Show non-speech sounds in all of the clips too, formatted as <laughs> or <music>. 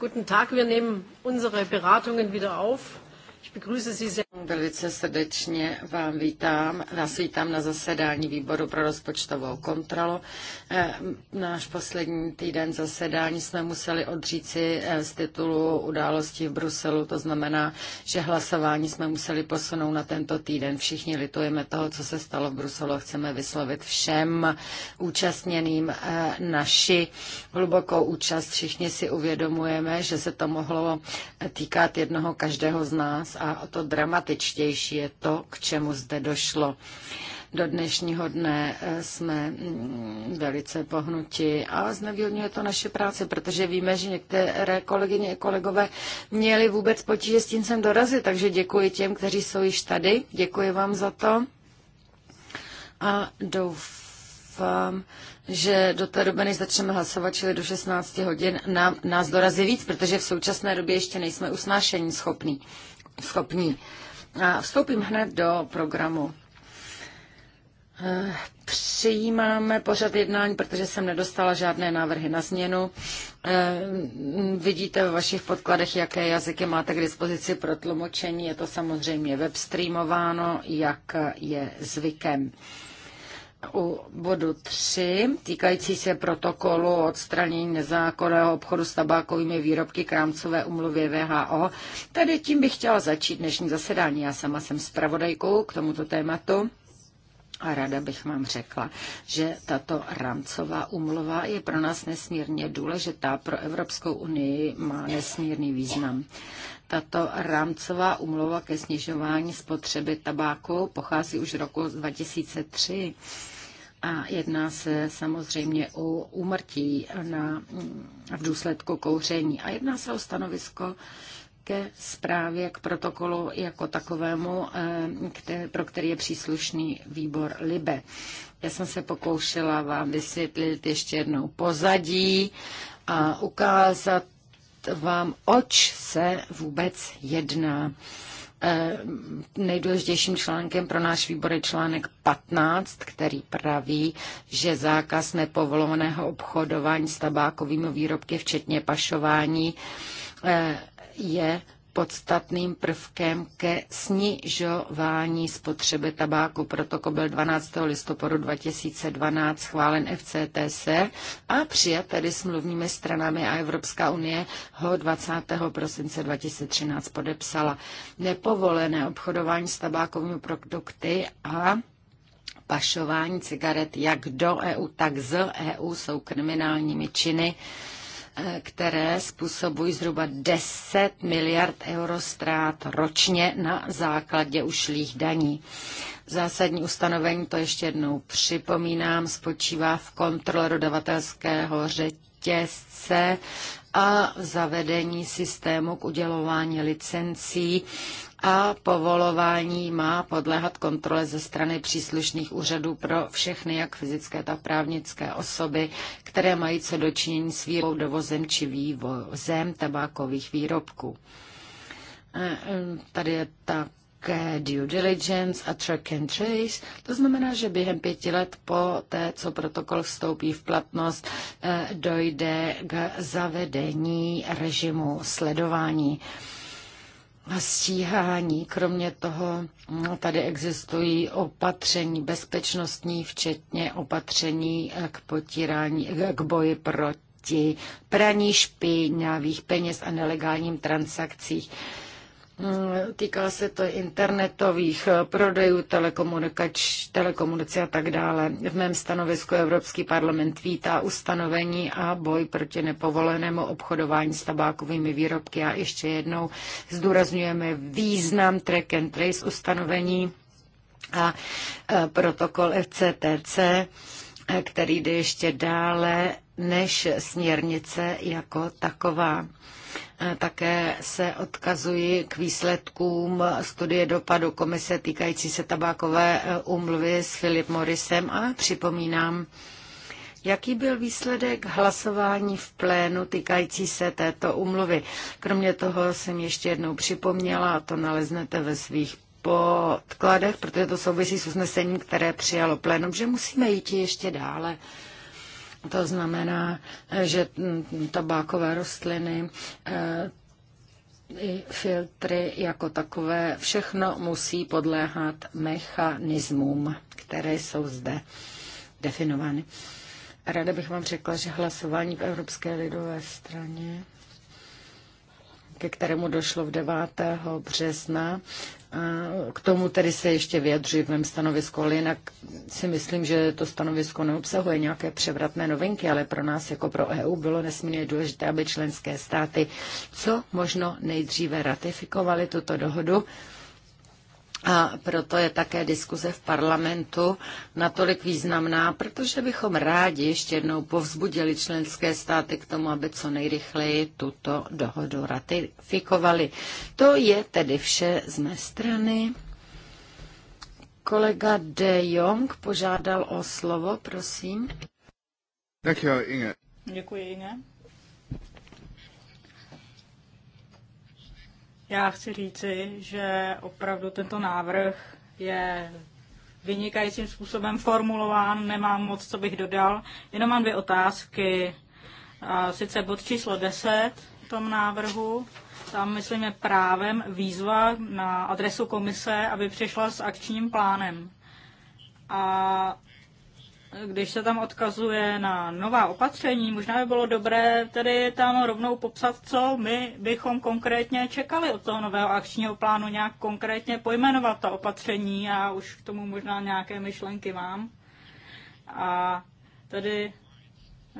Guten, Tag. Wir nehmen unsere Beratungen wieder auf. Ich begrüße Sie sehr. Velice srdečně vám vítám. Vás vítám na zasedání výboru pro rozpočtovou kontrolu. Eh, náš poslední týden zasedání jsme museli odříci eh, z titulu událostí v Bruselu. To znamená, že hlasování jsme museli posunout na tento týden. Všichni litujeme toho, co se stalo v Bruselu a chceme vyslovit všem účastněným eh, naši hlubokou účast. Všichni si uvědomujeme, že se to mohlo týkat jednoho každého z nás a o to dramatické drastičtější je to, k čemu zde došlo. Do dnešního dne eh, jsme mm, velice pohnuti a znevýhodňuje to naše práce, protože víme, že některé kolegyně a kolegové měli vůbec potíže s tím sem dorazit, takže děkuji těm, kteří jsou již tady, děkuji vám za to a doufám, že do té doby, než začneme hlasovat, čili do 16 hodin, nám, nás dorazí víc, protože v současné době ještě nejsme usnášení schopní. schopní. A vstoupím hned do programu. Eh, přijímáme pořad jednání, protože jsem nedostala žádné návrhy na změnu. Eh, vidíte ve vašich podkladech, jaké jazyky máte k dispozici pro tlumočení. Je to samozřejmě webstreamováno, jak je zvykem u bodu 3, týkající se protokolu o odstranění nezákonného obchodu s tabákovými výrobky k rámcové umluvě VHO. Tady tím bych chtěla začít dnešní zasedání. Já sama jsem zpravodajkou k tomuto tématu. A ráda bych vám řekla, že tato rámcová umlova je pro nás nesmírně důležitá, pro Evropskou unii má nesmírný význam. Tato rámcová umlova ke snižování spotřeby tabáku pochází už roku 2003 a jedná se samozřejmě o úmrtí na, v důsledku kouření. A jedná se o stanovisko ke zprávě k protokolu jako takovému, eh, který, pro který je příslušný výbor LIBE. Já jsem se pokoušela vám vysvětlit ještě jednou pozadí a ukázat vám, oč se vůbec jedná eh, nejdůležitějším článkem pro náš výbor je článek 15, který praví, že zákaz nepovolovaného obchodování s tabákovými výrobky, včetně pašování, eh, je podstatným prvkem ke snižování spotřeby tabáku. Protokol byl 12. listopadu 2012 schválen FCTC a přijat tedy smluvními stranami a Evropská unie ho 20. prosince 2013 podepsala. Nepovolené obchodování s tabákovými produkty a pašování cigaret jak do EU, tak z EU jsou kriminálními činy které způsobují zhruba 10 miliard euro ztrát ročně na základě ušlých daní. Zásadní ustanovení, to ještě jednou připomínám, spočívá v kontrole dodavatelského řetězce a zavedení systému k udělování licencí a povolování má podléhat kontrole ze strany příslušných úřadů pro všechny, jak fyzické, tak právnické osoby, které mají co dočinění s výrobou, dovozem či vývozem tabákových výrobků. Eh, eh, tady je tak due diligence a track and trace. To znamená, že během pěti let po té, co protokol vstoupí v platnost, eh, dojde k zavedení režimu sledování stíhání. Kromě toho mm, tady existují opatření bezpečnostní, včetně opatření eh, k potírání, eh, k boji proti praní špinavých peněz a nelegálním transakcích. Mm, týká se to internetových eh, prodejů, telekomunikač, telekomunikace a tak dále. V mém stanovisku Evropský parlament vítá ustanovení a boj proti nepovolenému obchodování s tabákovými výrobky. A ještě jednou zdůrazňujeme význam track and trace ustanovení a eh, protokol FCTC, eh, který jde ještě dále než směrnice jako taková. Eh, také se odkazuji k výsledkům studie dopadu komise týkající se tabákové umluvy eh, s Filip Morisem a připomínám, Jaký byl výsledek hlasování v plénu týkající se této umluvy? Kromě toho jsem ještě jednou připomněla, a to naleznete ve svých podkladech, protože to souvisí s usnesením, které přijalo plénum, že musíme jít ještě dále to znamená, že tabákové rostliny eh, i filtry jako takové, všechno musí podléhat mechanismům, které jsou zde definovány. Ráda bych vám řekla, že hlasování v Evropské lidové straně, ke kterému došlo v 9. března, k tomu tedy se ještě vyjadřuji v mém stanovisku, ale jinak si myslím, že to stanovisko neobsahuje nějaké převratné novinky, ale pro nás jako pro EU bylo nesmírně důležité, aby členské státy co možno nejdříve ratifikovaly tuto dohodu a proto je také diskuze v parlamentu natolik významná, protože bychom rádi ještě jednou povzbudili členské státy k tomu, aby co nejrychleji tuto dohodu ratifikovali. To je tedy vše z mé strany. Kolega De Jong požádal o slovo, prosím. Děkuji, Inge. Děkuji, Inge. Já chci říci, že opravdu tento návrh je vynikajícím způsobem formulován, nemám moc, co bych dodal, jenom mám dvě otázky. Sice bod číslo 10 v tom návrhu, tam myslím je právem výzva na adresu komise, aby přišla s akčním plánem. A když se tam odkazuje na nová opatření, možná by bylo dobré tedy tam rovnou popsat, co my bychom konkrétně čekali od toho nového akčního plánu, nějak konkrétně pojmenovat ta opatření. a už k tomu možná nějaké myšlenky mám. A tedy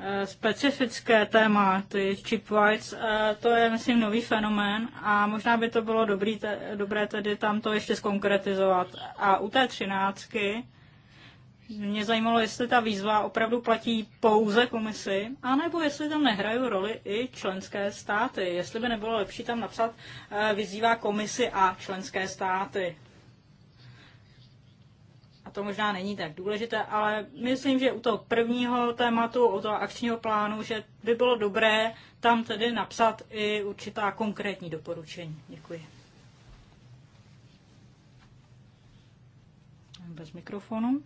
eh, specifické téma, to je chip whites, eh, to je, myslím, nový fenomén a možná by to bylo dobrý, te, dobré tedy tam to ještě zkonkretizovat. A u té třináctky mě zajímalo, jestli ta výzva opravdu platí pouze komisi, anebo jestli tam nehrají roli i členské státy. Jestli by nebylo lepší tam napsat eh, vyzývá komisi a členské státy. A to možná není tak důležité, ale myslím, že u toho prvního tématu, u toho akčního plánu, že by bylo dobré tam tedy napsat i určitá konkrétní doporučení. Děkuji. Bez mikrofonu.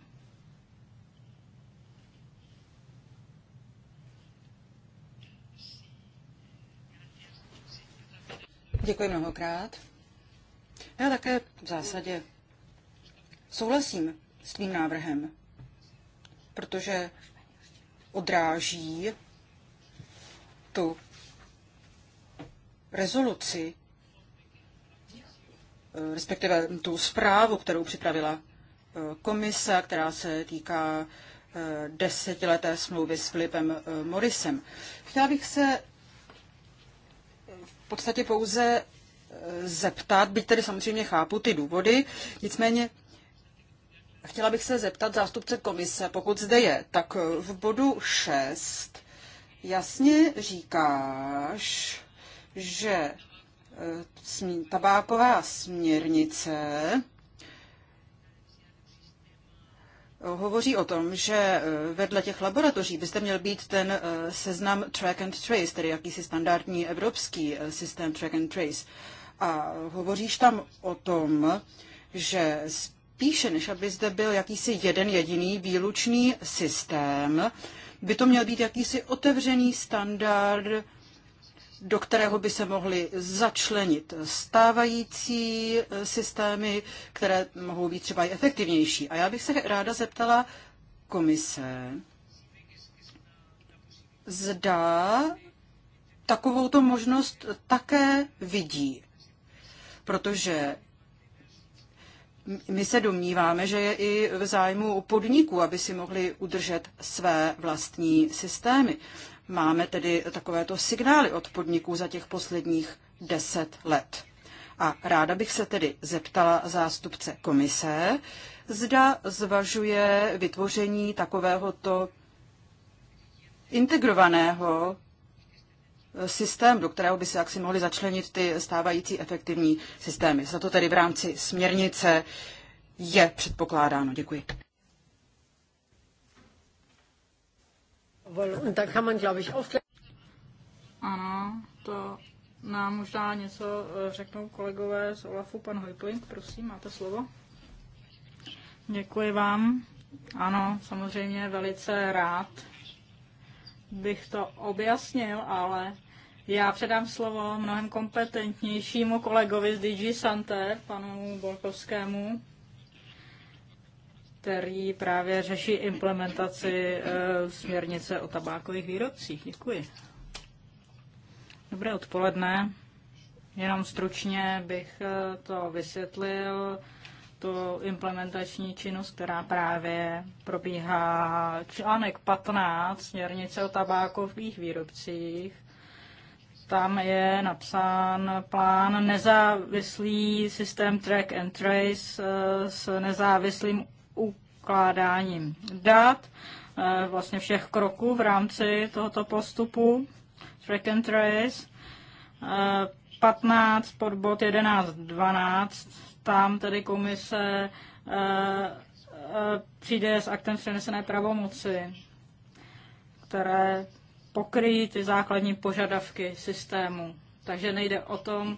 Děkuji mnohokrát. Já také v zásadě souhlasím s tvým návrhem, protože odráží tu rezoluci, eh, respektive tu zprávu, kterou připravila eh, komise, která se týká eh, desetileté smlouvy s Filipem Morisem. Chtěla bych se podstatě pouze e, zeptat, byť tedy samozřejmě chápu ty důvody, nicméně chtěla bych se zeptat zástupce komise, pokud zde je, tak v bodu 6 jasně říkáš, že e, tabáková směrnice hovoří o tom, že e, vedle těch laboratoří byste měl být ten e, seznam track and trace, tedy jakýsi standardní evropský e, systém track and trace. A hovoříš tam o tom, že spíše než aby zde byl jakýsi jeden jediný výlučný systém, by to měl být jakýsi otevřený standard do kterého by se mohly začlenit stávající eh, systémy, které mohou být třeba i efektivnější. A já bych se ráda zeptala komise, zda takovouto možnost také vidí. Protože my se domníváme, že je i v zájmu podniků, aby si mohli udržet své vlastní systémy. Máme tedy takovéto signály od podniků za těch posledních deset let. A ráda bych se tedy zeptala zástupce komise, zda zvažuje vytvoření takovéhoto integrovaného systém, do kterého by se jaksi mohly začlenit ty stávající efektivní systémy. Za to tedy v rámci směrnice je předpokládáno. Děkuji. Ano, to nám možná něco eh, řeknou kolegové z OLAFu. Pan Hojplink, prosím, máte slovo. Děkuji vám. Ano, samozřejmě velice rád bych to objasnil, ale já předám slovo mnohem kompetentnějšímu kolegovi z DG Santé, panu Bolkovskému který právě řeší implementaci eh, směrnice o tabákových výrobcích. Děkuji. Dobré odpoledne. Jenom stručně bych eh, to vysvětlil, tu implementační činnost, která právě probíhá. Článek 15 směrnice o tabákových výrobcích. Tam je napsán plán nezávislý systém track and trace eh, s nezávislým ukládáním dat, eh, vlastně všech kroků v rámci tohoto postupu, track and trace, 15 eh, pod bod 11, 12, tam tedy komise eh, přijde s aktem přenesené pravomoci, které pokryjí ty základní požadavky systému. Takže nejde o tom,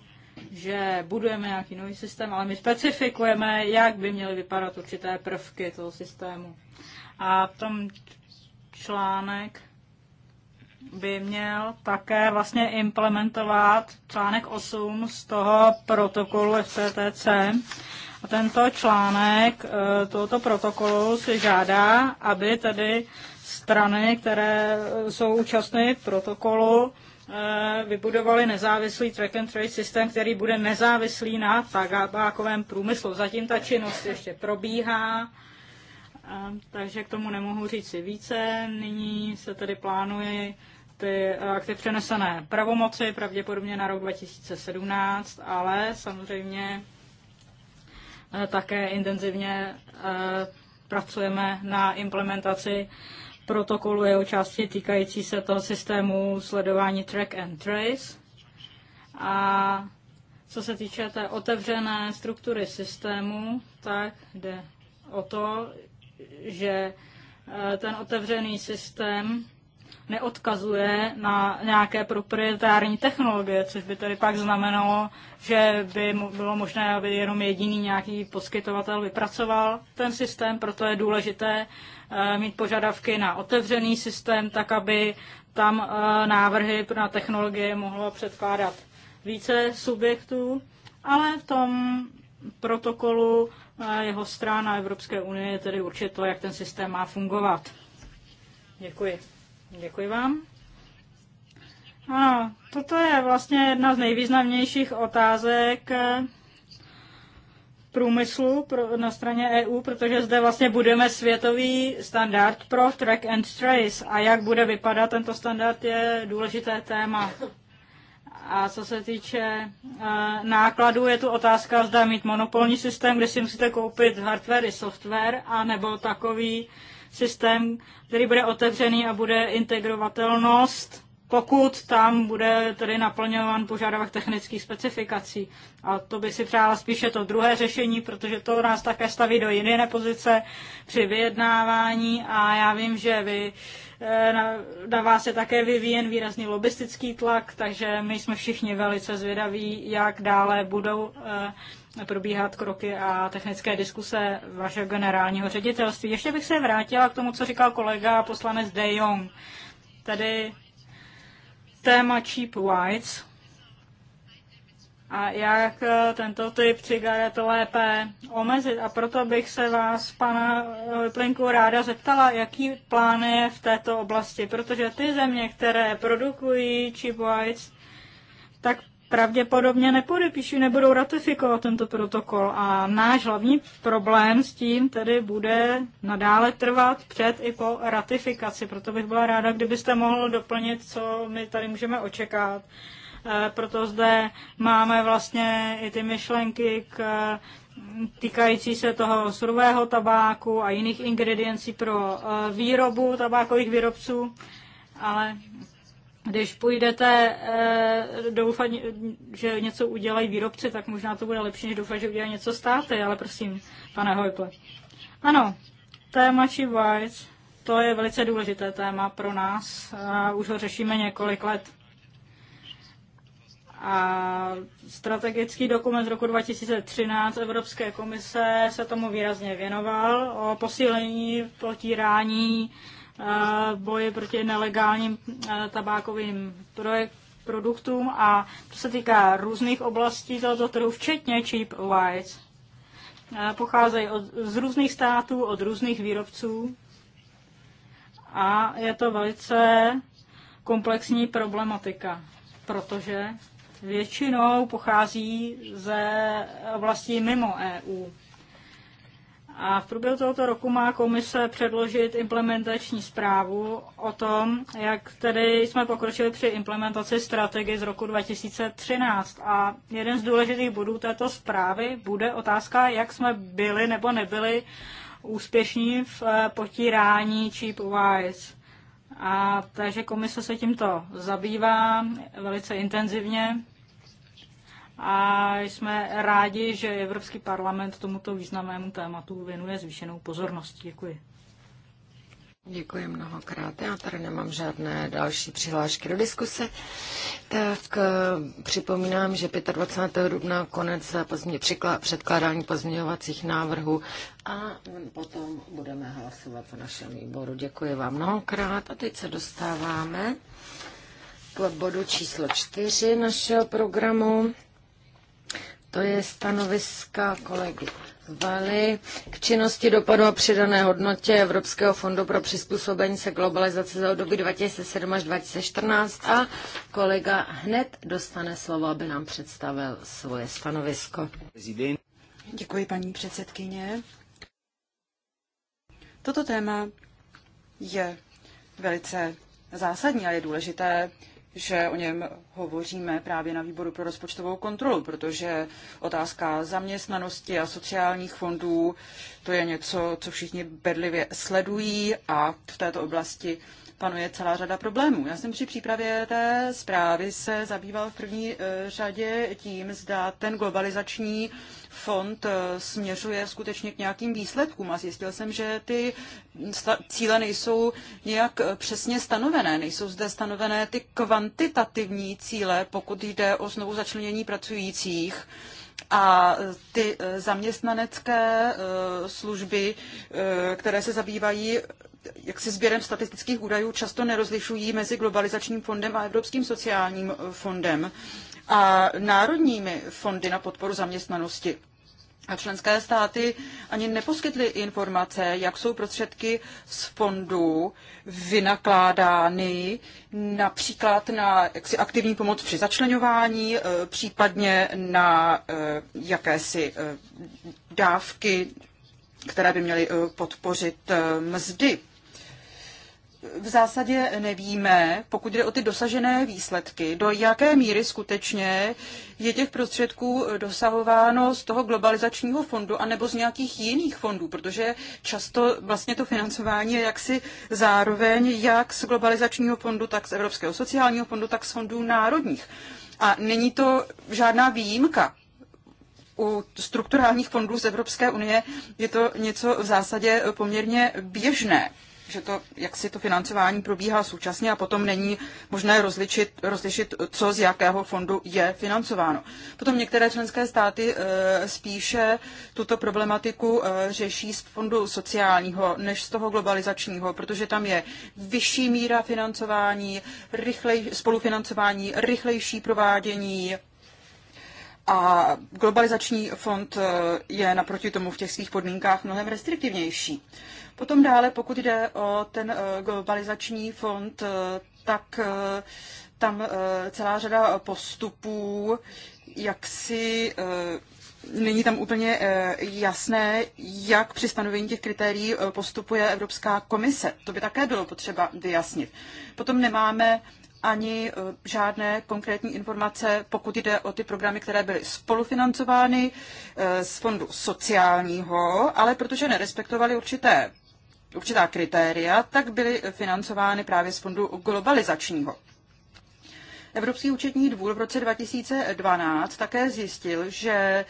že budujeme nějaký nový systém, ale my specifikujeme, jak by měly vypadat určité prvky toho systému. A tom článek by měl také vlastně implementovat článek 8 z toho protokolu FCTC. A tento článek eh, tohoto protokolu si žádá, aby tedy strany, které jsou účastny protokolu, Eh, vybudovali nezávislý track and trace systém, který bude nezávislý na tabákovém průmyslu. Zatím ta činnost ještě probíhá, eh, takže k tomu nemohu říct si více. Nyní se tedy plánuje ty akty přenesené pravomoci, pravděpodobně na rok 2017, ale samozřejmě eh, také intenzivně pracujeme na implementaci protokolu jeho části týkající se toho systému sledování track and trace. A co se týče té otevřené struktury systému, tak jde o to, že eh, ten otevřený systém neodkazuje na nějaké proprietární technologie, což by tedy pak znamenalo, že by bylo možné, aby jenom jediný nějaký poskytovatel vypracoval ten systém, proto je důležité, Eh, mít požadavky na otevřený systém, tak aby tam eh, návrhy na technologie mohlo předkládat více subjektů, ale v tom protokolu eh, jeho strana Evropské unie je tedy určitě to, jak ten systém má fungovat. Děkuji. Děkuji vám. Ano, toto je vlastně jedna z nejvýznamnějších otázek průmyslu pro, na straně EU, protože zde vlastně budeme světový standard pro track and trace a jak bude vypadat tento standard je důležité téma. A co se týče uh, nákladů, je tu otázka, zda mít monopolní systém, kde si musíte koupit hardware i software, a nebo takový systém, který bude otevřený a bude integrovatelnost pokud tam bude tedy naplňován požadavek technických specifikací. A to by si přála spíše to druhé řešení, protože to nás také staví do jiné pozice při vyjednávání a já vím, že vy eh, na, na vás je také vyvíjen výrazný lobistický tlak, takže my jsme všichni velice zvědaví, jak dále budou eh, probíhat kroky a technické diskuse vašeho generálního ředitelství. Ještě bych se vrátila k tomu, co říkal kolega poslanec De Jong. Tady téma cheap whites a jak eh, tento typ cigaret lépe omezit. A proto bych se vás, pana eh, Plinku, ráda zeptala, jaký plán je v této oblasti, protože ty země, které produkují cheap whites, tak pravděpodobně nepodepíší, nebudou ratifikovat tento protokol. A náš hlavní problém s tím tedy bude nadále trvat před i po ratifikaci. Proto bych byla ráda, kdybyste mohl doplnit, co my tady můžeme očekávat. Eh, proto zde máme vlastně i ty myšlenky k týkající se toho surového tabáku a jiných ingrediencí pro eh, výrobu tabákových výrobců, ale když půjdete eh, doufat, že něco udělají výrobci, tak možná to bude lepší, než doufat, že udělají něco státy, ale prosím, pane Hojple. Ano, téma Cheap to je velice důležité téma pro nás a eh, už ho řešíme několik let. A strategický dokument z roku 2013 Evropské komise se tomu výrazně věnoval o posílení potírání boji proti nelegálním tabákovým projektům produktům a to se týká různých oblastí tohoto trhu, včetně cheap whites. Pocházejí od, z různých států, od různých výrobců a je to velice komplexní problematika, protože většinou pochází ze oblastí mimo EU. A v průběhu tohoto roku má komise předložit implementační zprávu o tom, jak tedy jsme pokročili při implementaci strategie z roku 2013. A jeden z důležitých bodů této zprávy bude otázka, jak jsme byli nebo nebyli úspěšní v eh, potírání cheap wise. A takže komise se tímto zabývá velice intenzivně a jsme rádi, že Evropský parlament tomuto významnému tématu věnuje zvýšenou pozornost. Děkuji. Děkuji mnohokrát. Já tady nemám žádné další přihlášky do diskuse. Tak eh, připomínám, že 25. dubna konec předkládání pozměňovacích návrhů a potom budeme hlasovat v našem výboru. Děkuji vám mnohokrát a teď se dostáváme k bodu číslo 4 našeho programu. To je stanoviska kolegy Vali k činnosti dopadu a přidané hodnotě Evropského fondu pro přizpůsobení se globalizaci za období 2007 až 2014 a kolega hned dostane slovo, aby nám představil svoje stanovisko. Děkuji, paní předsedkyně. Toto téma je velice zásadní a je důležité že o něm hovoříme právě na výboru pro rozpočtovou kontrolu, protože otázka zaměstnanosti a sociálních fondů, to je něco, co všichni bedlivě sledují a v této oblasti panuje celá řada problémů. Já jsem při přípravě té zprávy se zabýval v první e, řadě tím, zda ten globalizační fond e, směřuje skutečně k nějakým výsledkům a zjistil jsem, že ty cíle nejsou nějak e, přesně stanovené. Nejsou zde stanovené ty kvantitativní cíle, pokud jde o znovu začlenění pracujících a ty zaměstnanecké služby, které se zabývají jak si sběrem statistických údajů často nerozlišují mezi globalizačním fondem a Evropským sociálním fondem a národními fondy na podporu zaměstnanosti. A členské státy ani neposkytly informace, jak jsou prostředky z fondů vynakládány například na jaksi aktivní pomoc při začlenování, eh, případně na eh, jakési eh, dávky, které by měly podpořit mzdy v zásadě nevíme, pokud jde o ty dosažené výsledky, do jaké míry skutečně je těch prostředků dosahováno z toho globalizačního fondu anebo z nějakých jiných fondů, protože často vlastně to financování je jaksi zároveň jak z globalizačního fondu, tak z Evropského sociálního fondu, tak z fondů národních. A není to žádná výjimka. U strukturálních fondů z Evropské unie je to něco v zásadě poměrně běžné že to, jak si to financování probíhá současně a potom není možné rozličit, rozlišit, co z jakého fondu je financováno. Potom některé členské státy eh, spíše tuto problematiku eh, řeší z fondu sociálního než z toho globalizačního, protože tam je vyšší míra financování, rychlej, spolufinancování, rychlejší provádění a globalizační fond eh, je naproti tomu v těch svých podmínkách mnohem restriktivnější. Potom dále, pokud jde o ten eh, globalizační fond, eh, tak eh, tam celá řada postupů, jak si není tam úplně jasné, jak při stanovení těch kritérií postupuje Evropská komise. To by také bylo potřeba vyjasnit. Potom nemáme ani žádné konkrétní informace, pokud jde o ty programy, které byly spolufinancovány z Fondu sociálního, ale protože nerespektovali určité určitá kritéria, tak byly financovány právě z fondu globalizačního. Evropský účetní dvůr v roce 2012 také zjistil, že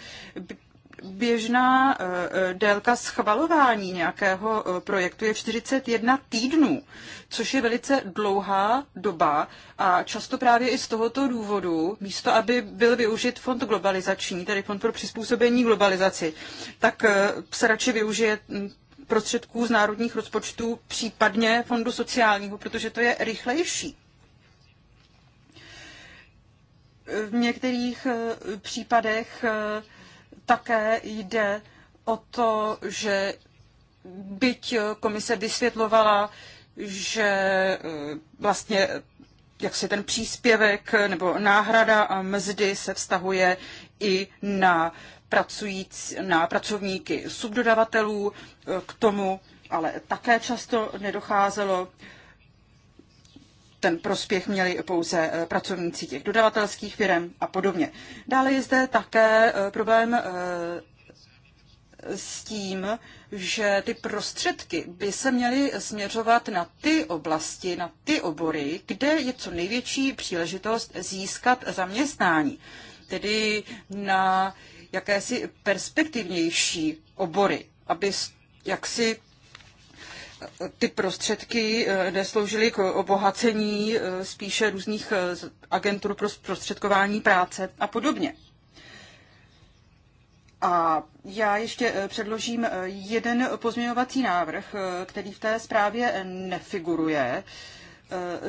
běžná eh, eh, délka schvalování nějakého eh, projektu je 41 týdnů, což je velice dlouhá doba a často právě i z tohoto důvodu, místo aby byl využit fond globalizační, tedy fond pro přizpůsobení globalizaci, tak se radši využije hm, prostředků z národních rozpočtů, případně fondu sociálního, protože to je rychlejší. V některých eh, případech eh, také jde o to, že byť komise vysvětlovala, že eh, vlastně jak se ten příspěvek nebo náhrada a mzdy se vztahuje i na, pracujíc, na pracovníky subdodavatelů. Eh, k tomu ale také často nedocházelo. Ten prospěch měli pouze eh, pracovníci těch dodavatelských firm a podobně. Dále je zde také eh, problém s tím, že ty prostředky by se měly směřovat na ty oblasti, na ty obory, kde je co největší příležitost získat zaměstnání tedy na jakési perspektivnější obory, aby jaksi eh, ty prostředky eh, nesloužily k obohacení eh, spíše různých agentur pro zprostředkování práce a podobně. A já ještě předložím jeden pozměňovací návrh, který v té zprávě nefiguruje.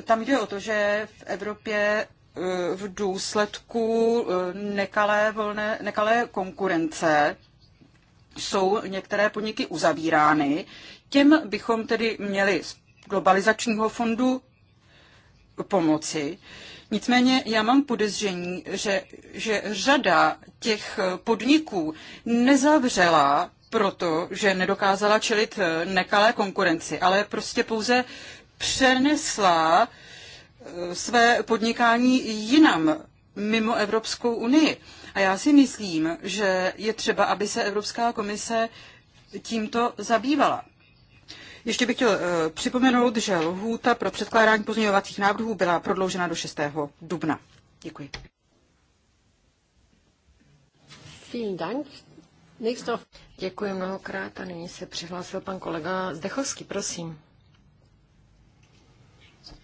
Tam jde o to, že v Evropě Eh, v důsledku eh, nekalé, volné, nekalé konkurence jsou některé podniky uzavírány. Těm bychom tedy měli z globalizačního fondu pomoci. Nicméně já mám podezření, že, že řada těch podniků nezavřela proto, že nedokázala čelit eh, nekalé konkurenci, ale prostě pouze přenesla E, své podnikání jinam, mimo Evropskou unii. A já si myslím, že je třeba, aby se Evropská komise tímto zabývala. Ještě bych chtěl e, připomenout, že lhůta pro předkládání pozměňovacích návrhů byla prodloužena do 6. dubna. Děkuji. Děkuji mnohokrát a nyní se přihlásil pan kolega Zdechovský, prosím.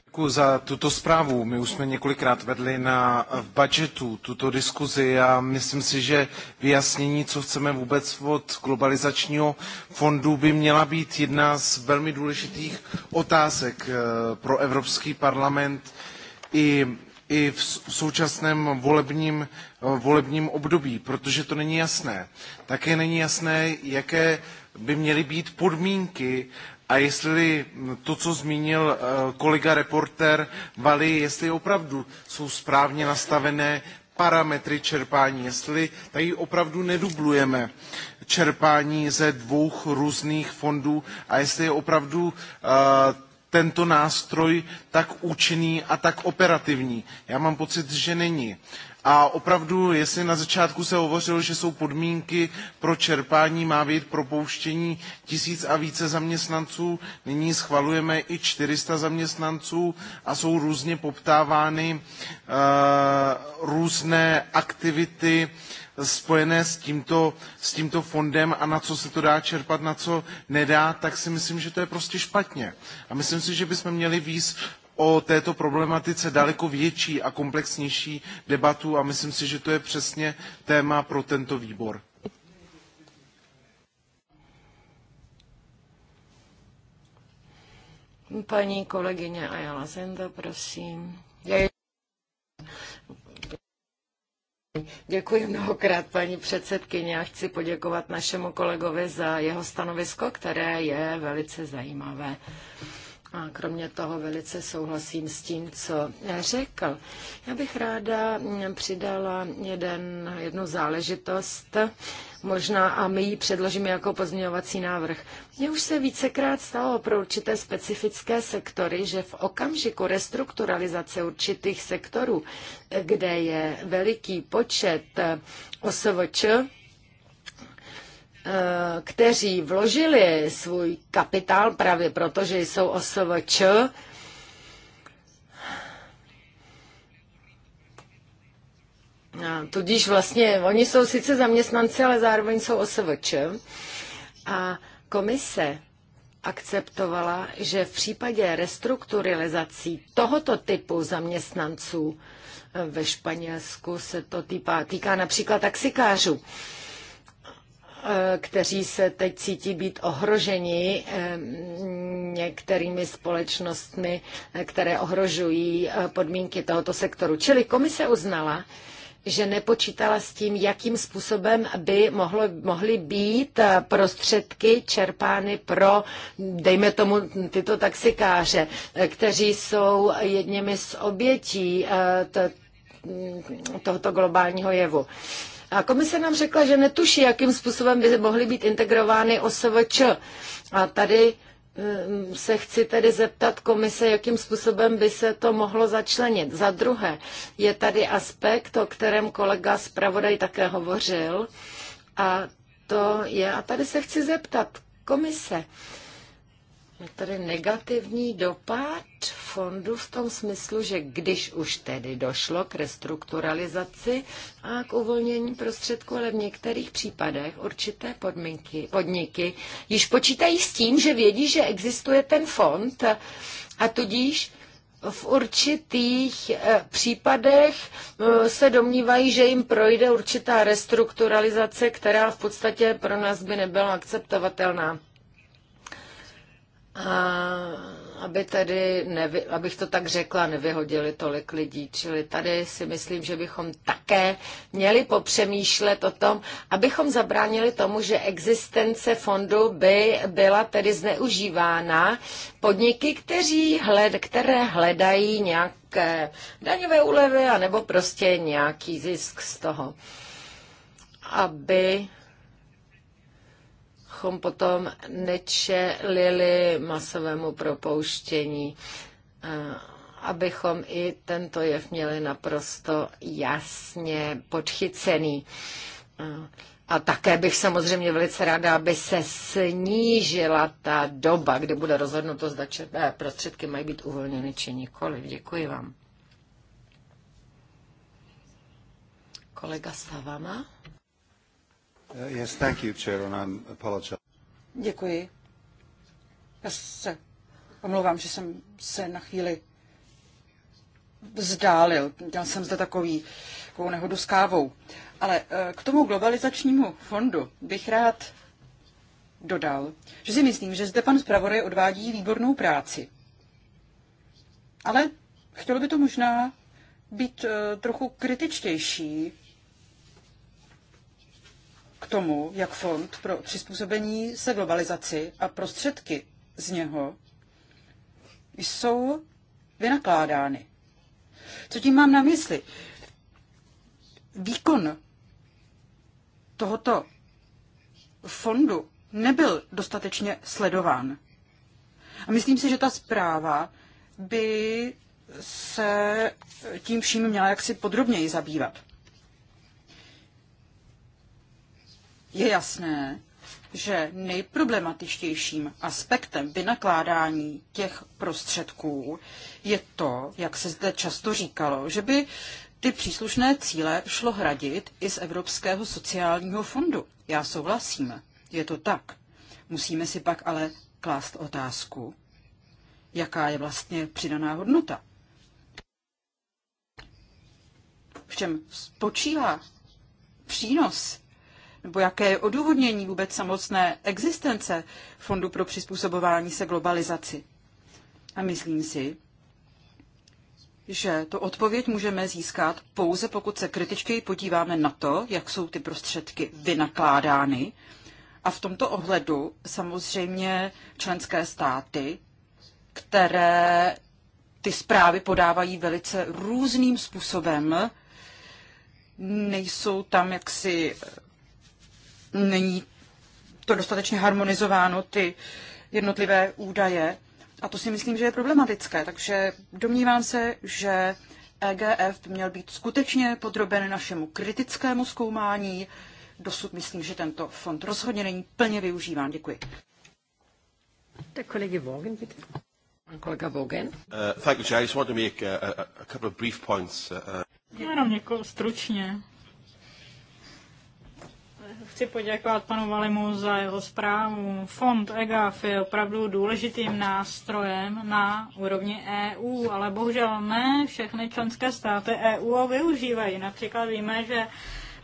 Děkuji za tuto zprávu. My už jsme několikrát vedli na budžetu tuto diskuzi a myslím si, že vyjasnění, co chceme vůbec od globalizačního fondu, by měla být jedna z velmi důležitých otázek eh, pro Evropský parlament i i v současném volebním, eh, volebním období, protože to není jasné. Také není jasné, jaké by měly být podmínky a jestli to, co zmínil eh, kolega reporter Vali, jestli opravdu jsou správně nastavené parametry čerpání, jestli tady opravdu nedublujeme čerpání ze dvou různých fondů a jestli je opravdu eh, tento nástroj tak účinný a tak operativní. Já mám pocit, že není. A opravdu, jestli na začátku se hovořilo, že jsou podmínky pro čerpání, má být propouštění tisíc a více zaměstnanců, nyní schvalujeme i 400 zaměstnanců a jsou různě poptávány eh, různé aktivity spojené s tímto, s tímto fondem a na co se to dá čerpat, na co nedá, tak si myslím, že to je prostě špatně. A myslím si, že bychom měli víc o této problematice daleko větší a komplexnější debatu a myslím si, že to je přesně téma pro tento výbor. Paní kolegyně Ayala Zenda, prosím. Děkuji mnohokrát, paní předsedkyně. a chci poděkovat našemu kolegovi za jeho stanovisko, které je velice zajímavé. A kromě toho velice souhlasím s tím, co řekl. Já bych ráda přidala jeden, jednu záležitost, možná a my ji předložíme jako pozměňovací návrh. Mně už se vícekrát stalo pro určité specifické sektory, že v okamžiku restrukturalizace určitých sektorů, kde je veliký počet osvč, Eh, kteří vložili svůj kapitál právě proto, že jsou OSVČ, Tudíž vlastně oni jsou sice zaměstnanci, ale zároveň jsou OSVČ. A komise akceptovala, že v případě restrukturalizací tohoto typu zaměstnanců eh, ve Španělsku se to týká, týká například taxikářů, Eh, kteří se teď cítí být ohroženi eh, některými společnostmi, eh, které ohrožují podmínky tohoto sektoru. Čili komise uznala, že nepočítala s tím, jakým způsobem by mohlo, mohly být prostředky čerpány pro, dejme tomu, tyto taxikáře, kteří jsou jedněmi z obětí tohoto globálního jevu. A komise nám řekla, že netuší, jakým způsobem by mohly být integrovány OSVČ. A tady mm, se chci tedy zeptat komise, jakým způsobem by se to mohlo začlenit. Za druhé, je tady aspekt, o kterém kolega zpravodaj také hovořil, a to je, a tady se chci zeptat komise, tedy negativní dopad fondu v tom smyslu, že když už tedy došlo k restrukturalizaci a k uvolnění prostředků, ale v některých případech určité podmínky, podniky již počítají s tím, že vědí, že existuje ten fond a tudíž v určitých eh, případech eh, se domnívají, že jim projde určitá restrukturalizace, která v podstatě pro nás by nebyla akceptovatelná aby tedy, nevy, abych to tak řekla, nevyhodili tolik lidí. Čili tady si myslím, že bychom také měli popřemýšlet o tom, abychom zabránili tomu, že existence fondu by byla tedy zneužívána podniky, kteří hled, které hledají nějaké daňové úlevy anebo prostě nějaký zisk z toho, aby abychom potom nečelili masovému propouštění, abychom i tento jev měli naprosto jasně podchycený. A také bych samozřejmě velice ráda, aby se snížila ta doba, kdy bude rozhodnuto, zda prostředky mají být uvolněny či nikoliv. Děkuji vám. Kolega Savama. Uh, yes, thank you, Chair, and I'm apologize. Děkuji. Já se omlouvám, že jsem se na chvíli vzdálil. Měl jsem zde takový, takovou nehodu s kávou. Ale uh, k tomu globalizačnímu fondu bych rád dodal, že si myslím, že zde pan zpravodaj odvádí výbornou práci. Ale chtělo by to možná být uh, trochu kritičtější tomu, jak fond pro přizpůsobení se globalizaci a prostředky z něho jsou vynakládány. Co tím mám na mysli? Výkon tohoto fondu nebyl dostatečně sledován. A myslím si, že ta zpráva by se tím vším měla jaksi podrobněji zabývat. Je jasné, že nejproblematičtějším aspektem vynakládání těch prostředků je to, jak se zde často říkalo, že by ty příslušné cíle šlo hradit i z Evropského sociálního fondu. Já souhlasím, je to tak. Musíme si pak ale klást otázku, jaká je vlastně přidaná hodnota. V čem spočívá přínos nebo jaké je odůvodnění vůbec samotné existence Fondu pro přizpůsobování se globalizaci. A myslím si, že to odpověď můžeme získat pouze pokud se kritičtěji podíváme na to, jak jsou ty prostředky vynakládány. A v tomto ohledu samozřejmě členské státy, které ty zprávy podávají velice různým způsobem, nejsou tam jaksi není to dostatečně harmonizováno, ty jednotlivé údaje. A to si myslím, že je problematické. Takže domnívám se, že EGF by měl být skutečně podroben našemu kritickému zkoumání. Dosud myslím, že tento fond rozhodně není plně využíván. Děkuji. Tak kolegy Vogen, bitte. Kolega Vogen. Uh, thank you, I just want to make a, a, a couple of brief points. Uh, uh Jenom někoho stručně chci poděkovat panu Valimu za jeho zprávu. Fond EGAF je opravdu důležitým nástrojem na úrovni EU, ale bohužel ne všechny členské státy EU ho využívají. Například víme, že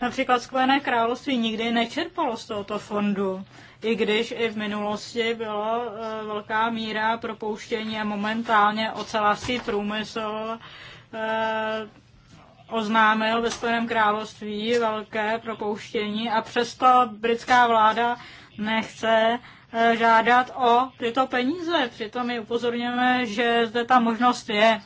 například Spojené království nikdy nečerpalo z tohoto fondu, i když i v minulosti byla e, velká míra propouštění a momentálně ocelářský průmysl e, oznámil ve Spojeném království velké propouštění a přesto britská vláda nechce eh, žádat o tyto peníze. Přitom my upozorňujeme, že zde ta možnost je.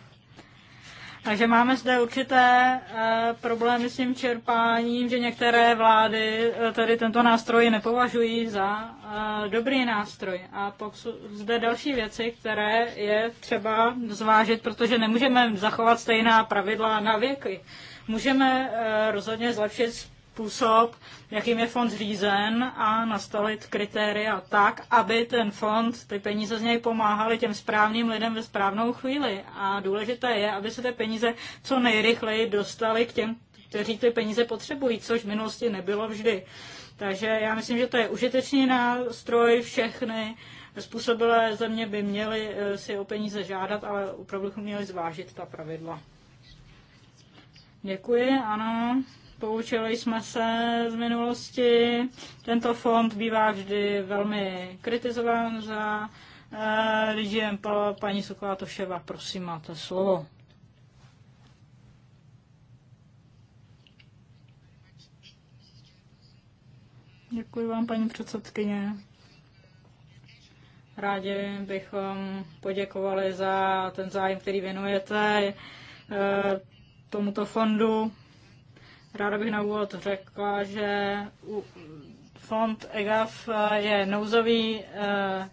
Takže máme zde určité eh, problémy s tím čerpáním, že některé vlády eh, tedy tento nástroj nepovažují za eh, dobrý nástroj. A pak jsou zde další věci, které je třeba zvážit, protože nemůžeme zachovat stejná pravidla na věky. Můžeme rozhodně zlepšit způsob, jakým je fond řízen a nastavit kritéria tak, aby ten fond, ty peníze z něj pomáhaly těm správným lidem ve správnou chvíli. A důležité je, aby se ty peníze co nejrychleji dostaly k těm, kteří ty peníze potřebují, což v minulosti nebylo vždy. Takže já myslím, že to je užitečný nástroj všechny způsobilé země by měly eh, si o peníze žádat, ale opravdu měli zvážit ta pravidla. Děkuji, ano. Poučili jsme se z minulosti. Tento fond bývá vždy velmi kritizován za eh, DGM pro paní Sokolátoševa. Prosím, máte slovo. Děkuji vám, paní předsedkyně. Rádi bychom poděkovali za ten zájem, který věnujete eh, tomuto fondu. Ráda bych na úvod řekla, že fond EGAF eh, je nouzový eh,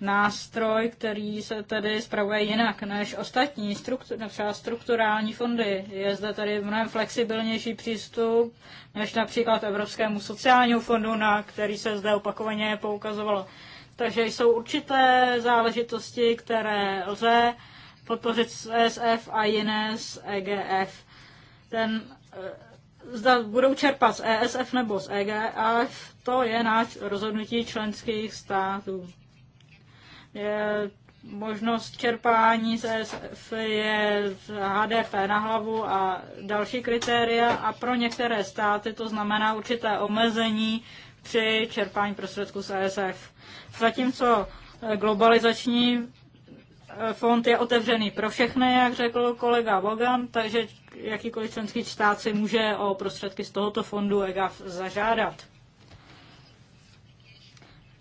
nástroj, který se tedy spravuje jinak než ostatní struktur, třeba strukturální fondy. Je zde tedy mnohem flexibilnější přístup než například Evropskému sociálnímu fondu, na který se zde opakovaně poukazovalo. Takže jsou určité záležitosti, které lze podpořit z ESF a jiné z EGF. Ten eh, zda budou čerpat z ESF nebo z EGF, to je náš rozhodnutí členských států. Je možnost čerpání z ESF je HDP na hlavu a další kritéria a pro některé státy to znamená určité omezení při čerpání prostředků z ESF. Zatímco globalizační Eh, fond je otevřený pro všechny, jak řekl kolega Bogan, takže jakýkoliv členský stát si může o prostředky z tohoto fondu EGAF zažádat.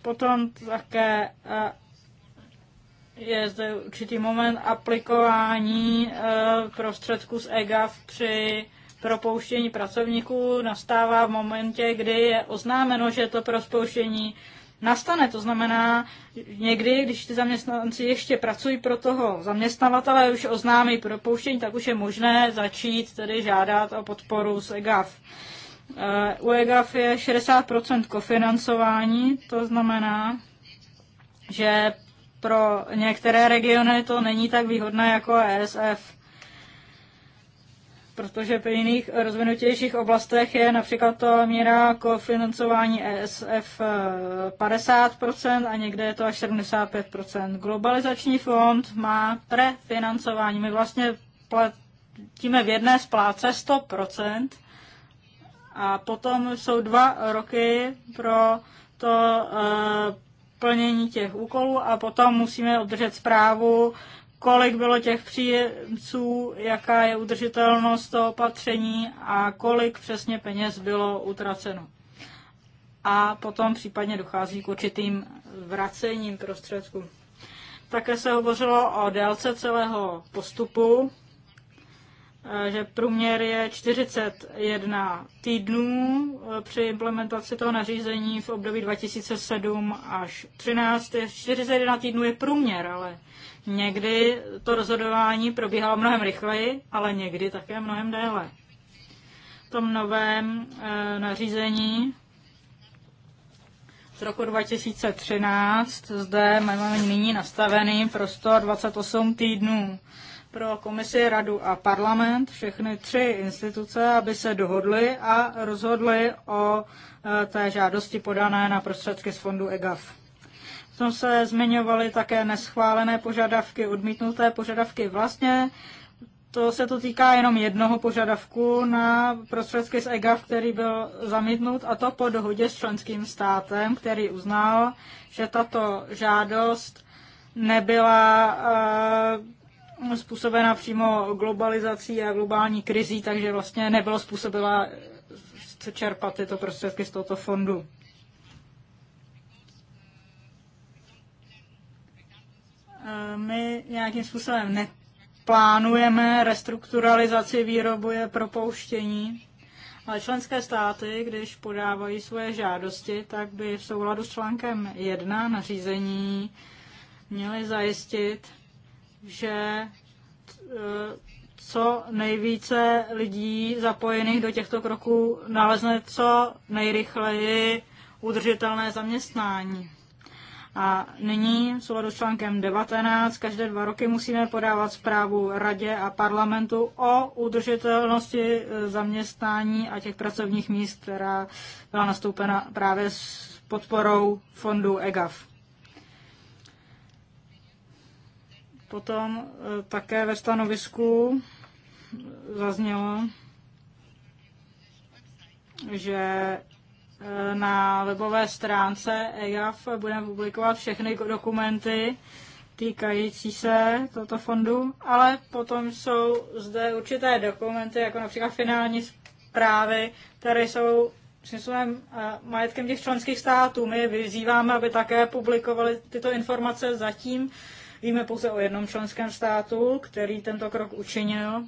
Potom také eh, je zde určitý moment aplikování eh, prostředků z EGAF při propouštění pracovníků nastává v momentě, kdy je oznámeno, že to pro spouštění nastane. To znamená, někdy, když ty zaměstnanci ještě pracují pro toho zaměstnavatele, už oznámí propouštění, tak už je možné začít tedy žádat o podporu z EGAF. Eh, u EGAF je 60% kofinancování, to znamená, že pro některé regiony to není tak výhodné jako ESF protože v jiných rozvinutějších oblastech je například to míra kofinancování e eh, ESF 50% a někde je to až 75%. Globalizační fond má prefinancování. My vlastně platíme v jedné splátce 100% a potom jsou dva roky pro to eh, plnění těch úkolů a potom musíme obdržet zprávu kolik bylo těch příjemců, jaká je udržitelnost toho opatření a kolik přesně peněz bylo utraceno. A potom případně dochází k určitým vracením prostředků. Také se hovořilo o délce celého postupu, eh, že průměr je 41 týdnů eh, při implementaci toho nařízení v období 2007 až 13. 41 týdnů je průměr, ale Někdy to rozhodování probíhalo mnohem rychleji, ale někdy také mnohem déle. V tom novém e, nařízení z roku 2013 zde máme nyní nastavený prostor 28 týdnů pro komisi, radu a parlament, všechny tři instituce, aby se dohodly a rozhodly o eh, té žádosti podané na prostředky z fondu EGAF. Jsme se zmiňovali také neschválené požadavky, odmítnuté požadavky vlastně. To se to týká jenom jednoho požadavku na prostředky z EGAF, který byl zamítnut, a to po dohodě s členským státem, který uznal, že tato žádost nebyla e, způsobena přímo globalizací a globální krizí, takže vlastně nebylo způsobila eh, čerpat tyto prostředky z tohoto fondu. my nějakým způsobem neplánujeme restrukturalizaci výroby propouštění, ale členské státy, když podávají svoje žádosti, tak by v souladu s článkem 1 nařízení měly zajistit, že e, co nejvíce lidí zapojených do těchto kroků nalezne co nejrychleji udržitelné zaměstnání. A nyní v souladu s článkem 19 každé dva roky musíme podávat zprávu radě a parlamentu o udržitelnosti e, zaměstnání a těch pracovních míst, která byla nastoupena právě s podporou fondu EGAF. Potom e, také ve stanovisku zaznělo, že Eh, na webové stránce EGAF budeme publikovat všechny dokumenty týkající se tohoto fondu, ale potom jsou zde určité dokumenty, jako například finální zprávy, které jsou smyslem eh, majetkem těch členských států. My vyzýváme, aby také publikovali tyto informace zatím. Víme pouze o jednom členském státu, který tento krok učinil.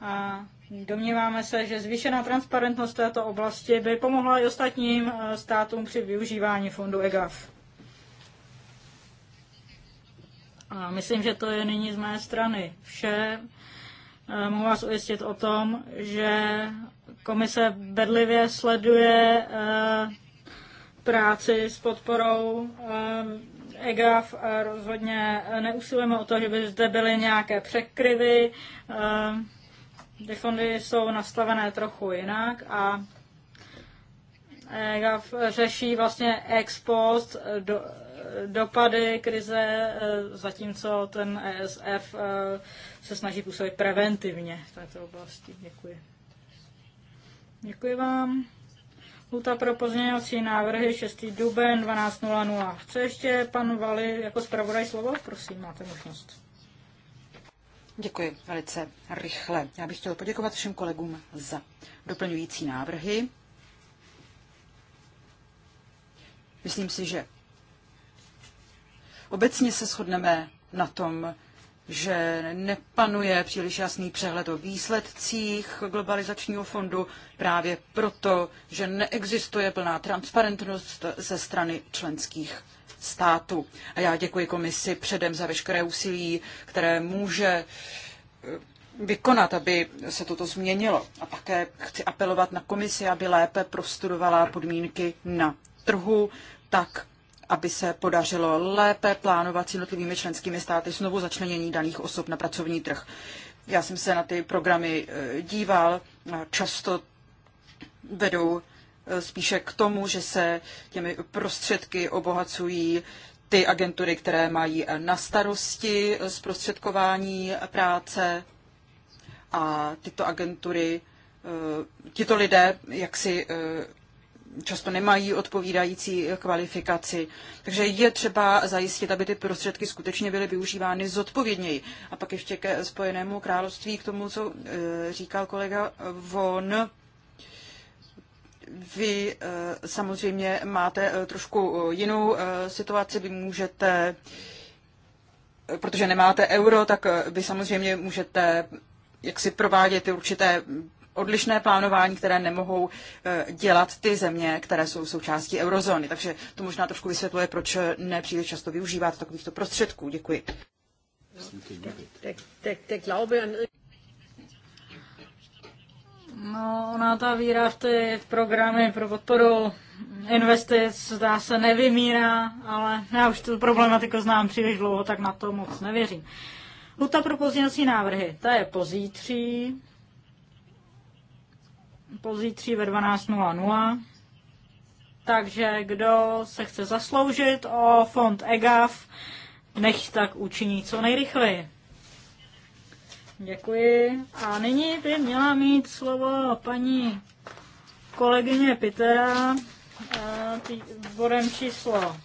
A Domníváme se, že zvýšená transparentnost této oblasti by pomohla i ostatním eh, státům při využívání fondu EGAF. A myslím, že to je nyní z mé strany vše. Eh, mohu vás ujistit o tom, že komise bedlivě sleduje eh, práci s podporou EGAF rozhodně neusilujeme o to, že by zde byly nějaké překryvy. Ty fondy jsou nastavené trochu jinak a EGAF eh, řeší vlastně ex post do, dopady krize, eh, zatímco ten ESF eh, se snaží působit preventivně v této oblasti. Děkuji. Děkuji vám. Luta pro pozměňovací návrhy 6. duben 12.00. Chce ještě pan Vali jako zpravodaj slovo? Prosím, máte možnost. Děkuji velice rychle. Já bych chtěl poděkovat všem kolegům za doplňující návrhy. Myslím si, že obecně se shodneme na tom, že nepanuje příliš jasný přehled o výsledcích globalizačního fondu právě proto, že neexistuje plná transparentnost ze strany členských státu. A já děkuji komisi předem za veškeré úsilí, které může eh, vykonat, aby se toto změnilo. A také chci apelovat na komisi, aby lépe prostudovala podmínky na trhu, tak aby se podařilo lépe plánovat s jednotlivými členskými státy znovu začlenění daných osob na pracovní trh. Já jsem se na ty programy eh, díval, často vedou Eh, spíše k tomu, že se těmi prostředky obohacují ty agentury, které mají na starosti zprostředkování práce a tyto agentury, eh, tito lidé, jak si eh, často nemají odpovídající kvalifikaci. Takže je třeba zajistit, aby ty prostředky skutečně byly využívány zodpovědněji. A pak ještě ke Spojenému království, k tomu, co říkal kolega Von, vy samozřejmě máte trošku jinou situaci, vy můžete, protože nemáte euro, tak vy samozřejmě můžete jak si provádět určité odlišné plánování, které nemohou dělat ty země, které jsou součástí eurozóny. Takže to možná trošku vysvětluje, proč nepříliš často využívat, takovýchto prostředků. Děkuji. Tak, tak, No, ona ta víra v ty programy pro podporu investic zdá se nevymírá, ale já už tu problematiku znám příliš dlouho, tak na to moc nevěřím. Luta pro pozdějovací návrhy, ta je pozítří, pozítří ve 12.00, takže kdo se chce zasloužit o fond EGAF, nech tak učiní co nejrychleji. Děkuji. A nyní by měla mít slovo paní kolegyně Pitera eh, bodem číslo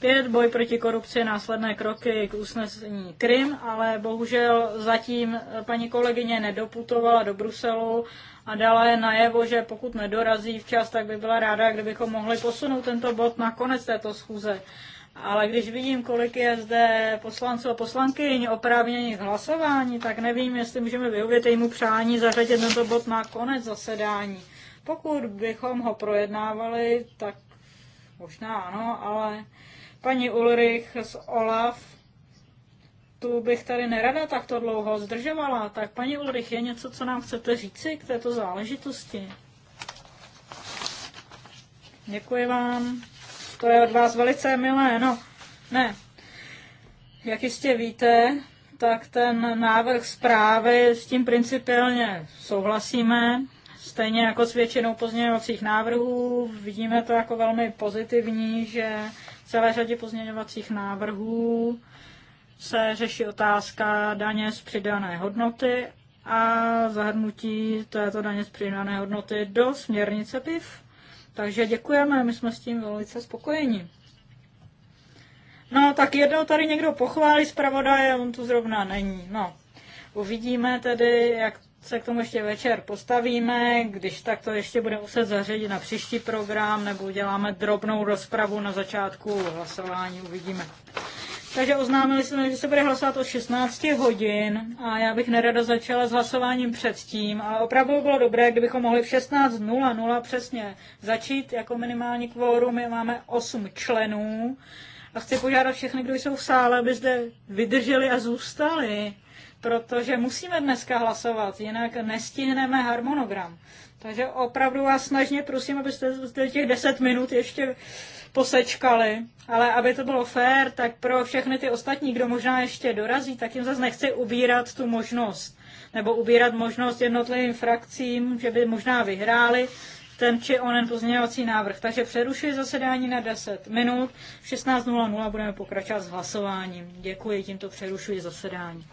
5, boj proti korupci, následné kroky k usnesení Krym, ale bohužel zatím eh, paní kolegyně nedoputovala do Bruselu a dala je najevo, že pokud nedorazí včas, tak by byla ráda, kdybychom mohli posunout tento bod na konec této schůze. Ale když vidím, kolik je zde poslanců a poslankyň oprávněných hlasování, tak nevím, jestli můžeme vyhovět jejímu přání zařadit tento bod na konec zasedání. Pokud bychom ho projednávali, tak možná ano, ale paní Ulrich z OLAF, tu bych tady nerada takto dlouho zdržovala. Tak paní Ulrich, je něco, co nám chcete říci k této záležitosti? Děkuji vám. To je od vás velice milé, no. Ne. Jak jistě víte, tak ten návrh zprávy s tím principiálně souhlasíme, stejně jako s většinou pozměňovacích návrhů. Vidíme to jako velmi pozitivní, že v celé řadě pozměňovacích návrhů se řeší otázka daně z přidané hodnoty a zahrnutí této daně z přidané hodnoty do směrnice PIV. Takže děkujeme, my jsme s tím velice spokojeni. No, tak jednou tady někdo pochválí zpravodaje, on tu zrovna není. No, uvidíme tedy, jak se k tomu ještě večer postavíme, když tak to ještě bude muset zařadit na příští program, nebo uděláme drobnou rozpravu na začátku hlasování, uvidíme. Takže oznámili jsme, že se bude hlasovat od 16 hodin a já bych nerada začala s hlasováním předtím. A opravdu by bylo dobré, kdybychom mohli v 16.00 přesně začít. Jako minimální kvórum my máme 8 členů a chci požádat všechny, kdo jsou v sále, aby zde vydrželi a zůstali, protože musíme dneska hlasovat, jinak nestihneme harmonogram. Takže opravdu vás snažně prosím, abyste těch 10 minut ještě posečkali. Ale aby to bylo fér, tak pro všechny ty ostatní, kdo možná ještě dorazí, tak jim zase nechci ubírat tu možnost. Nebo ubírat možnost jednotlivým frakcím, že by možná vyhráli ten či onen pozměňovací návrh. Takže přerušuji zasedání na 10 minut. V 16.00 budeme pokračovat s hlasováním. Děkuji, tímto přerušuji zasedání.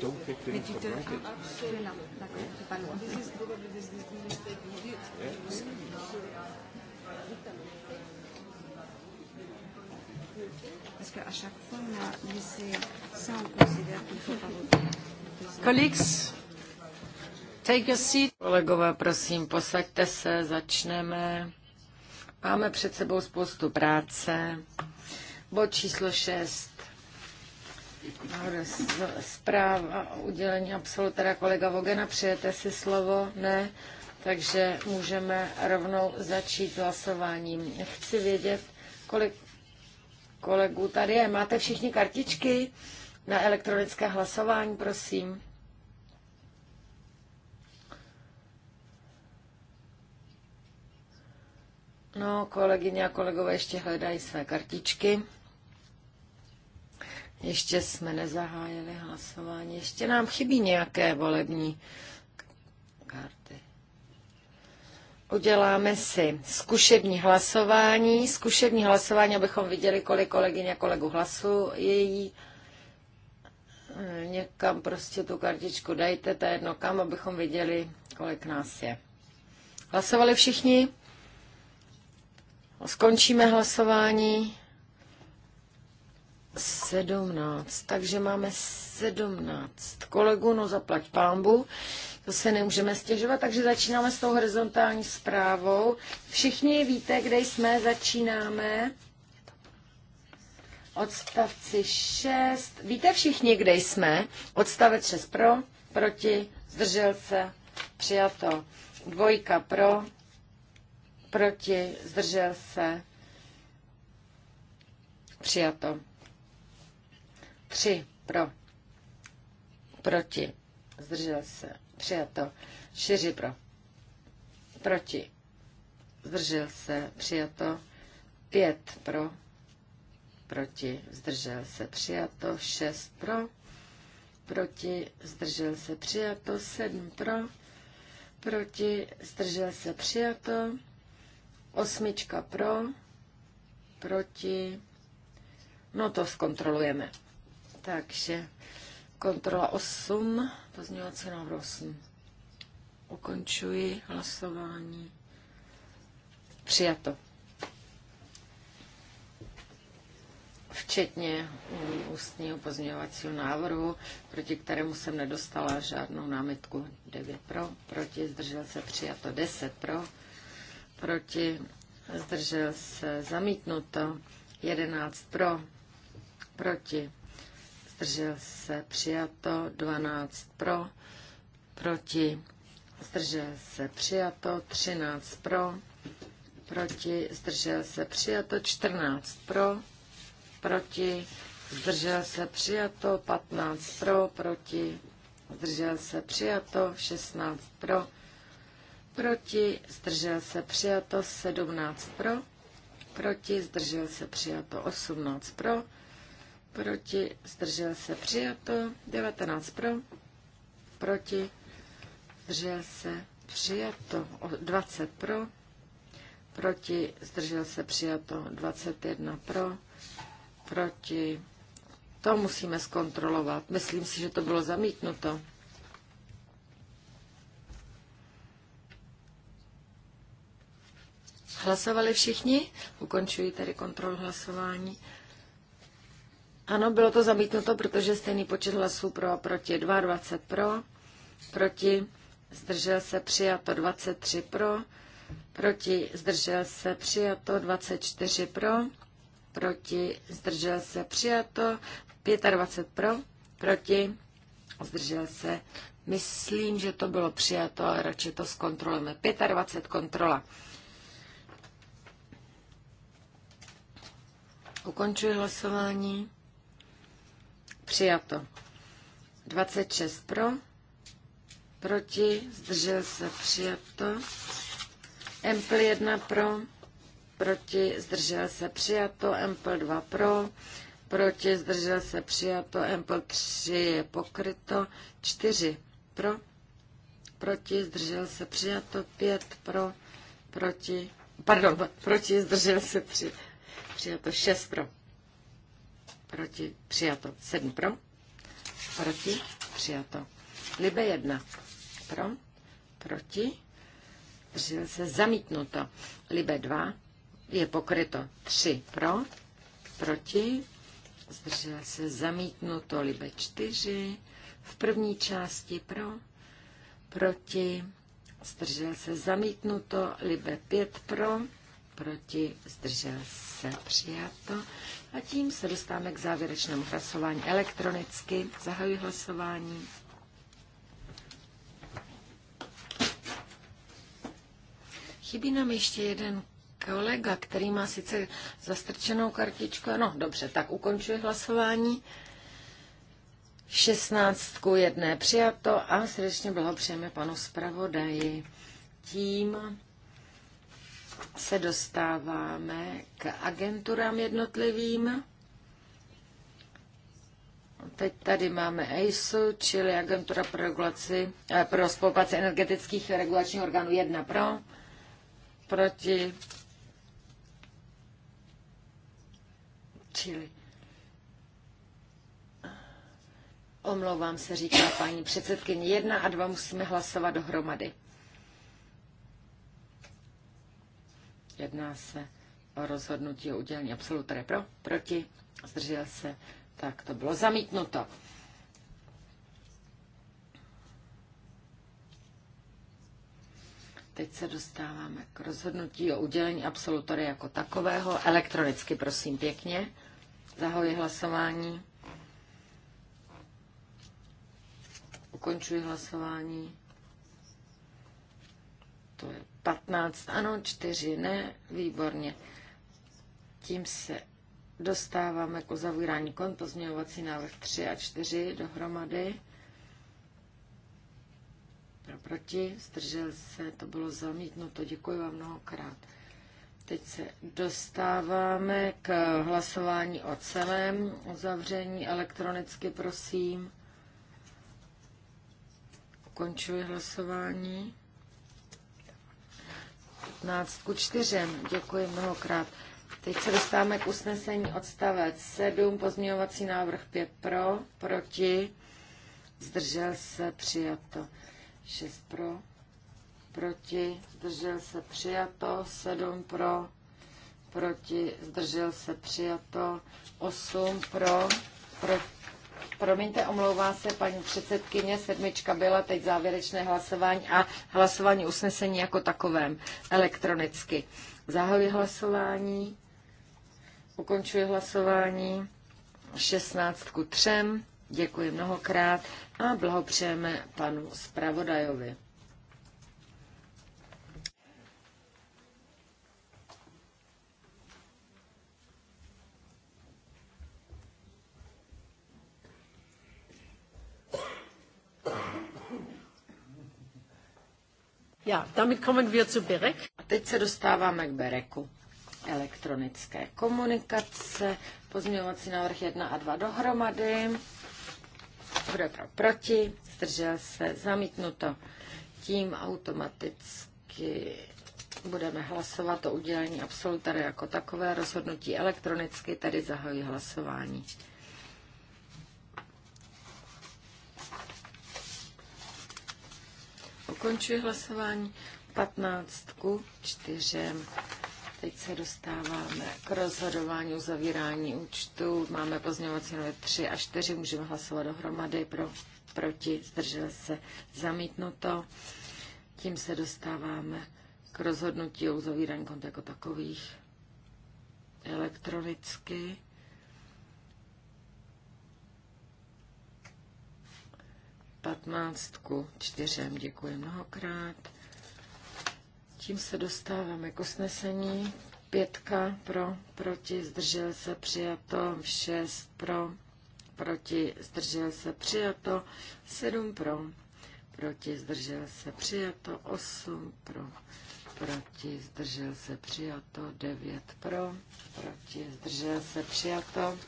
Don't take things for granted. Colleagues, take seat. Kolegové, prosím, posaďte se, začneme. Máme před sebou spoustu práce. Bod číslo 6 zpráva o udělení absolutora kolega Vogena. přijete si slovo? Ne? Takže můžeme rovnou začít hlasováním. Chci vědět, kolik kolegů tady je. Máte všichni kartičky na elektronické hlasování, prosím? No, kolegyně a kolegové ještě hledají své kartičky. Ještě jsme nezahájili hlasování. Ještě nám chybí nějaké volební karty. Uděláme si zkušební hlasování. Zkušební hlasování, abychom viděli, kolik kolegyně a kolegu hlasu její. Eh, někam prostě tu kartičku dejte, ta jedno kam, abychom viděli, kolik nás je. Hlasovali všichni? Skončíme hlasování. 17. Takže máme 17 kolegů, no zaplať pámbu. To se nemůžeme stěžovat, takže začínáme s tou horizontální zprávou. Všichni víte, kde jsme, začínáme. Odstavci 6. Víte všichni, kde jsme? Odstavec 6 pro, proti, zdržel se, přijato. Dvojka pro, proti, zdržel se, přijato. 3 pro, proti, zdržel se, přijato, 4 pro, proti, zdržel se, přijato, 5 pro, proti, zdržel se, přijato, 6 pro, proti, zdržel se, přijato, 7 pro, proti, zdržel se, přijato, osmička pro, proti, no to zkontrolujeme. Takže kontrola 8, pozměňovací návrh 8. Ukončuji hlasování. Přijato. Včetně ústního pozměňovacího návrhu, proti kterému jsem nedostala žádnou námitku. 9 pro, proti zdržel se přijato 10 pro, proti zdržel se zamítnuto 11 pro, proti zdržel se, přijato, 12 pro, proti, zdržel se, přijato, 13 pro, proti, zdržel se, přijato, 14 pro, proti, zdržel se, přijato, 15 pro, proti, zdržel se, přijato, 16 pro, proti, zdržel se, přijato, 17 pro, proti, zdržel se, přijato, 18 pro, proti, zdržel se přijato, 19 pro, proti, zdržel se přijato, 20 pro, proti, zdržel se přijato, 21 pro, proti, to musíme zkontrolovat. Myslím si, že to bylo zamítnuto. Hlasovali všichni? Ukončuji tady kontrolu hlasování. Ano, bylo to zamítnuto, protože stejný počet hlasů pro a proti 22 pro, proti zdržel se přijato 23 pro, proti zdržel se přijato 24 pro, proti zdržel se přijato 25 pro, proti zdržel se. Myslím, že to bylo přijato, ale radši to zkontrolujeme. 25 kontrola. Ukončuji hlasování. Přijato. 26 pro. Proti. Zdržel se. Přijato. Empl 1 pro. Proti. Zdržel se. Přijato. Empl 2 pro. Proti. Zdržel se. Přijato. Empl 3 je pokryto. 4 pro. Proti. Zdržel se. Přijato. 5 pro. Proti. Pardon. Proti. Zdržel se. Přijato. 6 pro proti, přijato. 7 pro, proti, přijato. Libe 1 pro, proti, zdržel se, zamítnuto. Libe 2 je pokryto 3 pro, proti, zdržel se, zamítnuto. Libe 4 v první části pro, proti, zdržel se, zamítnuto. Libe 5 pro, proti, zdržel se, přijato. A tím se dostáváme k závěrečnému hlasování elektronicky. Zahajuji hlasování. Chybí nám ještě jeden kolega, který má sice zastrčenou kartičku. No, dobře, tak ukončuji hlasování. 16 ku 1 přijato a srdečně blahopřejeme panu zpravodaji. Tím se dostáváme k agenturám jednotlivým. Teď tady máme ASU, čili Agentura pro, regulaci, eh, pro spolupráci energetických regulačních orgánů 1 pro, proti, čili Omlouvám se, říká paní předsedkyně. Jedna a dva musíme hlasovat dohromady. Jedná se o rozhodnutí o udělení absolutory pro, proti, zdržel se, tak to bylo zamítnuto. Teď se dostáváme k rozhodnutí o udělení absolutory jako takového. Elektronicky, prosím, pěkně. Zahoji hlasování. Ukončuji hlasování to je 15, ano, 4 ne, výborně. Tím se dostáváme k uzavírání kon. pozměňovací návrh 3 a 4 dohromady. Pro proti, zdržel se, to bylo zamítnuto, děkuji vám mnohokrát. Teď se dostáváme k hlasování o celém uzavření elektronicky, prosím. Ukončuji hlasování. 15 ku 4. Děkuji mnohokrát. Teď se dostáváme k usnesení odstavec 7, pozměňovací návrh 5 pro, proti, zdržel se, přijato. 6 pro, proti, zdržel se, přijato. 7 pro, proti, zdržel se, přijato. 8 pro, proti Promiňte, omlouvá se paní předsedkyně, sedmička byla teď závěrečné hlasování a hlasování usnesení jako takovém elektronicky. Zahajuji hlasování, ukončuji hlasování 16 ku 3. Děkuji mnohokrát a blahopřejeme panu zpravodajovi. Ja, damit kommen wir zu Berek. A teď se dostáváme k Bereku. Elektronické komunikace, pozměňovací návrh 1 a 2 dohromady. Bude pro proti, zdržel se, zamítnuto. Tím automaticky budeme hlasovat o udělení absolutary jako takové rozhodnutí elektronicky, tedy zahojí hlasování. Ukončuji hlasování 15 ku 4. Teď se dostáváme k rozhodování uzavírání účtu. Máme pozměňovací nové 3 a 4. Můžeme hlasovat dohromady pro, proti, zdržel se zamítnuto. Tím se dostáváme k rozhodnutí o uzavírání kont jako takových elektronicky. 15 ku 4. Děkuji mnohokrát. Tím se dostáváme k usnesení. Pětka pro, proti, zdržel se, přijato. Šest pro, proti, zdržel se, přijato. Sedm pro, proti, zdržel se, přijato. Osm pro, proti, zdržel se, přijato. Devět pro, proti, zdržel se, přijato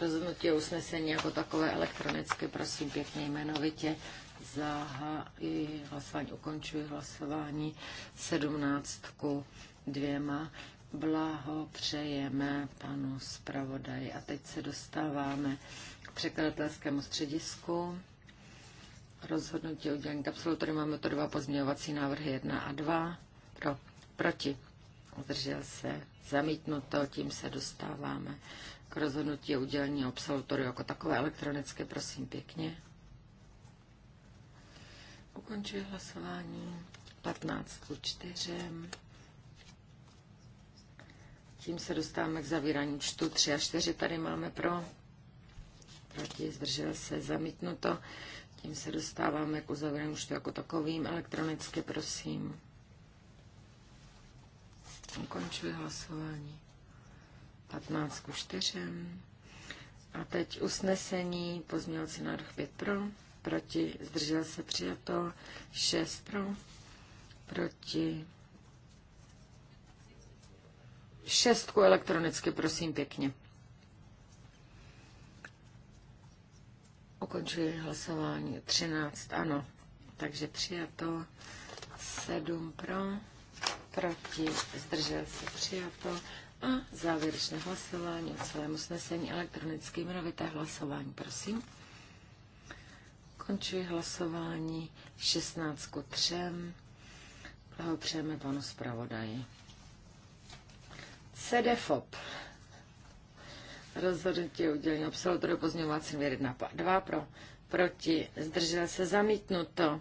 rozhodnutí o usnesení jako takové elektronicky, prosím pěkně jmenovitě. i hlasování, ukončuji hlasování 17 dvěma. Blaho, přejeme panu zpravodaji. A teď se dostáváme k překladatelskému středisku. Rozhodnutí o udělení absolutory. Máme to dva pozměňovací návrhy 1 a 2. Pro, proti. Zdržel se. Zamítnuto. Tím se dostáváme k rozhodnutí o udělení absolutoru jako takové elektronické, prosím pěkně. Ukončuji hlasování 15 ku 4. Tím se dostáváme k zavírání čtu 3 a 4. Tady máme pro, proti, zdržel se, zamítnuto. Tím se dostáváme k uzavření čtu jako takovým elektronicky, prosím. Ukončuji hlasování. 15 ku 4. A teď usnesení, pozměňovací návrh 5 pro, proti, zdržel se přijato, 6 pro, proti, 6 elektronicky, prosím pěkně. Ukončuji hlasování 13, ano, takže přijato, 7 pro, proti, zdržel se přijato, a závěrečné hlasování o svém usnesení elektronicky jmenovité hlasování, prosím. Končuji hlasování 16 ku 3. Blahopřejeme panu zpravodaji. CDFOP. Rozhodnutí o udělení absolutoru pozměňovacím 1 2 pro, proti, zdržel se zamítnuto.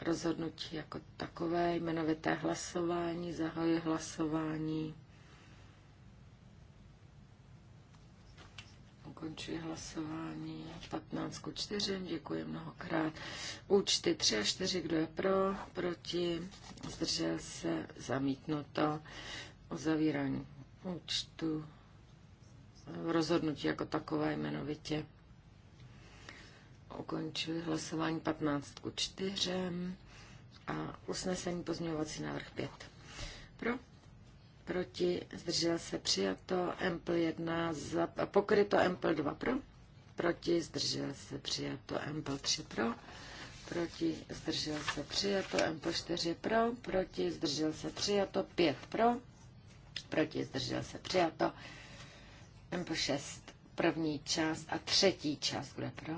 Rozhodnutí jako takové, jmenovité hlasování, zahoje hlasování. Ukončuji hlasování 15 ku 4. Děkuji mnohokrát. Účty 3 a 4. Kdo je pro? Proti? Zdržel se? Zamítnuto. zavírání účtu. Rozhodnutí jako takové jmenovitě. Ukončuji hlasování 15 ku 4 a usnesení pozměňovací návrh 5. Pro? proti, zdržel se přijato, Ample 1 za, pokryto, Ample 2 pro, proti, zdržel se přijato, Ample 3 pro, proti, zdržel se přijato, Ample 4 pro, proti, zdržel se přijato, 5 pro, proti, zdržel se přijato, Ample 6 první část a třetí část, bude pro,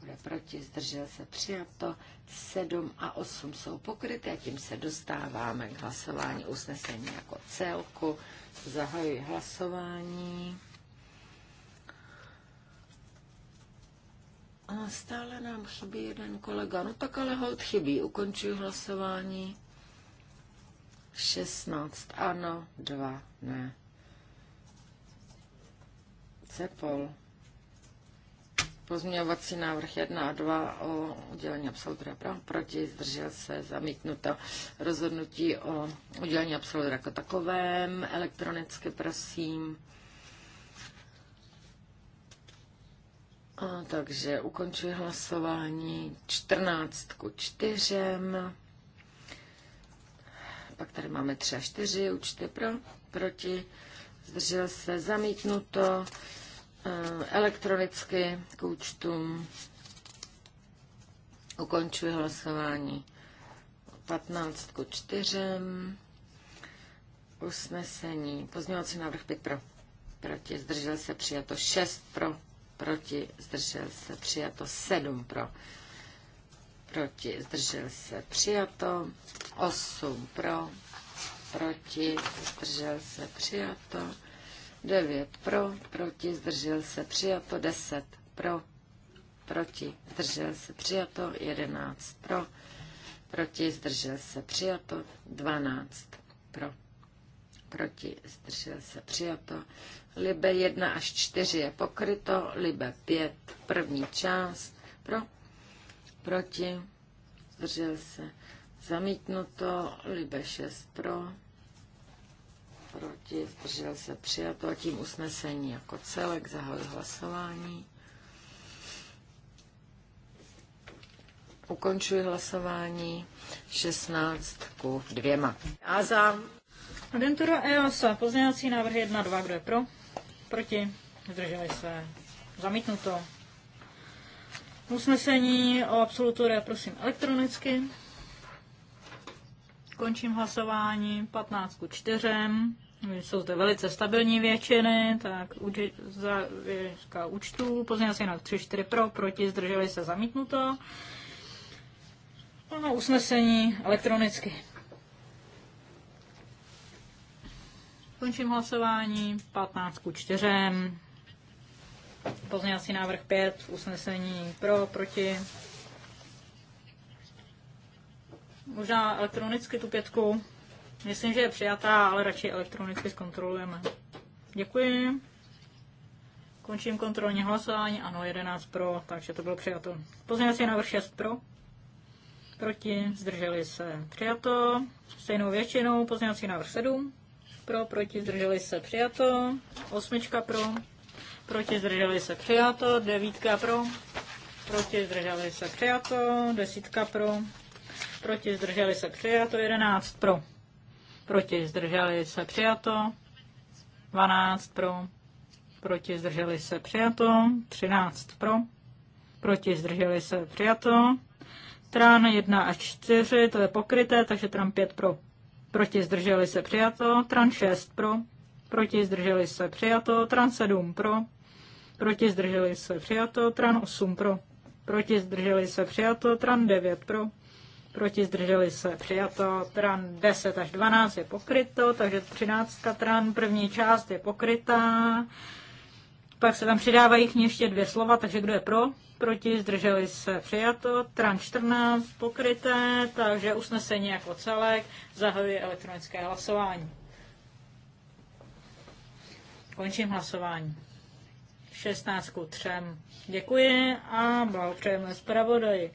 bude proti, zdržel se, přijato. 7 a 8 jsou pokryty a tím se dostáváme k hlasování usnesení jako celku. Zahajuji hlasování. A stále nám chybí jeden kolega. No tak ale hold chybí. Ukončuji hlasování. 16 ano, 2 ne. Cepol. Pozměňovací návrh 1 a 2 o udělení absolutora pro, proti, zdržel se, zamítnuto rozhodnutí o udělení absolutora jako takovém, elektronicky prosím. A, takže ukončuji hlasování 14 ku 4. Pak tady máme 3 a 4 účty pro, proti, zdržel se, zamítnuto. Eh, elektronicky k účtům. Ukončuji hlasování 15 k 4. Usnesení. Pozměňovací návrh 5 pro. Proti. Zdržel se přijato 6 pro. Proti. Zdržel se přijato 7 pro. Proti. Zdržel se přijato 8 pro. Proti. Zdržel se přijato 9 pro, proti, zdržel se, přijato, 10 pro, proti, zdržel se, přijato, 11 pro, proti, zdržel se, přijato, 12 pro, proti, zdržel se, přijato, libe 1 až 4 je pokryto, libe 5, první část, pro, proti, zdržel se, zamítnuto, libe 6 pro, proti, zdržel se přijato a tím usnesení jako celek zahájí hlasování. Ukončuji hlasování 16 ku dvěma. A za agentura EOSA, pozměňovací návrh 1, 2, kdo je pro? Proti, zdrželi se, zamítnuto. Usnesení o absolutoria, prosím, elektronicky. Končím hlasování 15 ku 4. Jsou zde velice stabilní většiny, tak uči, za, účtu účtů, se jinak 3, 4 pro, proti, zdrželi se zamítnuto. Ono usnesení elektronicky. Končím hlasování 15 ku 4. Pozměňovací návrh 5, usnesení pro, proti, možná elektronicky tu pětku. Myslím, že je přijatá, ale radši elektronicky zkontrolujeme. Děkuji. Končím kontrolní hlasování. Ano, 11 pro, takže to bylo přijato. Pozměňovací návrh 6 pro. Proti, zdrželi se, přijato. Stejnou většinou pozměňovací návrh 7. Pro, proti, zdrželi se, přijato. Osmička pro, proti, zdrželi se, přijato. Devítka pro, proti, zdrželi se, přijato. Desítka pro, proti, zdrželi se přijato, 11 pro, proti, zdrželi se přijato, 12 pro, proti, zdrželi se přijato, 13 pro, proti, zdrželi se přijato, Tran 1 a 4, to je pokryté, takže Tran 5 pro, proti, zdrželi se přijato, Tran 6 pro, proti, zdrželi se přijato, Tran 7 pro, proti, zdrželi se přijato, Tran 8 pro, proti, zdrželi se přijato, Tran 9 pro, proti zdrželi se přijato, tran 10 až 12 je pokryto, takže 13 tran první část je pokrytá, pak se tam přidávají k ní ještě dvě slova, takže kdo je pro, proti zdrželi se přijato, tran 14 pokryté, takže usnesení jako celek, zahajuje elektronické hlasování. Končím hlasování. 16 k 3. Děkuji a blahopřejeme zpravodaji.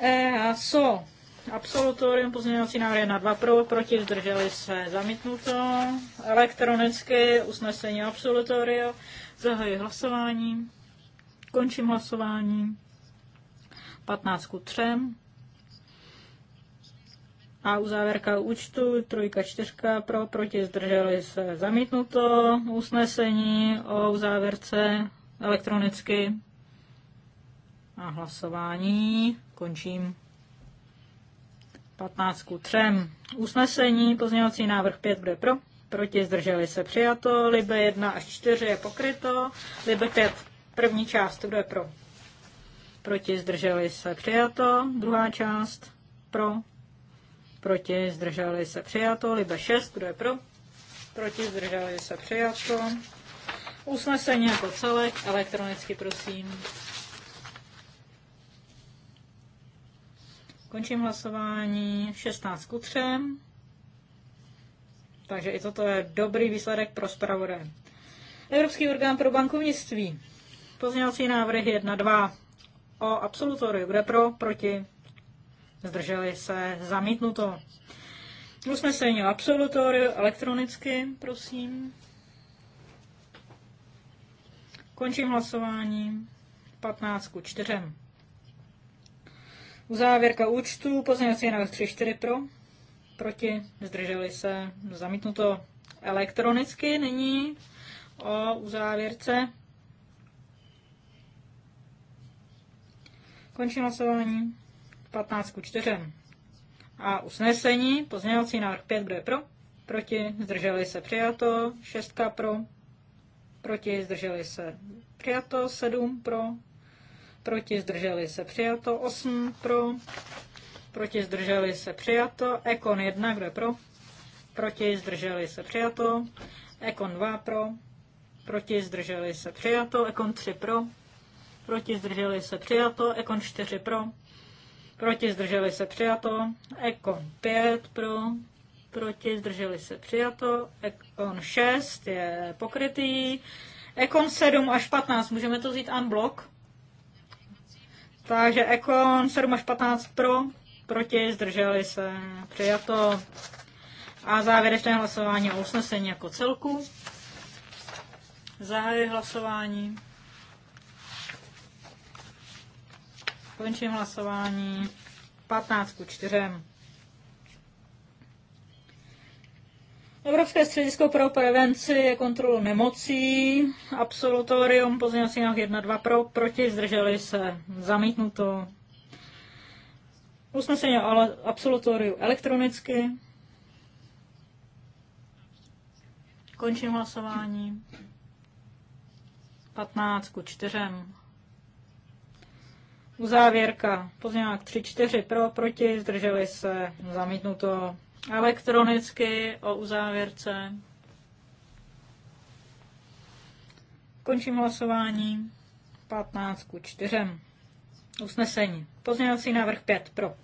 EASO. Absolutorium pozměňovací návrhy na 2 pro, proti zdrželi se zamítnuto. Elektronické usnesení absolutoria. Zahajuji hlasování. Končím hlasování. 15 ku 3. A u závěrka účtu trojka čtyřka pro, proti zdrželi se zamítnuto. Usnesení o závěrce elektronicky a hlasování. Končím 15 ku 3. Usnesení, pozměňovací návrh 5 bude pro, proti zdrželi se přijato, Libe 1 až 4 je pokryto, Libe 5 první část bude pro, proti zdrželi se přijato, druhá část pro, proti zdrželi se přijato, Libe 6 bude pro, proti zdrželi se přijato. Usnesení jako celek, elektronicky prosím. Končím hlasování 16 ku 3. Takže i toto je dobrý výsledek pro zpravodaje. Evropský orgán pro bankovnictví. Pozměňovací návrh 1, 2. O absolutory. Bude pro, proti. Zdrželi se. Zamítnuto. Usnesení o absolutoriu elektronicky, prosím. Končím hlasování 15 ku 4. Uzávěrka účtu, pozměňovací návrh 34 pro, proti, zdrželi se, zamítnuto elektronicky, nyní o uzávěrce. Končí hlasování 15 k 4. A usnesení, pozměňovací návrh 5, kdo je pro, proti, zdrželi se, přijato, 6 pro, proti, zdrželi se, přijato, 7 pro, proti zdrželi se přijato, 8 pro, proti zdrželi se přijato, Ekon 1, kdo je pro, proti zdrželi se přijato, Ekon 2 pro, proti zdrželi se přijato, Ekon 3 pro, proti zdrželi se přijato, Ekon 4 pro, proti zdrželi se přijato, Ekon 5 pro, proti zdrželi se přijato, Ekon 6 je pokrytý, Ekon 7 až 15, můžeme to vzít unblock, takže Ekon 7 až 15 pro, proti, zdrželi se, přijato. A závěrečné hlasování o usnesení jako celku. Zahajuji hlasování. Končím hlasování. 15 ku 4. Evropské středisko pro prevenci a kontrolu nemocí, absolutorium, pozměňovací návrh 1, 2 pro, proti, zdrželi se, zamítnuto. Usnesení ale absolutoriu elektronicky. Končím hlasování. 15 ku 4. Uzávěrka. Pozměňovák 3, 4 pro, proti, zdrželi se, zamítnuto elektronicky o uzávěrce. Končím hlasování 15 k 4. Usnesení. Pozměňovací návrh 5 pro.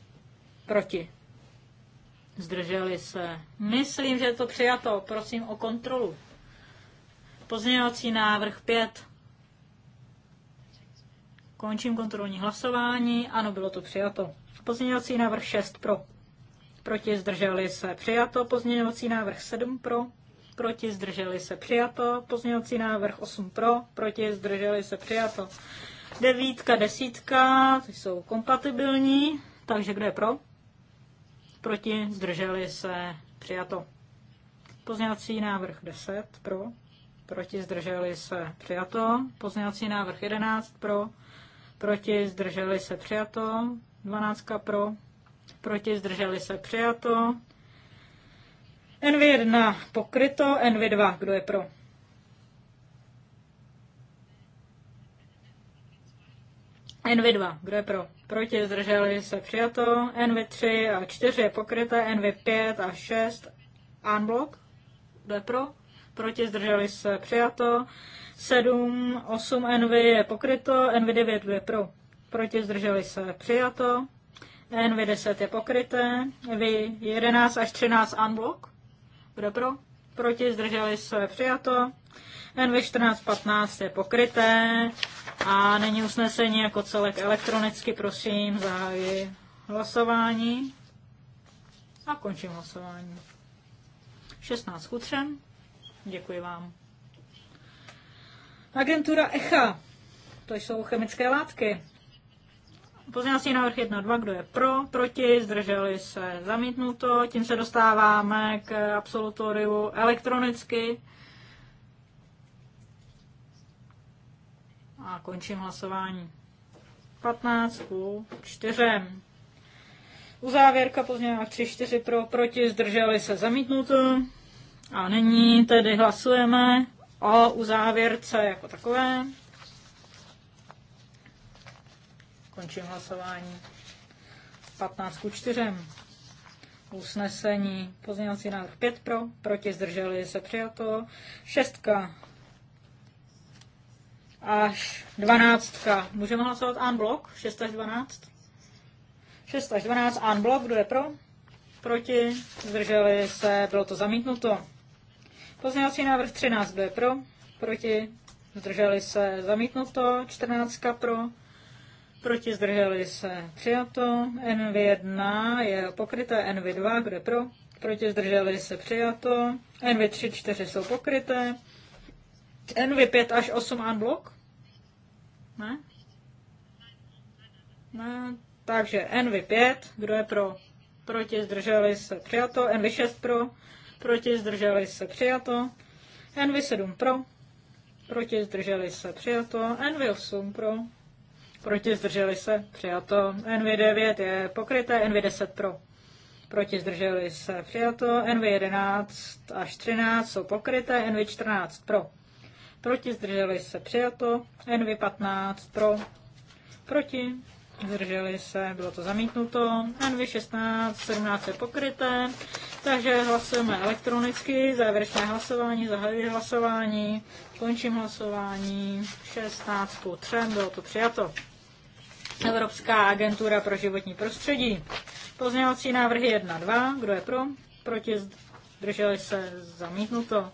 Proti. Zdrželi se. Myslím, že je to přijato. Prosím o kontrolu. Pozměňovací návrh 5. Končím kontrolní hlasování. Ano, bylo to přijato. Pozměňovací návrh 6 pro proti zdrželi se přijato, pozměňovací návrh 7 pro, proti zdrželi se přijato, pozměňovací návrh 8 pro, proti zdrželi se přijato. Devítka, desítka, ty jsou kompatibilní, takže kdo je pro? Proti zdrželi se přijato. Pozměňovací návrh 10 pro, proti zdrželi se přijato, pozměňovací návrh 11 pro, proti zdrželi se přijato, 12 pro, proti, zdrželi se, přijato. NV1 pokryto, NV2, kdo je pro? NV2, kdo je pro? Proti zdrželi se přijato, NV3 a 4 je pokryté, NV5 a 6 unblock, kdo je pro? Proti zdrželi se přijato, 7, 8 NV je pokryto, NV9 kdo je pro? Proti zdrželi se přijato, NV 10 je pokryté, vy 11 až 13 unblock, kdo pro? Proti, zdrželi se, přijato. NV 14, 15 je pokryté a není usnesení jako celek elektronicky, prosím, zahájí hlasování a končím hlasování. 16 chutřem, děkuji vám. Agentura ECHA, to jsou chemické látky. Pozměňovací návrh 1 2, kdo je pro, proti, zdrželi se, zamítnuto. Tím se dostáváme k absolutoriu elektronicky. A končím hlasování. 15 ku 4. Uzávěrka pozměňovák 3, 4 pro, proti, zdrželi se, zamítnuto. A nyní tedy hlasujeme o uzávěrce jako takové. Končím hlasování. 15 ku 4. Usnesení. Pozměňovací návrh 5 pro, proti zdrželi se přijato. 6 až 12. Můžeme hlasovat en blok? 6 až 12? 6 až 12 en blok. Kdo je pro? Proti zdrželi se. Bylo to zamítnuto. Pozměňovací návrh 13. Kdo je pro? Proti zdrželi se. Zamítnuto. 14 pro proti zdrželi se přijato, NV1 je pokryté, NV2, kde pro, proti zdrželi se přijato, NV3, 4 jsou pokryté, NV5 až 8 unblock? Ne? Ne, takže NV5, kdo je pro, proti zdrželi se přijato, NV6 pro, proti zdrželi se přijato, NV7 pro, proti zdrželi se přijato, NV8 pro, proti zdrželi se, přijato. NV9 je pokryté, NV10 pro, proti zdrželi se, přijato. NV11 až 13 jsou pokryté, NV14 pro, proti zdrželi se, přijato. NV15 pro, proti zdrželi se, bylo to zamítnuto. NV16, 17 je pokryté, takže hlasujeme elektronicky, závěrečné hlasování, zahajuji hlasování, končím hlasování, 16 3, bylo to přijato. Evropská agentura pro životní prostředí. Pozměňovací návrhy 1, 2. Kdo je pro? Proti zdrželi se zamítnuto.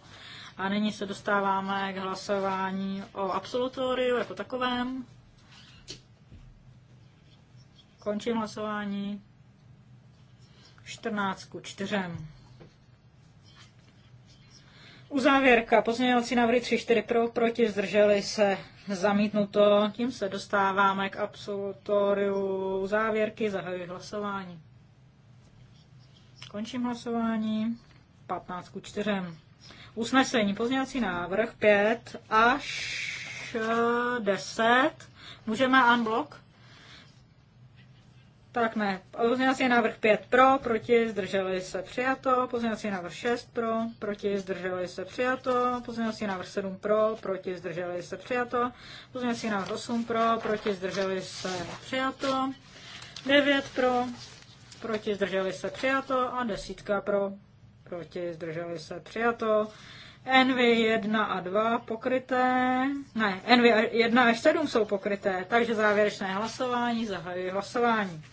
A nyní se dostáváme k hlasování o absolutoriu jako takovém. Končím hlasování. 14 ku 4. Uzávěrka. Pozměňovací návrhy 3, 4 pro, proti zdrželi se Zamítnuto, tím se dostáváme k absolutoriu závěrky, zahajuji hlasování. Končím hlasování. 15 ku 4. Usnesení, pozměňovací návrh 5 až 10. Eh, Můžeme unblock? Tak ne. Pozměňovací návrh 5 pro, proti, zdrželi se přijato. Pozměňovací návrh 6 pro, proti, zdrželi se přijato. Pozměňovací návrh 7 pro, proti, zdrželi se přijato. Pozměňovací návrh 8 pro, proti, zdrželi se přijato. 9 pro, proti, zdrželi se přijato. A desítka pro, proti, zdrželi se přijato. NV 1 a 2 pokryté, ne, NV 1 až 7 jsou pokryté, takže závěrečné hlasování, zahajuji hlasování.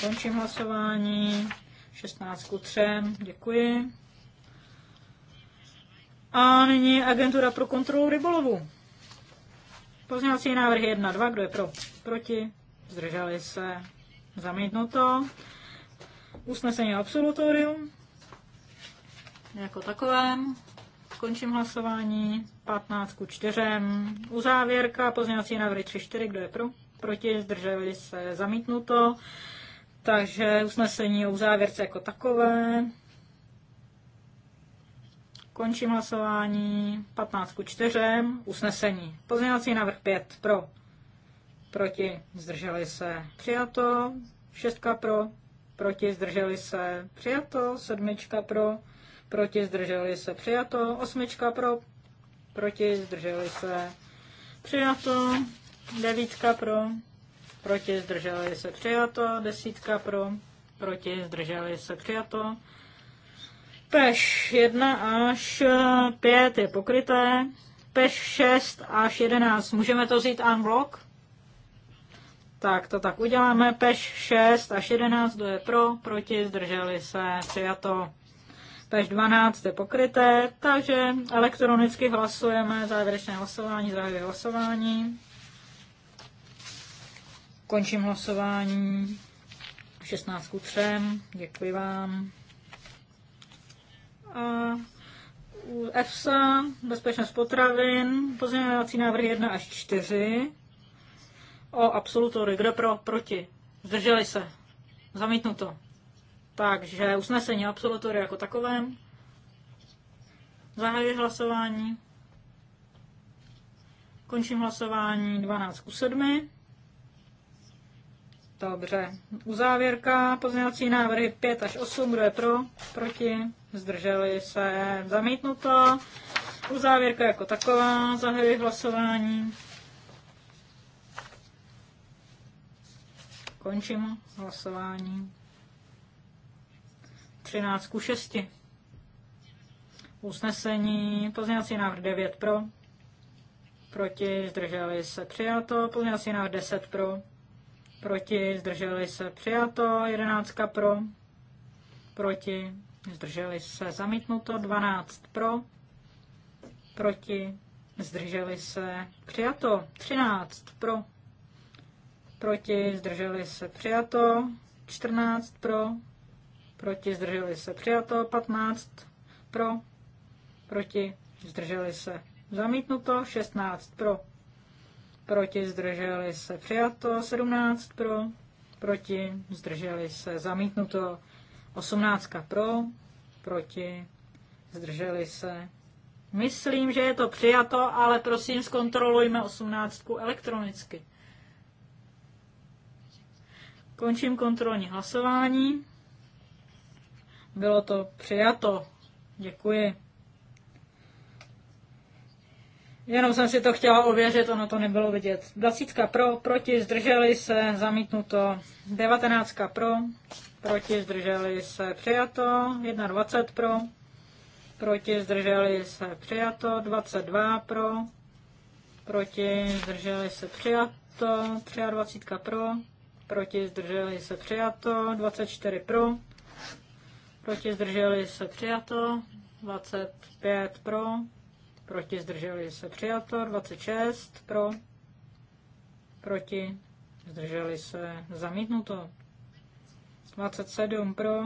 Končím hlasování. 16 ku 3. Děkuji. A nyní agentura pro kontrolu rybolovu. Pozměňovací návrhy 1, 2. Kdo je pro? Proti? Zdrželi se? Zamítnuto. Usnesení absolutorium. Jako takovém. Končím hlasování. 15 ku 4. Uzávěrka. Pozměňovací návrhy 3, 4. Kdo je pro? Proti? Zdrželi se? Zamítnuto. Takže usnesení o závěrce jako takové. Končím hlasování 15 ku 4. Usnesení. Pozměňovací návrh 5 pro. Proti zdrželi se přijato. 6 pro. Proti zdrželi se přijato. 7 pro. Proti zdrželi se přijato. 8 pro. Proti zdrželi se přijato. 9 pro proti, zdrželi se přijato, desítka pro, proti, zdrželi se přijato. Peš 1 až 5 eh, je pokryté, peš 6 až 11, můžeme to vzít unblock? Tak to tak uděláme, peš 6 až 11, kdo je pro, proti, zdrželi se přijato. Peš 12 je pokryté, takže elektronicky hlasujeme závěrečné hlasování, zahajuje hlasování. Končím hlasování. 16 ku 3. Děkuji vám. A u EFSA, bezpečnost potravin, pozměňovací návrhy 1 až 4. O absolutory. Kdo pro? Proti. Zdrželi se. Zamítnuto. Takže usnesení absolutory jako takovém. Zahajuji hlasování. Končím hlasování 12 k 7. Dobře. Uzávěrka, pozměňovací návrhy 5 až 8, kdo je pro, proti, zdrželi se, zamítnuto. Uzávěrka jako taková, zahajuji hlasování. Končím hlasování. 13 ku 6. Usnesení, pozměňovací návrh 9 pro, proti, zdrželi se, přijato, pozměňovací návrh 10 pro, proti, zdrželi se přijato, jedenáctka pro, proti, zdrželi se zamítnuto, 12 pro, proti, zdrželi se přijato, 13 pro, proti, zdrželi se přijato, 14 pro, proti, zdrželi se přijato, 15 pro, proti, zdrželi se zamítnuto, 16 pro, proti, zdrželi se přijato, 17 pro, proti, zdrželi se zamítnuto, 18 pro, proti, zdrželi se. Myslím, že je to přijato, ale prosím zkontrolujme 18 elektronicky. Končím kontrolní hlasování. Bylo to přijato. Děkuji. Jenom jsem si to chtěla ověřit, ono to nebylo vidět. 20 pro, proti, zdrželi se, zamítnuto. 19 pro, proti, zdrželi se, přijato. 21 pro, proti, zdrželi se, přijato. 22 pro, proti, zdrželi se, přijato. 23 pro, proti, zdrželi se, přijato. 24 pro, proti, zdrželi se, přijato. 25 pro, proti, zdrželi se přijato, 26 pro, proti, zdrželi se zamítnuto, 27 pro,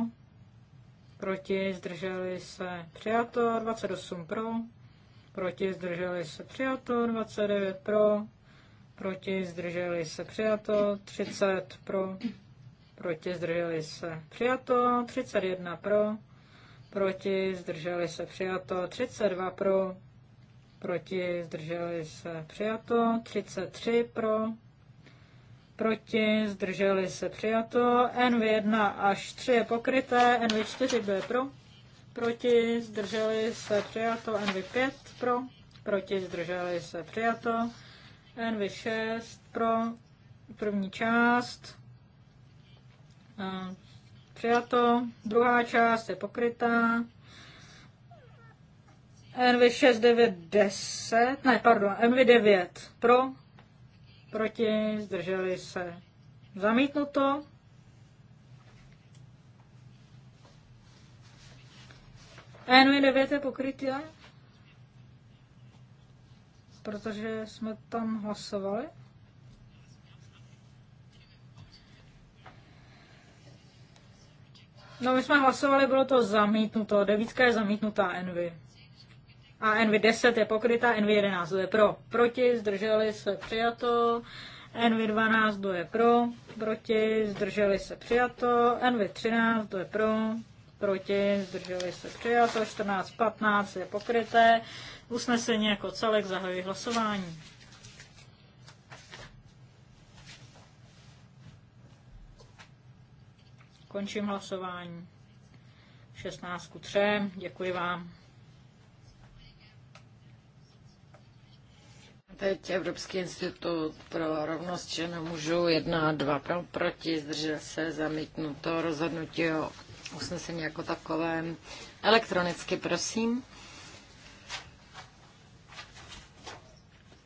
proti, zdrželi se přijato, 28 pro, proti, zdrželi se přijato, 29 pro, proti, zdrželi se přijato, 30 pro, proti, zdrželi se přijato, 31 pro, proti, zdrželi se přijato, 32 pro, proti, zdrželi se přijato, 33 pro, proti, zdrželi se přijato, NV1 až 3 je pokryté, NV4 bude pro, proti, zdrželi se přijato, NV5 pro, proti, zdrželi se přijato, NV6 pro, první část, eh, přijato, druhá část je pokrytá, NV6910, ne, pardon, NV9 pro, proti, zdrželi se. Zamítnuto. NV9 je pokrytě, protože jsme tam hlasovali. No my jsme hlasovali, bylo to zamítnuto. Devítka je zamítnutá Envy a NV10 je pokrytá, NV11 je pro, proti, zdrželi se přijato, NV12 je pro, proti, zdrželi se přijato, NV13 je pro, proti, zdrželi se přijato, 14, 15 je pokryté, usnesení jako celek zahajuji hlasování. Končím hlasování. 16 ku 3. Děkuji vám. Teď Evropský institut pro rovnost žen mužů jedna a dva pro, proti, zdržel se zamítnuto rozhodnutí o usnesení jako takovém. Elektronicky, prosím.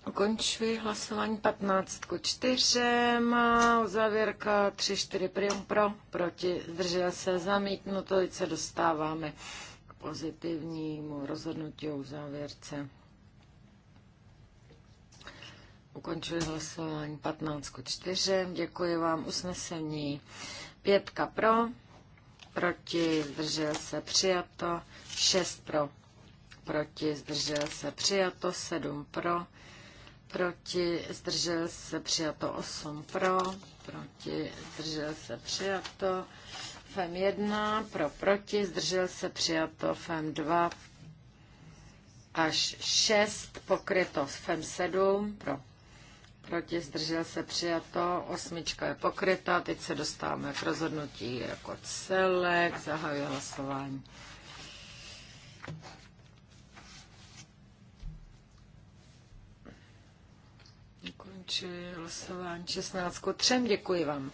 Ukončuji hlasování 15 ku 4. Má Závěrka 3, 4 prim pro, proti, zdržel se zamítnuto. Teď se dostáváme k pozitivnímu rozhodnutí o závěrce. Ukončili hlasování 15 k 4. Děkuji vám usnesení. Pětka pro, proti, zdržel se přijato, 6 pro, proti, zdržel se přijato, 7 pro, proti, zdržel se přijato, 8 pro, proti, zdržel se přijato, FEM 1 pro, proti, zdržel se přijato, FEM 2 až 6 pokryto, FEM 7 pro, proti, zdržel se přijato, osmička je pokryta, teď se dostáváme k rozhodnutí jako celek, zahajuji hlasování. Končuji hlasování 16 třem, děkuji vám.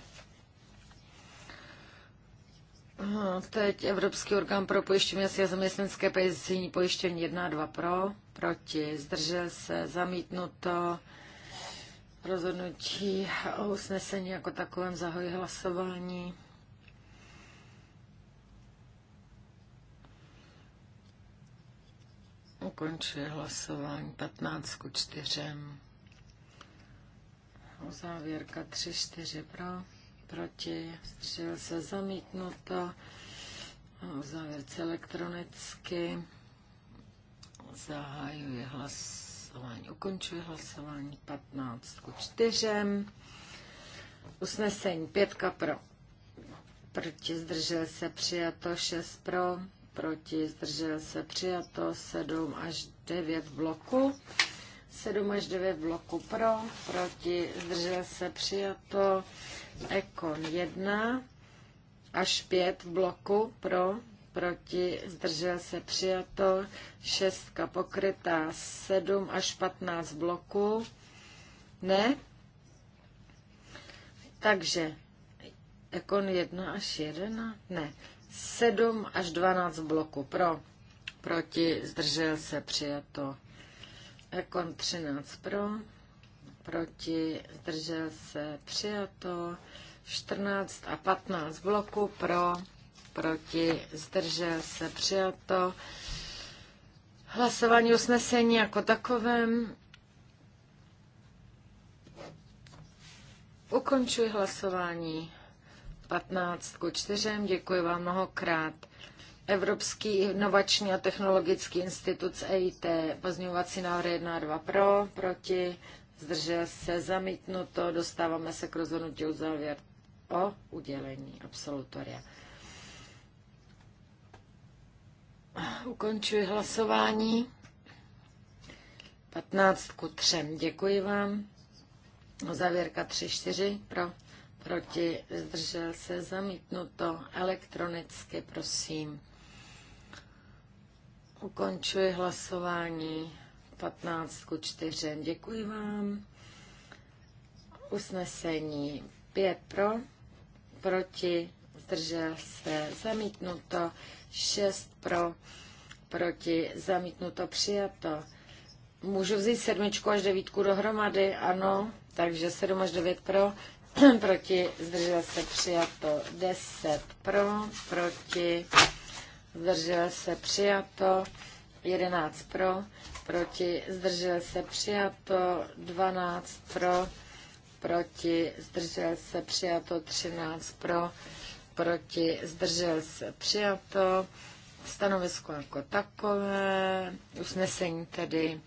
Teď Evropský orgán pro pojištění asi a zaměstnanské pojištění 1 a 2 pro, proti, zdržel se, zamítnuto, rozhodnutí o usnesení jako takovém zahoji hlasování. Ukončuje hlasování 15 ku 4. Závěrka 3, 4 pro, proti, střel se zamítnuto. Závěrce elektronicky. zahajuje hlasování hlasování. Ukončuji hlasování 15 ku 4. Usnesení 5 pro. Proti zdržel se přijato 6 pro. Proti zdržel se přijato 7 až 9 bloku. 7 až 9 bloku pro. Proti zdržel se přijato Ekon 1 až 5 bloku pro proti, zdržel se přijato, šestka pokrytá, sedm až patnáct bloků, ne? Takže, ekon jedna až jedna, ne, sedm až dvanáct bloků pro, proti, zdržel se přijato, ekon třináct pro, proti, zdržel se přijato, 14 a 15 bloků pro, proti, zdržel se, přijato. Hlasování usnesení jako takovém. Ukončuji hlasování 15 ku 4. Děkuji vám mnohokrát. Evropský inovační a technologický institut z EIT, pozměňovací návrh 1 a 2 pro, proti, zdržel se, zamítnuto, dostáváme se k rozhodnutí o závěr o udělení absolutoria. Ukončuji hlasování. 15 ku 3. Děkuji vám. Závěrka 3-4 pro, proti, zdržel se, zamítnuto elektronicky, prosím. Ukončuji hlasování 15 ku 4. Děkuji vám. Usnesení 5 pro, proti, zdržel se, zamítnuto 6 pro, proti, zamítnuto, přijato. Můžu vzít sedmičku až devítku dohromady, ano, takže sedm až devět pro, <clears throat> proti, zdržel se, přijato, deset pro, proti, zdržel se, přijato, jedenáct pro, proti, zdržel se, přijato, dvanáct pro, proti, zdržel se, přijato, třináct pro, proti, zdržel se, přijato, Stanovisko jako takové, usnesení tedy.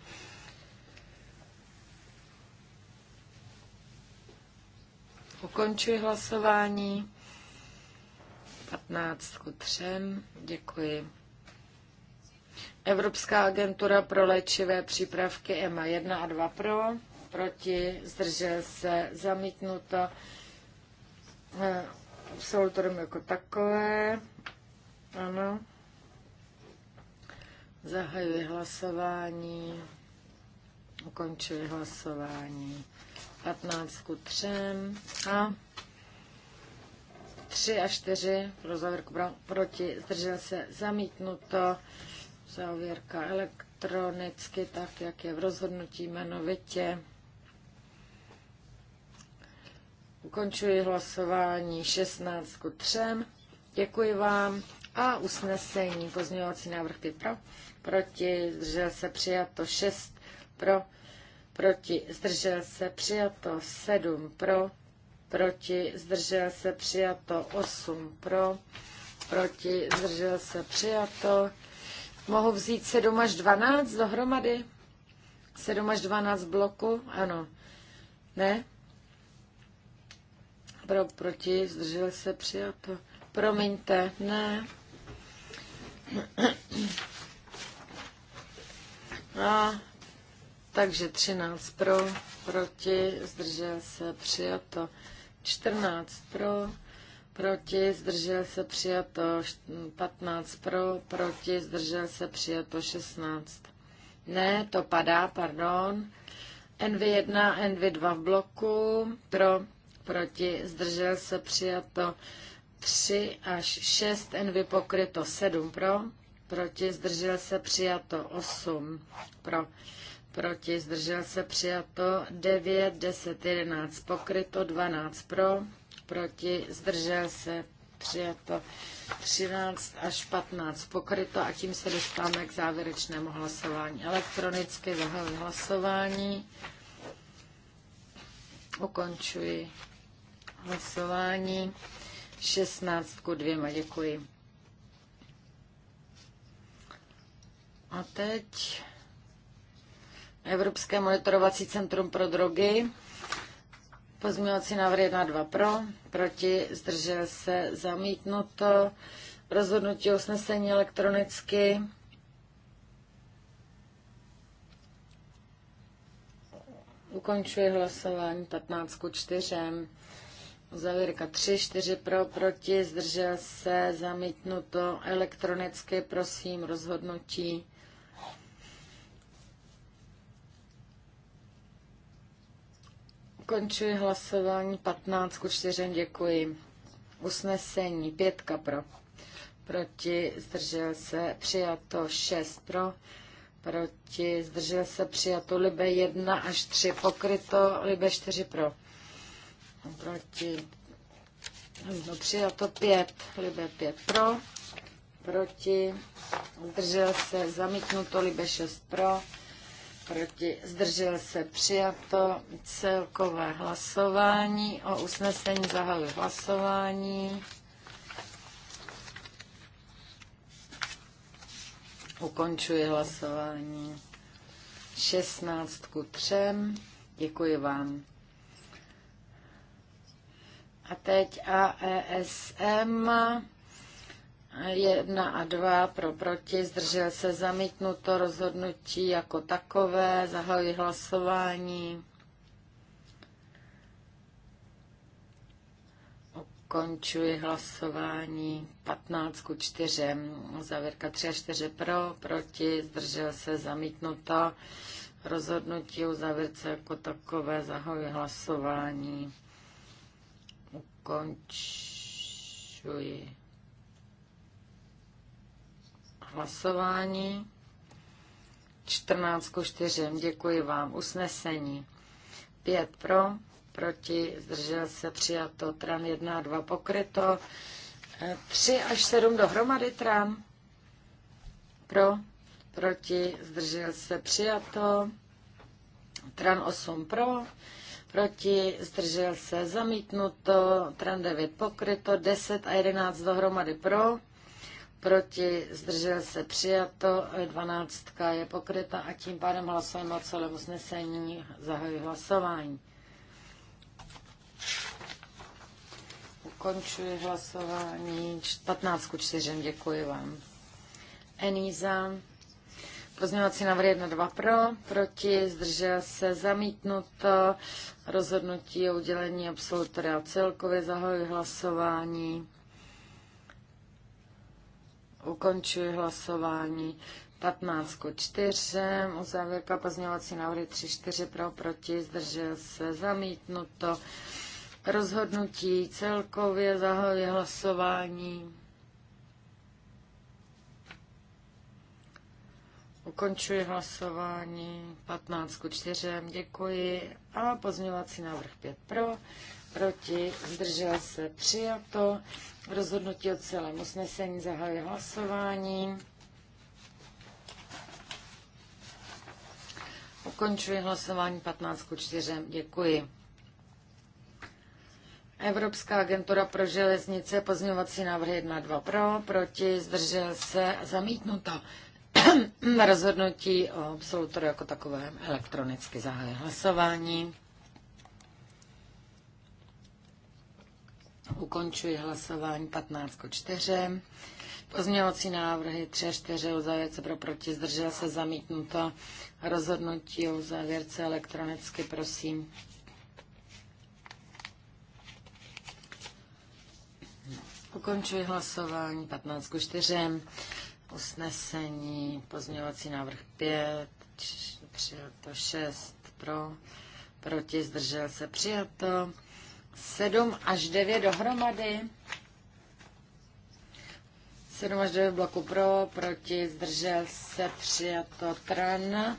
Ukončuji hlasování. 15 ku 3. Děkuji. Evropská agentura pro léčivé přípravky EMA 1 a 2 pro, proti, zdržel se, zamítnuto eh, absolutorem jako takové. Ano. Zahajuji hlasování. Ukončuji hlasování. 15 ku 3 a 3 a 4 pro závěrku proti, zdržel se zamítnuto, závěrka elektronicky, tak jak je v rozhodnutí jmenovitě. Ukončuji hlasování 16 ku 3. Děkuji vám a usnesení pozměňovací návrh 5 pro proti, zdržel se přijato 6 pro, proti, zdržel se přijato 7 pro, proti, zdržel se přijato 8 pro, proti, zdržel se přijato. Mohu vzít 7 až 12 dohromady? 7 až 12 bloku? Ano. Ne? Pro, proti, zdržel se přijato. Promiňte, ne. A, takže 13 pro, proti, zdržel se, přijato. 14 pro, proti, zdržel se, přijato. 15 pro, proti, zdržel se, přijato. 16. Ne, to padá, pardon. NV1, NV2 v bloku, pro, proti, zdržel se, přijato. 3 až 6, NV pokryto 7 pro, proti, zdržel se přijato 8 pro, proti, zdržel se přijato 9, 10, 11 pokryto, 12 pro, proti, zdržel se přijato 13 až 15 pokryto a tím se dostáváme k závěrečnému hlasování. Elektronicky zahajuji hlasování. Ukončuji hlasování. 16 ku dvěma, Děkuji. A teď Evropské monitorovací centrum pro drogy. Pozměňovací návrh 1 2 pro, proti, zdržel se, zamítnuto. Rozhodnutí usnesení elektronicky. Ukončuji hlasování 15 ku 4. Zavírka 3, 4 pro, proti, zdržel se, zamítnuto. Elektronicky prosím rozhodnutí. Končuji hlasování 15 ku 4, děkuji. Usnesení 5 pro, proti, zdržel se, přijato 6 pro, proti, zdržel se, přijato Libe 1 až 3, pokryto Libe 4 pro, proti, no, přijato 5, Libe 5 pro, proti, zdržel se, zamítnuto Libe 6 pro, proti, zdržel se přijato celkové hlasování o usnesení zahajuje hlasování. Ukončuji hlasování 16 ku 3. Děkuji vám. A teď AESM. 1 a 2 pro proti, zdržel se zamítnuto rozhodnutí jako takové, zahajuji hlasování. Končuji hlasování 15 ku 4, závěrka 3 a 4 pro, proti, zdržel se zamítnuto rozhodnutí u závěrce jako takové, zahajuji hlasování. Ukončuji hlasování. 14 ku 4. Děkuji vám. Usnesení. 5 pro, proti, zdržel se přijato. Tran 1 a 2 pokryto. 3 e, až 7 dohromady tran. Pro, proti, zdržel se přijato. Tran 8 pro, proti, zdržel se zamítnuto, tran 9 pokryto, 10 a 11 dohromady pro, proti, zdržel se přijato, dvanáctka je pokryta a tím pádem hlasujeme o celém usnesení, zahajuji hlasování. Ukončuji hlasování 15 ku 4, děkuji vám. Eníza, pozměňovací návrh 1, 2 pro, proti, zdržel se zamítnuto, rozhodnutí o udělení absolutoria celkově, zahajuji hlasování. Ukončuji hlasování. 15 ku 4, uzávěrka pozměňovací návrhy 3, 4 pro, proti, zdržel se, zamítnuto. Rozhodnutí celkově zahajuje hlasování. Ukončuji hlasování 15 ku 4, děkuji. A pozměňovací návrh 5 pro, proti, zdržel se, přijato. Rozhodnutí o celém usnesení zahajuje hlasování. Ukončuji hlasování 15 ku 4. Děkuji. Evropská agentura pro železnice, pozměňovací návrh 1 2 pro, proti, zdržel se, zamítnuto. <clears throat> Rozhodnutí o absolutoru jako takovém elektronicky zahajuje hlasování. Ukončuji hlasování 15 4. Pozměňovací návrhy 3 4 o závěrce pro proti zdržel se zamítnuto. Rozhodnutí o závěrce elektronicky, prosím. Ukončuji hlasování 15 4. Usnesení pozměňovací návrh 5, přijato 6 pro, proti zdržel se přijato. 7 až 9 dohromady. 7 až 9 bloku pro, proti, zdržel se, přijato, tran.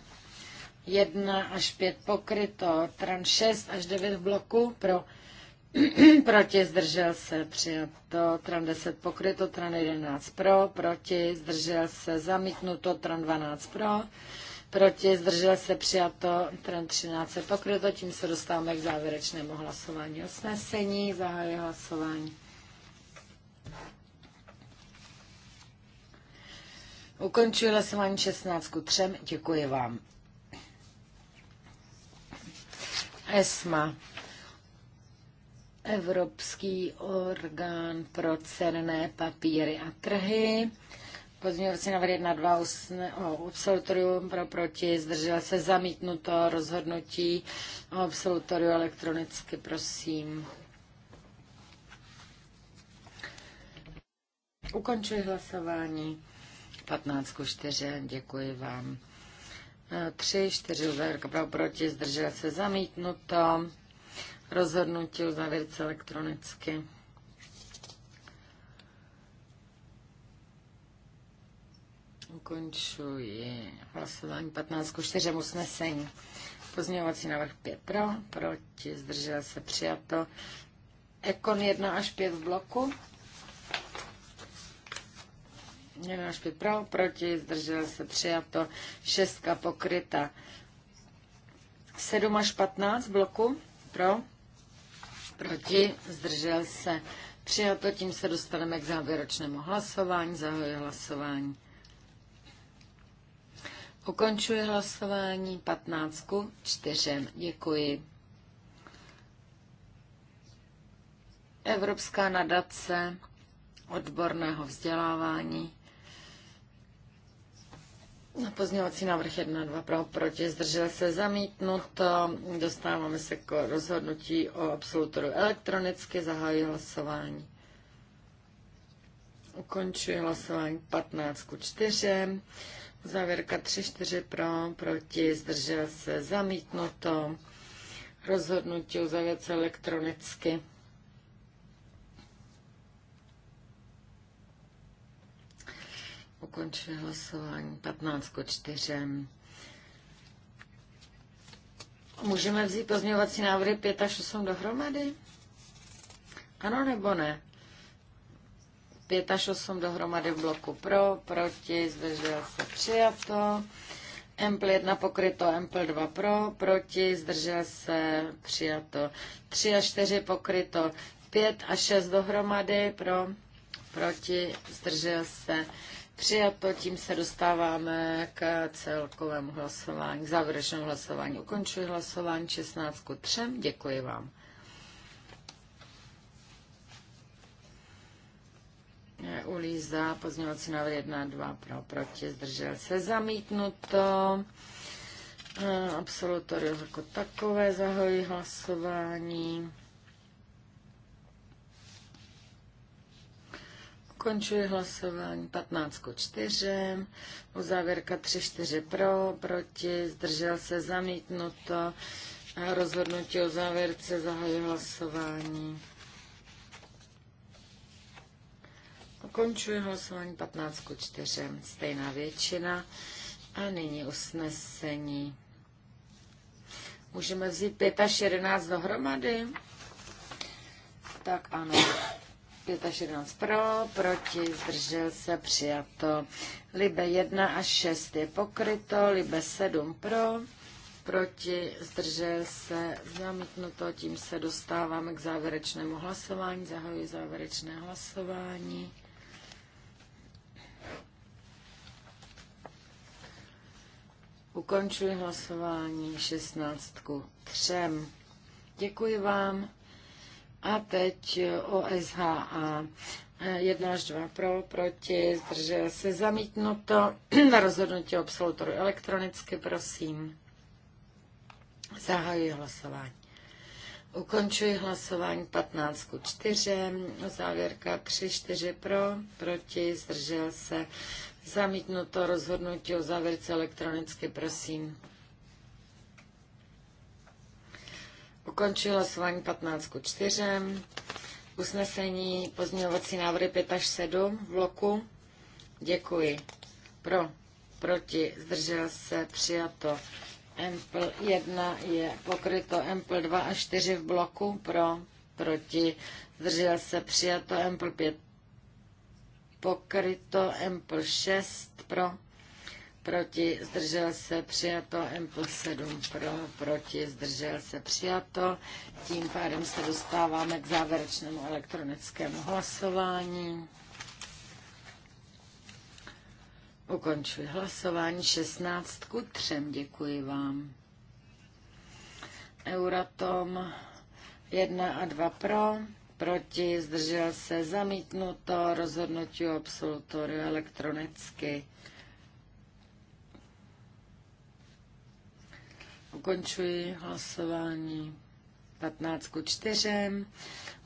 1 až 5 pokryto, tran 6 až 9 v bloku pro, <clears throat> proti, zdržel se, přijato, tran 10 pokryto, tran 11 pro, proti, zdržel se, zamítnuto, tran 12 pro, proti, zdržel se přijato, trend 13 se pokryto, tím se dostáváme k závěrečnému hlasování usnesení, zahajuje hlasování. Ukončuji hlasování 16 ku 3, děkuji vám. ESMA, Evropský orgán pro cenné papíry a trhy. Pozměňovací návrh 1, 2, o absolutorium pro proti, zdržel se zamítnuto rozhodnutí o absolutoriu elektronicky, prosím. Ukončuji hlasování. 15 ku 4, děkuji vám. 3, 4, uzavěrka pro proti, zdržel se zamítnuto. Rozhodnutí uzávěrce elektronicky. Ukončuji hlasování 15 k 4 usnesení. Pozměňovací návrh 5 pro, proti, zdržel se přijato. Ekon 1 až 5 v bloku. 1 až 5 pro, proti, zdržel se přijato. 6 pokryta. 7 až 15 v bloku pro, proti, zdržel se přijato. Tím se dostaneme k závěrečnému hlasování. Zahajuji hlasování. Ukončuji hlasování 15 ku 4. Děkuji. Evropská nadace odborného vzdělávání. Na Pozměňovací návrh 1 2 pro, proti, zdržel se zamítnuto. Dostáváme se k rozhodnutí o absolutoru elektronicky, zahájí hlasování. Ukončuji hlasování 15 ku 4. Závěrka 3-4 pro, proti, zdržel se, zamítnuto. Rozhodnutí uzavět se elektronicky. Ukončuje hlasování 15 k 4. Můžeme vzít pozměňovací návrhy 5 až 8 dohromady? Ano nebo ne? 5 až 8 dohromady v bloku pro, proti, zdržel se přijato. Ample 1 pokryto, Ample 2 pro, proti, zdržel se přijato. 3 a 4 pokryto, 5 a 6 dohromady pro, proti, zdržel se přijato. Tím se dostáváme k celkovému hlasování, k závěrečnému hlasování. Ukončuji hlasování 16 3. Děkuji vám. Ulíza, pozměňovací návrh 1 2 pro, proti, zdržel se zamítnuto. E, absolutorium jako takové, zahojí hlasování. Končuji hlasování 15 k 4, uzávěrka 3, 4 pro, proti, zdržel se zamítnuto, e, rozhodnutí o závěrce zahajuji hlasování. Ukončuji hlasování 15 ku 4, stejná většina. A nyní usnesení. Můžeme vzít 5 až 11 dohromady? Tak ano. 5 až 11 pro, proti, zdržel se, přijato. Libe 1 až 6 je pokryto, Libe 7 pro, proti, zdržel se, zamítnuto, tím se dostáváme k závěrečnému hlasování, zahajuji závěrečné hlasování. Ukončuji hlasování 16 k 3. Děkuji vám. A teď OSHA 1 až 2 pro, proti, zdržel se zamítnuto. <clears throat> Na rozhodnutí absolutoru elektronicky, prosím. Zahajuji hlasování. Ukončuji hlasování 15 ku 4, závěrka 3, 4 pro, proti, zdržel se Zamítnuto rozhodnutí o závěrce elektronicky, prosím. Ukončuji hlasování 15 ku 4. Usnesení pozměňovací návrhy 5 až 7 v bloku. Děkuji. Pro, proti, zdržel se, přijato. Empl 1 je pokryto, Empl 2 a 4 v bloku, pro, proti, zdržel se, přijato, Empl 5 pokryto Empl 6 pro, proti zdržel se přijato, Empl 7 pro, proti zdržel se přijato. Tím pádem se dostáváme k závěrečnému elektronickému hlasování. Ukončuji hlasování 16 ku 3. Děkuji vám. Euratom 1 a 2 pro proti, zdržel se, zamítnuto, rozhodnutí o absolutoriu elektronicky. Ukončuji hlasování 15 ku 4,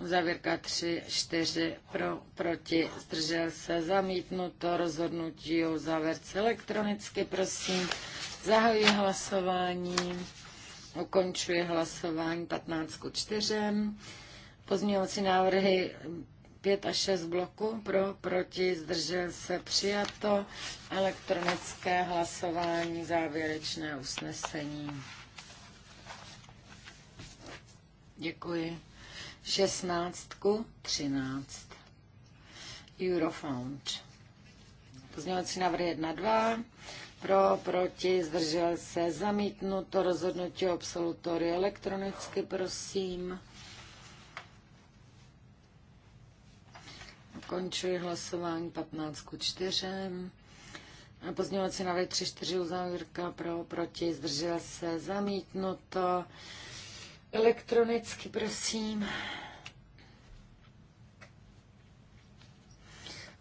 uzavěrka 3, 4 pro, proti, zdržel se, zamítnuto, rozhodnutí o závěrce elektronicky, prosím. Zahajuji hlasování, ukončuji hlasování 15 ku 4. Pozměňovací návrhy 5 a 6 bloku pro, proti, zdržel se, přijato. Elektronické hlasování, závěrečné usnesení. Děkuji. 16 13. Eurofound. Pozměňovací návrh 1, 2. Pro, proti, zdržel se, zamítnuto rozhodnutí absolutory elektronicky, prosím. Končuji hlasování 15 ku 4. Pozdňovací návrh 3-4 uzávírka pro, proti, zdržel se, zamítnuto. Elektronicky, prosím.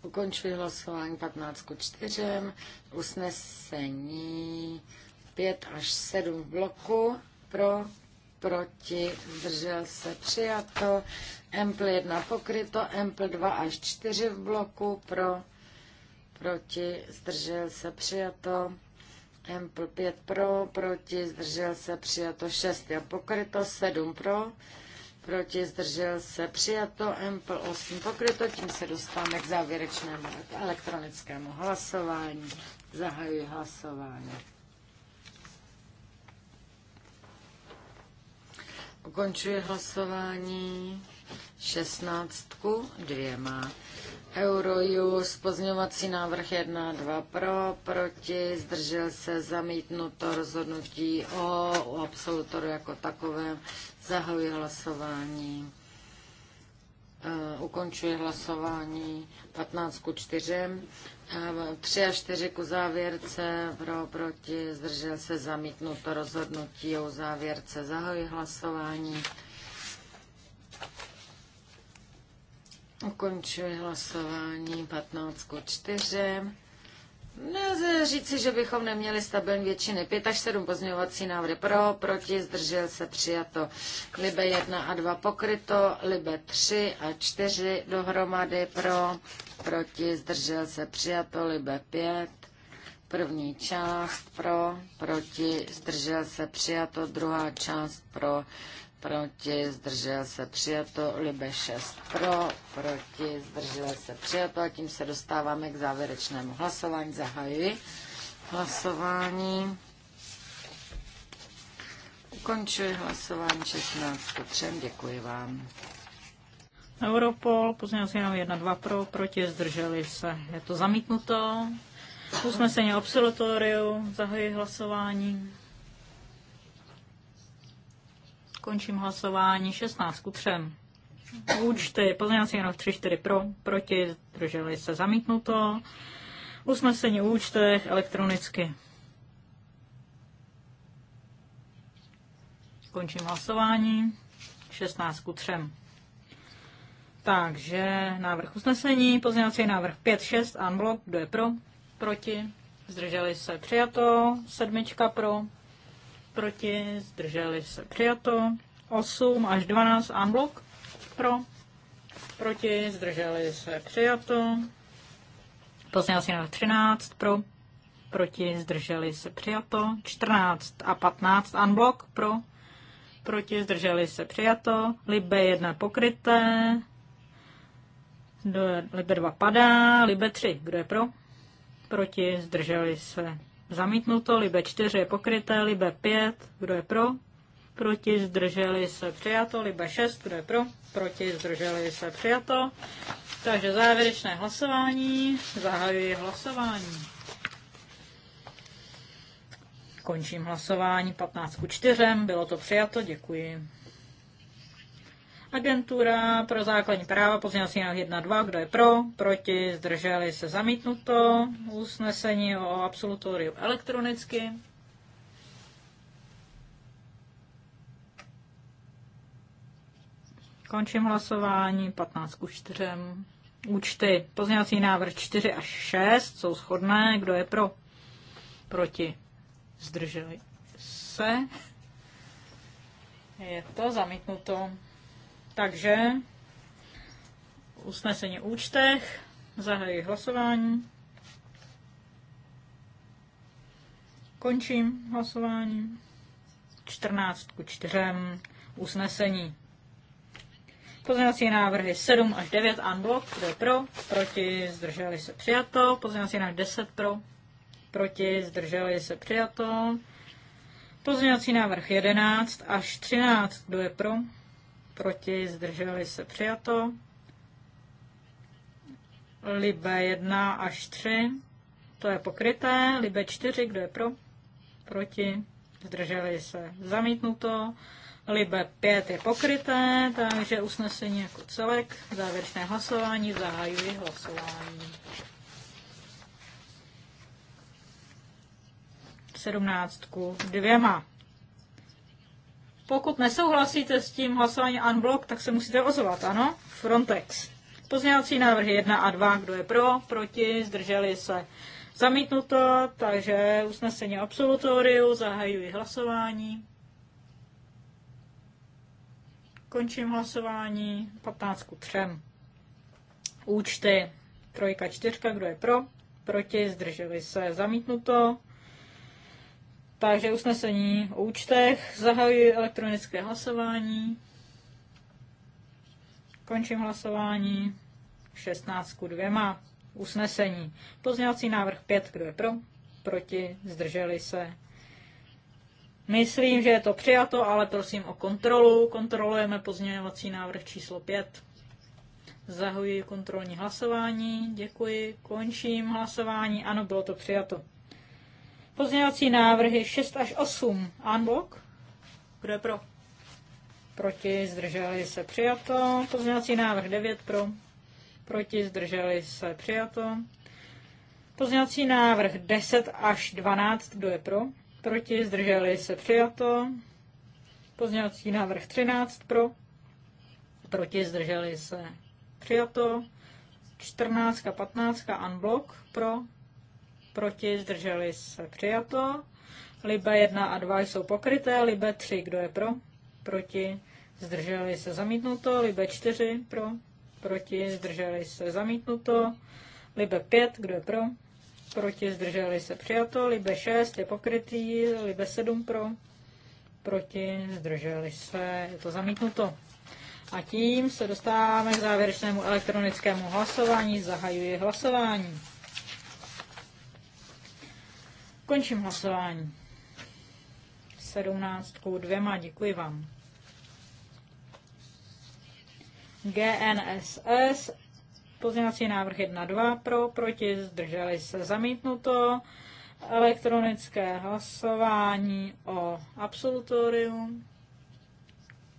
Ukončuji hlasování 15 ku 4. Usnesení 5 až 7 v bloku pro, proti, zdržel se, přijato. Empl 1 pokryto, Empl 2 až 4 v bloku pro, proti, zdržel se přijato. Empl 5 pro, proti, zdržel se přijato 6 je pokryto, 7 pro, proti, zdržel se přijato, Empl 8 pokryto, tím se dostáváme k závěrečnému elektronickému hlasování. Zahajuji hlasování. Ukončuji hlasování šestnáctku dvěma. Eurojust, pozměňovací návrh 1, 2 pro, proti, zdržel se zamítnuto rozhodnutí o, o absolutoru jako takovém, zahajuji hlasování, uh, ukončuji hlasování 15 ku 4, uh, 3 a 4 ku závěrce, pro, proti, zdržel se zamítnuto rozhodnutí o závěrce, zahajuji hlasování. Ukončuji hlasování 15 k 4. Nelze říci, že bychom neměli stabilní většiny. 5 až 7 pozměňovací návrhy pro, proti, zdržel se přijato. Libe 1 a 2 pokryto, Libe 3 a 4 dohromady pro, proti, zdržel se přijato, Libe 5. První část pro, proti, zdržel se přijato, druhá část pro, proti, zdržel se přijato, Libe 6 pro, proti, zdržel se přijato a tím se dostáváme k závěrečnému hlasování. Zahajuji hlasování. Ukončuji hlasování 16 třem. Děkuji vám. Europol, pozměňovací jenom 1, 2 pro, proti, zdrželi se. Je to zamítnuto. Usnesení absolutoriu, zahajuji hlasování. Končím hlasování 16 ku 3. Účty, pozměňovací návrh 3, 4 pro, proti, drželi se zamítnuto. Usnesení o účtech elektronicky. Končím hlasování 16 ku 3. Takže návrh usnesení, pozměňovací návrh 5, 6, unblock, kdo je pro, proti, zdrželi se přijato, sedmička pro, proti, zdrželi se přijato. 8 až 12 unblock pro, proti, zdrželi se přijato. asi na 13 pro, proti, zdrželi se přijato. 14 a 15 unblock pro, proti, zdrželi se přijato. Libe 1 pokryté, Libe 2 padá, Libe 3, kdo je pro? Proti, zdrželi se zamítnuto, libe 4 je pokryté, libe 5, kdo je pro, proti, zdrželi se přijato, libe 6, kdo je pro, proti, zdrželi se přijato. Takže závěrečné hlasování, zahajuji hlasování. Končím hlasování 15 ku 4, bylo to přijato, děkuji. Agentura pro základní práva, pozměňovací návrh 1, 2, kdo je pro, proti, zdrželi se zamítnuto, usnesení o absolutoriu elektronicky. Končím hlasování 15 ku 4. Účty. Pozměňovací návrh 4 až 6 jsou shodné. Kdo je pro? Proti. Zdrželi se. Je to zamítnuto. Takže usnesení účtech, zahajuji hlasování. Končím hlasování. 14 ku 4 usnesení. Pozměňovací návrhy 7 až 9 unblock, kdo je pro, proti, zdrželi se přijato. Pozměňovací návrh 10 pro, proti, zdrželi se přijato. Pozměňovací návrh 11 až 13, kdo je pro, proti, zdrželi se přijato. Libe 1 až 3, to je pokryté. Libe 4, kdo je pro, proti, zdrželi se zamítnuto. Libe 5 je pokryté, takže usnesení jako celek, závěrečné hlasování, zahajuji hlasování. 17 dvěma. Pokud nesouhlasíte s tím hlasování unblock, tak se musíte ozvat, ano? Frontex. Pozměňovací návrhy 1 a 2, kdo je pro, proti, zdrželi se. Zamítnuto, takže usnesení absolutoriu, zahajuji hlasování. Končím hlasování 15 k 3. Účty trojka čtyřka, kdo je pro, proti, zdrželi se. Zamítnuto, takže usnesení o účtech. Zahajuji elektronické hlasování. Končím hlasování. 16 ku 2. Usnesení. Pozměňovací návrh 5. Kdo je pro? Proti? Zdrželi se? Myslím, že je to přijato, ale prosím o kontrolu. Kontrolujeme pozměňovací návrh číslo 5. Zahajuji kontrolní hlasování. Děkuji. Končím hlasování. Ano, bylo to přijato. Pozměňovací návrhy 6 až 8 unblock. Kdo je pro? Proti, zdrželi se, přijato. Pozměňovací návrh 9 pro. Proti, zdrželi se, přijato. Pozměňovací návrh 10 až 12, kdo je pro? Proti, zdrželi se, přijato. Pozměňovací návrh 13 pro. Proti, zdrželi se, přijato. 14 a 15 unblock pro proti, zdrželi se přijato. Libe 1 a 2 jsou pokryté, Libe 3, kdo je pro, proti, zdrželi se zamítnuto, Libe 4 pro, proti, zdrželi se zamítnuto, Libe 5, kdo je pro, proti, zdrželi se přijato, Libe 6 je pokrytý, Libe 7 pro, proti, zdrželi se, je to zamítnuto. A tím se dostáváme k závěrečnému elektronickému hlasování. Zahajuji hlasování. Končím hlasování. 17 dvěma, děkuji vám. GNSS, pozměňovací návrh 1, 2, pro, proti, zdrželi se, zamítnuto. Elektronické hlasování o absolutorium.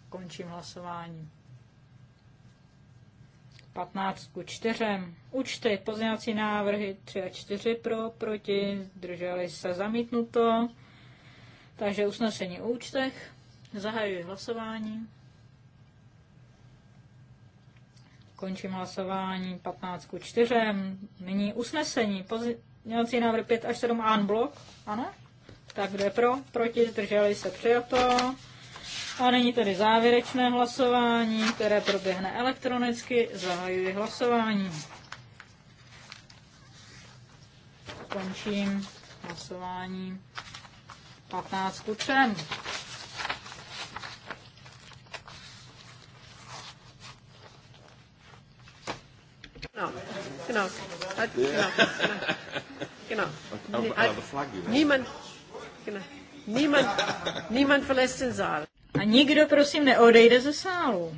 Končím hlasování. 15 ku 4. Účty, pozměňovací návrhy 3 a 4 pro, proti, zdrželi se zamítnuto. Takže usnesení o účtech. Zahajuji hlasování. Končím hlasování 15 ku 4. Nyní usnesení. Pozměňovací návrh 5 až 7 an blok. Ano? Tak kdo pro? Proti? Zdrželi se přijato. A nyní tedy závěrečné hlasování, které proběhne elektronicky. Zahajuji hlasování. Končím hlasování 15 ku 3. Genau, genau, genau. genau. Niemand, genau. Niemand, niemand verlässt den Saal. A nikdo prosím neodejde ze sálu.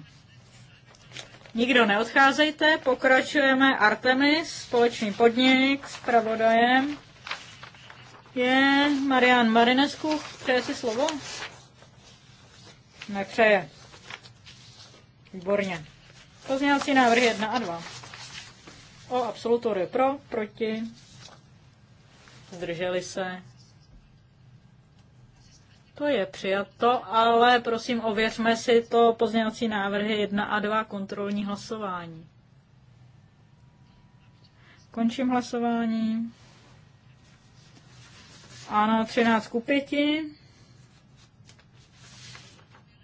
Nikdo neodcházejte, pokračujeme Artemis, společný podnik s pravodajem. Je Marian Marinescu, přeje si slovo? Nepřeje. Výborně. Pozměňovací návrh 1 a 2. O absolutory pro, proti, zdrželi se, to je přijato, ale prosím ověřme si to pozměňovací návrhy 1 a 2 kontrolní hlasování. Končím hlasování. Ano, 13 ku 5.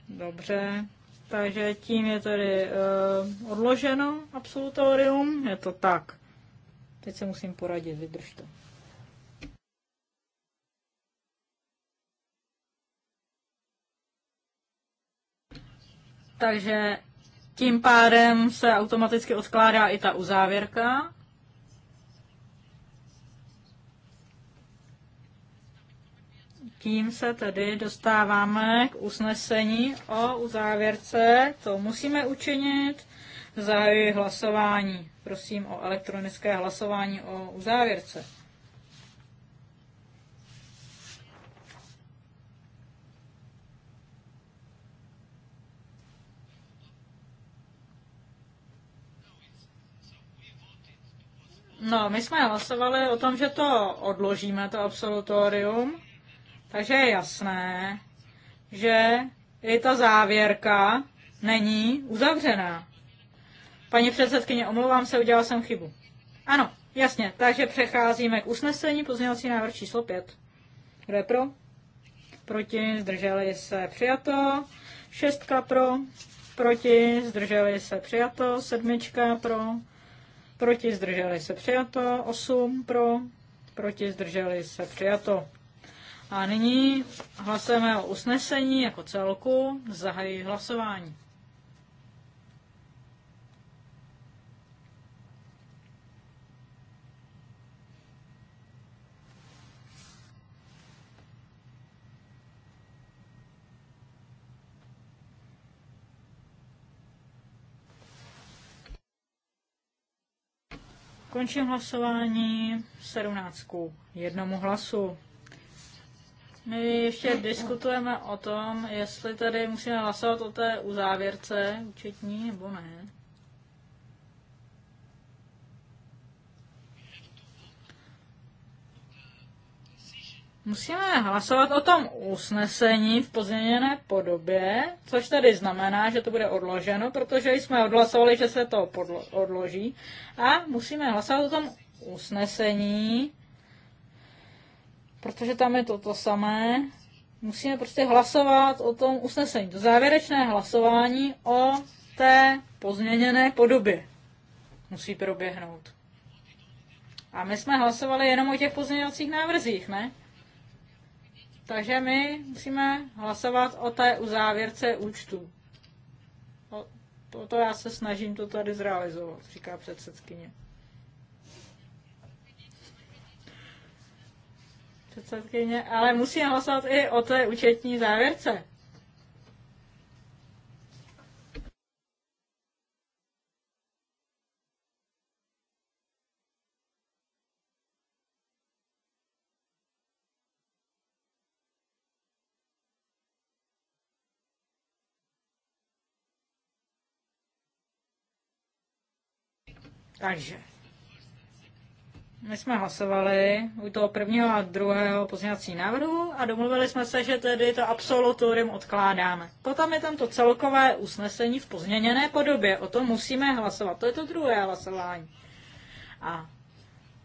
Dobře, takže tím je tady uh, odloženo absolutorium. Je to tak. Teď se musím poradit, vydrž to. Takže tím pádem se automaticky odkládá i ta uzávěrka. Tím se tedy dostáváme k usnesení o uzávěrce. To musíme učinit. Zahajuji hlasování. Prosím o elektronické hlasování o uzávěrce. No, my jsme hlasovali o tom, že to odložíme, to absolutorium, takže je jasné, že i ta závěrka není uzavřená. Paní předsedkyně, omlouvám se, udělal jsem chybu. Ano, jasně, takže přecházíme k usnesení, pozměňovací návrh číslo 5. Kdo je pro? Proti, zdrželi se, přijato. Šestka pro, proti, zdrželi se, přijato. Sedmička pro, proti zdrželi se přijato, 8 pro, proti zdrželi se přijato. A nyní hlasujeme o usnesení jako celku, zahají hlasování. Končím hlasování 17 k jednomu hlasu. My ještě diskutujeme o tom, jestli tady musíme hlasovat o té uzávěrce účetní nebo ne. Musíme hlasovat o tom usnesení v pozměněné podobě, což tedy znamená, že to bude odloženo, protože jsme odhlasovali, že se to odloží. A musíme hlasovat o tom usnesení, protože tam je to to samé. Musíme prostě hlasovat o tom usnesení. To závěrečné hlasování o té pozměněné podobě musí proběhnout. A my jsme hlasovali jenom o těch pozměňovacích návrzích, ne? Takže my musíme hlasovat o té uzávěrce účtu. O, to, to já se snažím to tady zrealizovat, říká předsedkyně. Předsedkyně, ale musíme hlasovat i o té účetní závěrce. Takže my jsme hlasovali u toho prvního a druhého pozměňovacího návrhu a domluvili jsme se, že tedy to absolutorium odkládáme. Potom je tam to celkové usnesení v pozměněné podobě. O tom musíme hlasovat. To je to druhé hlasování. A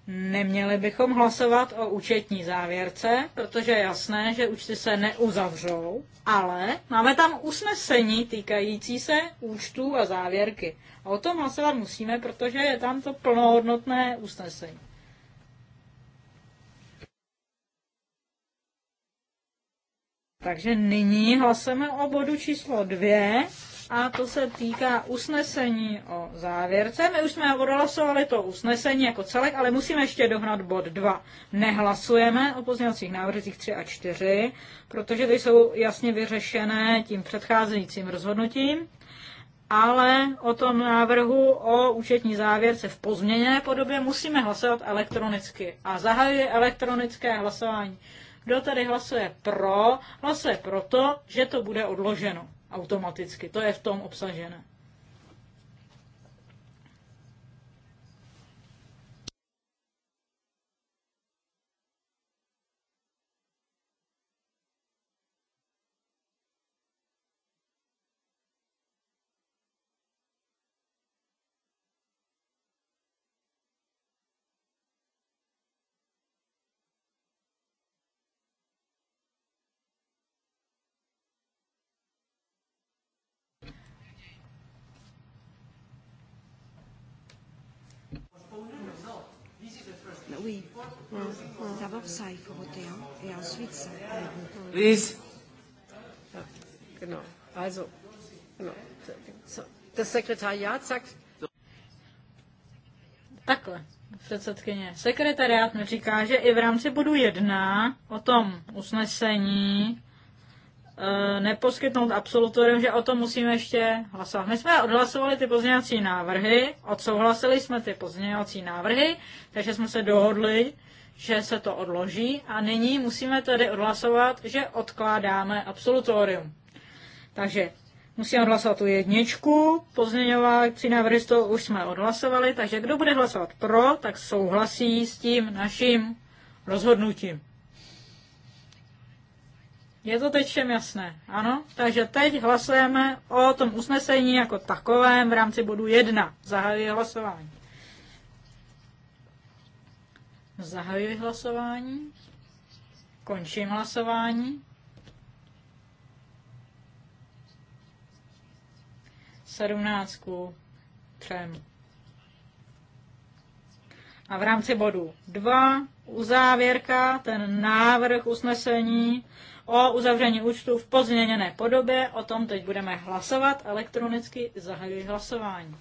Neměli bychom hlasovat o účetní závěrce, protože je jasné, že účty se neuzavřou, ale máme tam usnesení týkající se účtů a závěrky. A o tom hlasovat musíme, protože je tam to plnohodnotné usnesení. Takže nyní hlasujeme o bodu číslo 2, a to se týká usnesení o závěrce. My už jsme odhlasovali to usnesení jako celek, ale musíme ještě dohnat bod 2. Nehlasujeme o pozměňovacích návrzích 3 a 4, protože ty jsou jasně vyřešené tím předcházejícím rozhodnutím, ale o tom návrhu o účetní závěrce v pozměněné podobě musíme hlasovat elektronicky. A zahajuje elektronické hlasování. Kdo tady hlasuje pro, hlasuje proto, že to bude odloženo automaticky. To je v tom obsažené. Oui. Mm. Mm. D'abord ça, il faut voter. Hein. Et ensuite ça. Please. Ja, genau. Also, genau. No, das Sekretariat sagt. Takhle, předsedkyně. Sekretariat mi říká, že i v rámci bodu 1 o tom usnesení E, neposkytnout absolutorium, že o tom musíme ještě hlasovat. My jsme odhlasovali ty pozměňovací návrhy, odsouhlasili jsme ty pozměňovací návrhy, takže jsme se dohodli, že se to odloží a nyní musíme tedy odhlasovat, že odkládáme absolutorium. Takže musíme odhlasovat tu jedničku, pozměňovací návrhy z toho už jsme odhlasovali, takže kdo bude hlasovat pro, tak souhlasí s tím naším rozhodnutím. Je to teď všem jasné, ano? Takže teď hlasujeme o tom usnesení jako takovém v rámci bodu 1. Zahajuji hlasování. Zahajuji hlasování. Končím hlasování. Sedmnáctku třem. A v rámci bodu 2 uzávěrka, ten návrh usnesení o uzavření účtu v pozměněné podobě. O tom teď budeme hlasovat elektronicky. Zahajuji hlasování.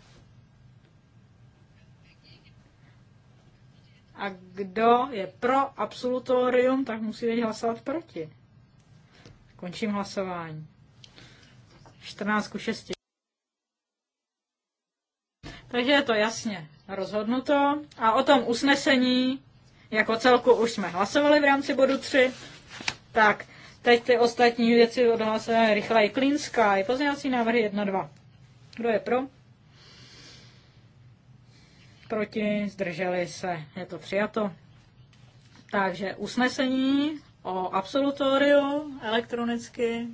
A kdo je pro absolutorium, tak musí teď hlasovat proti. Končím hlasování. 14 ku 6. Takže je to jasně rozhodnuto. A o tom usnesení jako celku už jsme hlasovali v rámci bodu 3. Tak Teď ty ostatní věci odhlasujeme rychleji. Clean Sky, pozměňovací návrhy 1, 2. Kdo je pro? Proti, zdrželi se, je to přijato. Takže usnesení o absolutoriu elektronicky.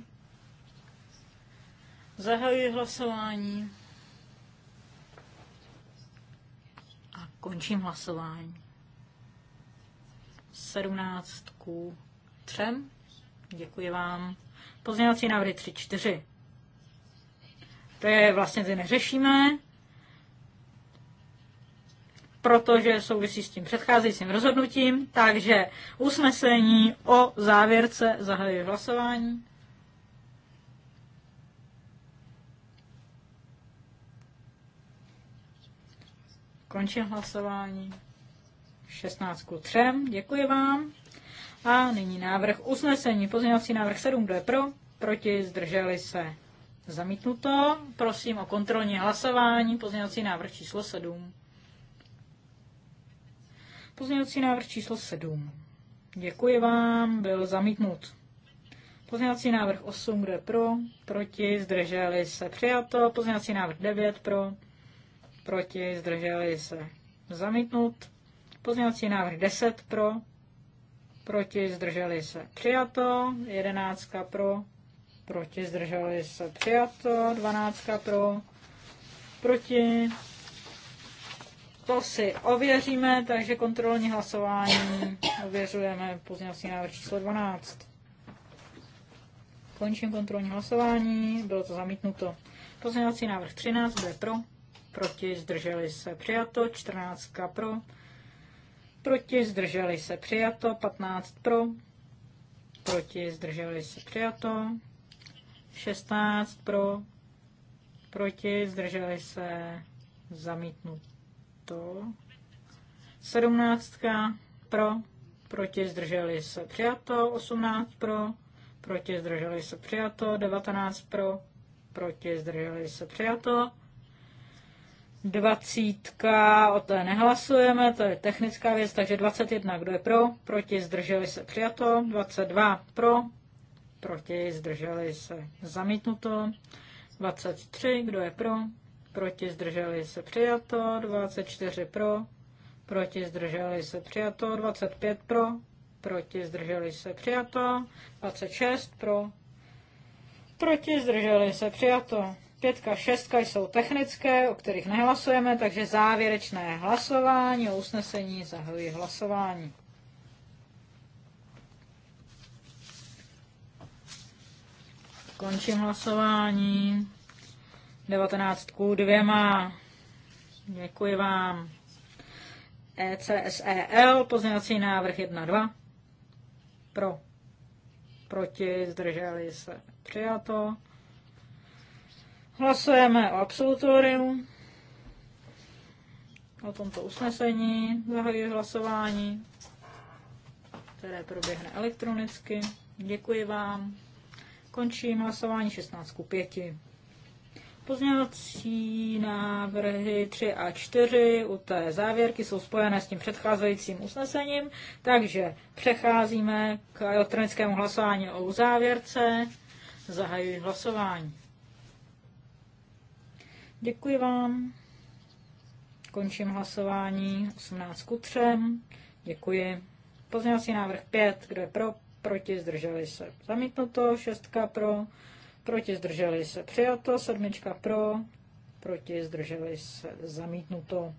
Zahajuji hlasování. A končím hlasování. 17 ku 3. Děkuji vám. Pozměňovací návrhy 3, 4. To je vlastně ty neřešíme, protože souvisí s tím předcházejícím rozhodnutím, takže usnesení o závěrce zahajuje hlasování. Končím hlasování. 16 ku 3. Děkuji vám. A nyní návrh usnesení. Pozměňovací návrh 7, kdo je pro? Proti, zdrželi se. Zamítnuto. Prosím o kontrolní hlasování. Pozměňovací návrh číslo 7. Pozměňovací návrh číslo 7. Děkuji vám, byl zamítnut. Pozměňovací návrh 8, kdo je pro? Proti, zdrželi se. Přijato. Pozměňovací návrh 9, pro? Proti, zdrželi se. Zamítnut. Pozměňovací návrh 10, pro? proti, zdrželi se, přijato, jedenáctka pro, proti, zdrželi se, přijato, dvanáctka pro, proti, to si ověříme, takže kontrolní hlasování ověřujeme pozměňovací návrh číslo 12. Končím kontrolní hlasování, bylo to zamítnuto. Pozměňovací návrh 13 bude pro, proti, zdrželi se, přijato, 14 pro, proti, zdrželi se přijato, 15 pro, proti, zdrželi se přijato, 16 pro, proti, zdrželi se zamítnuto, 17 pro, proti, zdrželi se přijato, 18 pro, proti, zdrželi se přijato, 19 pro, proti, zdrželi se přijato, Dvacítka, o té nehlasujeme, to je technická věc, takže 21, kdo je pro, proti, zdrželi se, přijato. 22, pro, proti, zdrželi se, zamítnuto. 23, kdo je pro, proti, zdrželi se, přijato. 24, pro, proti, zdrželi se, přijato. 25, pro, proti, zdrželi se, přijato. 26, pro, proti, zdrželi se, přijato. Pětka, šestka jsou technické, o kterých nehlasujeme, takže závěrečné hlasování o usnesení zahajuji hlasování. Končím hlasování. 19 k dvěma. Děkuji vám. ECSEL, pozměňovací návrh 2. Pro. Proti, zdrželi se. Přijato. Hlasujeme o absolutoriu, o tomto usnesení, zahajuji hlasování, které proběhne elektronicky. Děkuji vám. Končím hlasování 16 ku 5. Pozměňovací návrhy 3 a 4 u té závěrky jsou spojené s tím předcházejícím usnesením, takže přecházíme k elektronickému hlasování o závěrce. Zahajuji hlasování. Děkuji vám. Končím hlasování 18 ku 3. Děkuji. Pozměňovací návrh 5. Kdo je pro? Proti zdrželi se. Zamítnuto. 6 pro. Proti zdrželi se. Přijato. 7 pro. Proti zdrželi se. Zamítnuto.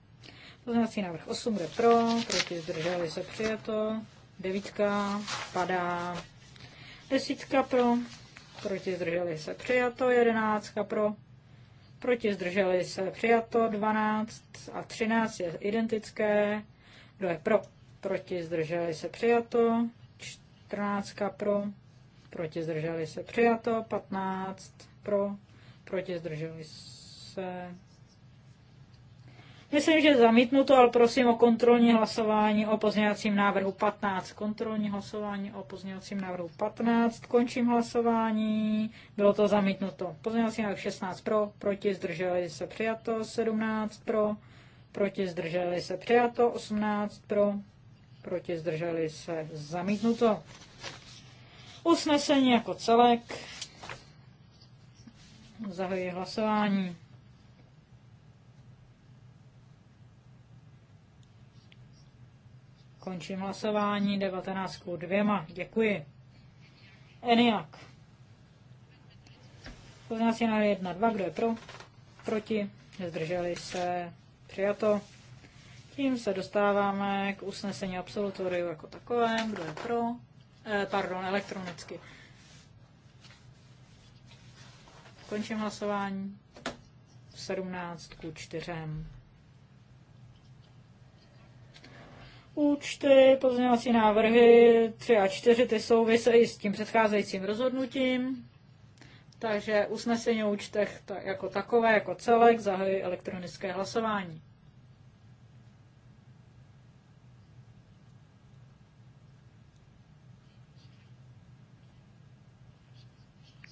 Pozměňovací návrh 8 kdo je pro, proti zdrželi se přijato, 9 padá, 10 pro, proti zdrželi se přijato, 11 pro, proti zdrželi se přijato 12 a 13 je identické, kdo je pro, proti zdrželi se přijato 14 pro, proti zdrželi se přijato 15 pro, proti zdrželi se Myslím, že zamítnu to, ale prosím o kontrolní hlasování o pozměňovacím návrhu 15. Kontrolní hlasování o pozměňovacím návrhu 15. Končím hlasování. Bylo to zamítnuto. Pozměňovací návrh 16 pro, proti zdrželi se přijato, 17 pro, proti zdrželi se přijato, 18 pro, proti zdrželi se zamítnuto. Usnesení jako celek. Zahajuji hlasování. Končím hlasování 19 k 2. Děkuji. Eniak. Poznací na 1, 2, kdo je pro? Proti? Zdrželi se? Přijato. Tím se dostáváme k usnesení absolutoriu jako takovém. Kdo je pro? Eh, pardon, elektronicky. Končím hlasování 17 k 4. účty, pozměňovací návrhy 3 a 4, ty souvisejí s tím předcházejícím rozhodnutím. Takže usnesení o účtech tak jako takové, jako celek, zahají elektronické hlasování.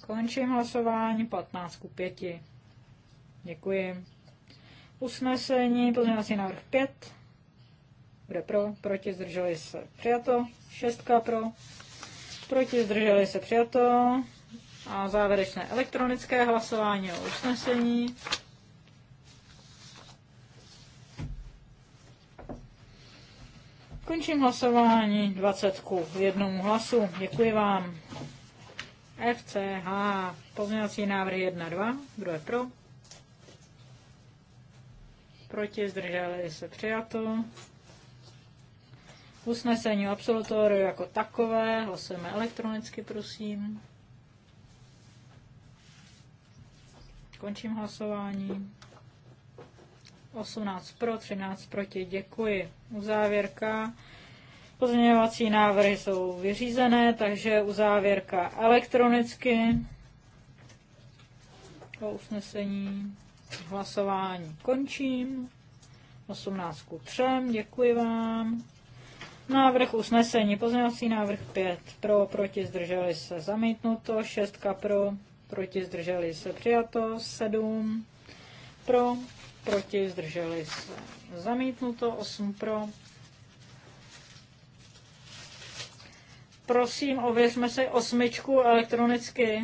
Končím hlasování 15 ku 5. Děkuji. Usnesení, pozměňovací návrh 5. Bude pro? Proti? Zdrželi se. Přijato. Šestka pro. Proti? Zdrželi se. Přijato. A závěrečné elektronické hlasování o usnesení. Končím hlasování 20 k jednomu hlasu. Děkuji vám. FCH, pozměňovací návrh 1, 2. Kdo je pro? Proti zdrželi se přijato. Usnesení o absolutoriu jako takové, hlasujeme elektronicky, prosím. Končím hlasování. 18 pro, 13 proti, děkuji. Uzávěrka. Pozměňovací návrhy jsou vyřízené, takže uzávěrka elektronicky o usnesení hlasování končím. 18 ku 3, děkuji vám. Návrh usnesení, pozměňovací návrh 5, pro, proti, zdrželi se, zamítnuto, 6 pro, proti, zdrželi se, přijato, 7 pro, proti, zdrželi se, zamítnuto, 8 pro. Prosím, ověřme se osmičku elektronicky.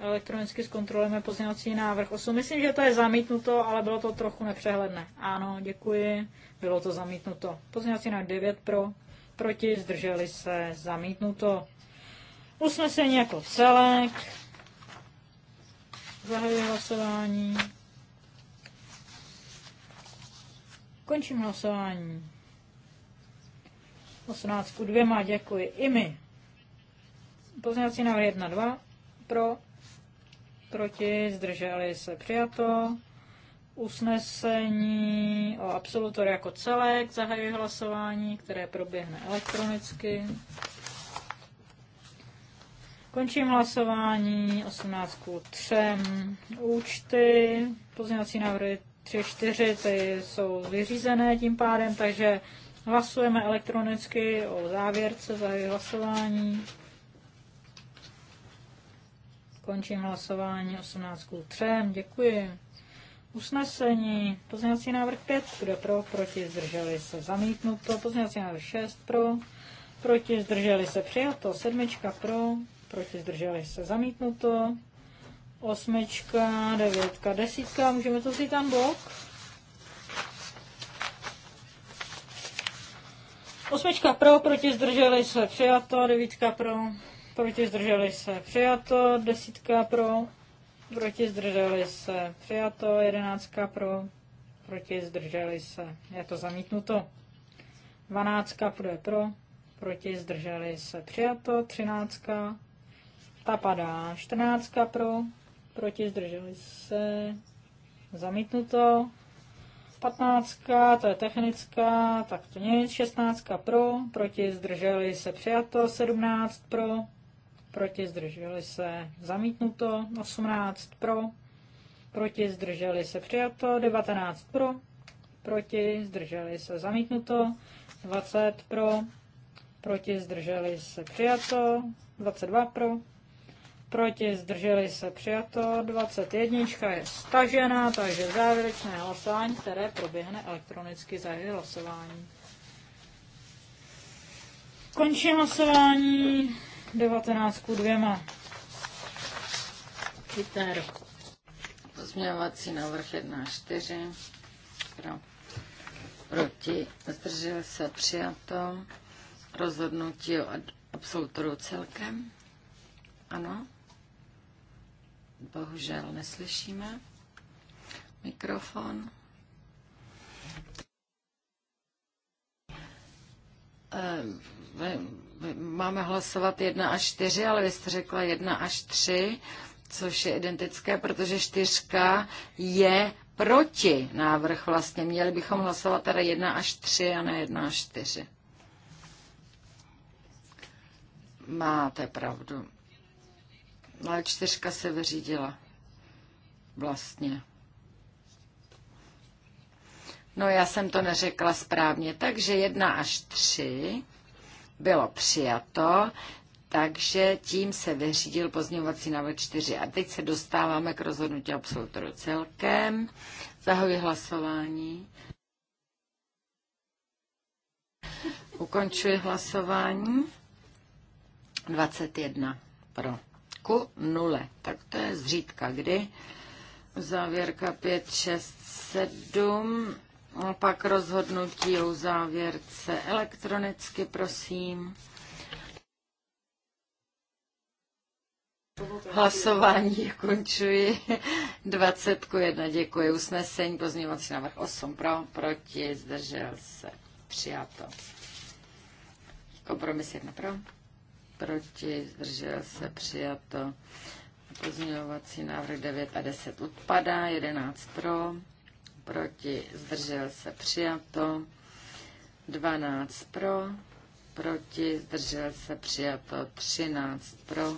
Elektronicky zkontrolujeme pozměňovací návrh 8. Myslím, že to je zamítnuto, ale bylo to trochu nepřehledné. Ano, děkuji. Bylo to zamítnuto. Pozměňovací návrh 9 pro, proti, zdrželi se, zamítnuto. Usnesení jako celek. Zahajuji hlasování. Končím hlasování. 18 ku 2, děkuji. I my. Pozměňovací návrh 1, 2, pro, proti, zdrželi se přijato. Usnesení o absolutor jako celek zahajuje hlasování, které proběhne elektronicky. Končím hlasování 18 k 3. Účty, pozměňovací návrhy 3, 4, ty jsou vyřízené tím pádem, takže hlasujeme elektronicky o závěrce za hlasování. Končím hlasování 18 k 3. Děkuji. Usnesení. Pozměňovací návrh 5. Kdo pro? Proti? Zdrželi se. Zamítnuto. Pozměňovací návrh 6. Pro. Proti? Zdrželi se. Přijato. Sedmička pro. Proti? Zdrželi se. Zamítnuto. Osmička, devětka, desítka. Můžeme to vzít tam bok? Osmička pro, proti zdrželi se přijato, devítka pro, proti zdrželi se přijato, desítka pro, proti zdrželi se přijato, jedenáctka pro, proti zdrželi se, je to zamítnuto. Dvanáctka půjde pro, proti zdrželi se přijato, třináctka, ta padá, čtrnáctka pro, proti zdrželi se, zamítnuto. Patnáctka. to je technická, tak to nic, šestnáctka pro, proti zdrželi se přijato, sedmnáct pro, proti zdrželi se zamítnuto, 18 pro, proti zdrželi se přijato, 19 pro, proti zdrželi se zamítnuto, 20 pro, proti zdrželi se přijato, 22 pro, proti zdrželi se přijato, 21 je stažena, takže závěrečné hlasování, které proběhne elektronicky za hlasování. Končím hlasování. 19 ku 2. Kytar. Pozměňovací návrh 1 4. Pro. Proti. Zdržel se přijato. Rozhodnutí o absolutoru celkem. Ano. Bohužel neslyšíme. Mikrofon. Um máme hlasovat 1 až 4, ale vy jste řekla 1 až 3, což je identické, protože 4 je proti návrh vlastně. Měli bychom hlasovat teda 1 až 3 a ne 1 až 4. Máte pravdu. Ale čtyřka se vyřídila. Vlastně. No já jsem to neřekla správně. Takže 1 až 3 bylo přijato, takže tím se vyřídil pozměňovací návrh 4. A teď se dostáváme k rozhodnutí absolutoru celkem. Zahoji hlasování. Ukončuji hlasování. 21 pro. Ku nule. Tak to je zřídka kdy. Závěrka 5, 6, 7 pak rozhodnutí o závěrce elektronicky, prosím. Hlasování končuji. 20 ku 1 děkuji. Usnesení pozměňovací návrh 8 pro, proti, zdržel se. Přijato. Kompromis 1 pro, proti, zdržel se. Přijato. Pozměňovací návrh 9 a 10 odpadá, 11 pro proti, zdržel se přijato, 12 pro, proti, zdržel se přijato, 13 pro,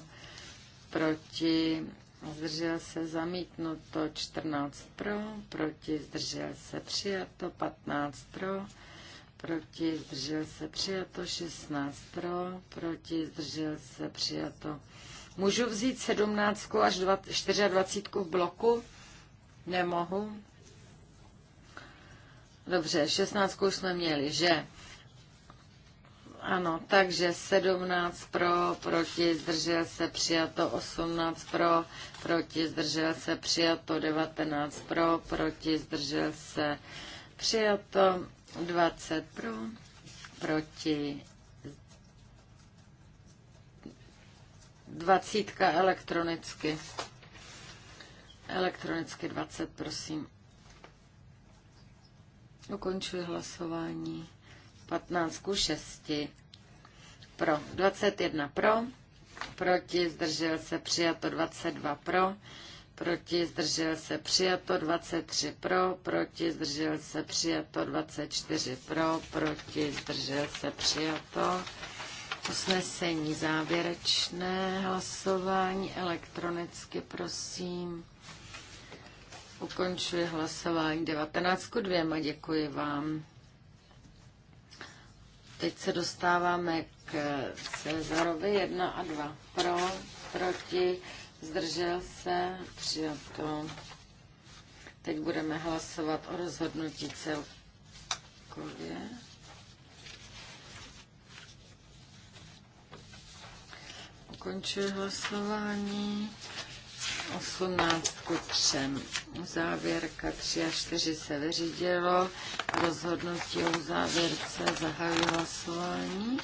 proti, zdržel se zamítnuto, 14 pro, proti, zdržel se přijato, 15 pro, proti, zdržel se přijato, 16 pro, proti, zdržel se přijato. Můžu vzít 17 až 24 v bloku? Nemohu. Dobře, 16 už jsme měli, že? Ano, takže 17 pro, proti, zdržel se, přijato 18 pro, proti, zdržel se, přijato 19 pro, proti, zdržel se, přijato 20 pro, proti, 20 elektronicky. Elektronicky 20, prosím. Ukončuji hlasování. 15 ku 6. Pro. 21 pro. Proti zdržel se přijato 22 pro. Proti zdržel se přijato 23 pro. Proti zdržel se přijato 24 pro. Proti zdržel se přijato. Usnesení závěrečné hlasování elektronicky, prosím. Ukončuji hlasování 19 k 2. Děkuji vám. Teď se dostáváme k Cezarovi 1 a 2. Pro, proti, zdržel se, přijato. Teď budeme hlasovat o rozhodnutí celkově. Ukončuji hlasování. 18 ku 3. Závěrka 3 a 4 se vyřídilo. Rozhodnutí o závěrce zahajuje hlasování.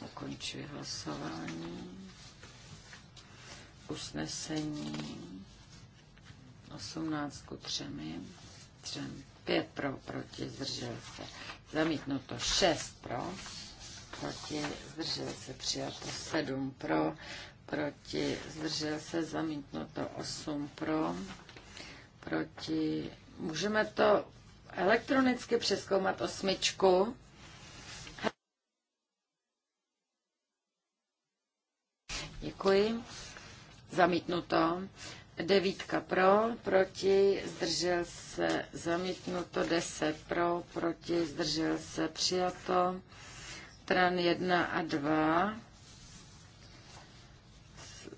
Ukončuji hlasování. Usnesení 18 ku 3. 3. 5 pro, proti, zdržel se. Zamítnuto 6 pro proti, zdržel se přijato 7 pro, proti, zdržel se zamítnuto 8 pro, proti, můžeme to elektronicky přeskoumat osmičku. Děkuji. Zamítnuto. Devítka pro, proti, zdržel se, zamítnuto, deset pro, proti, zdržel se, přijato stran 1 a 2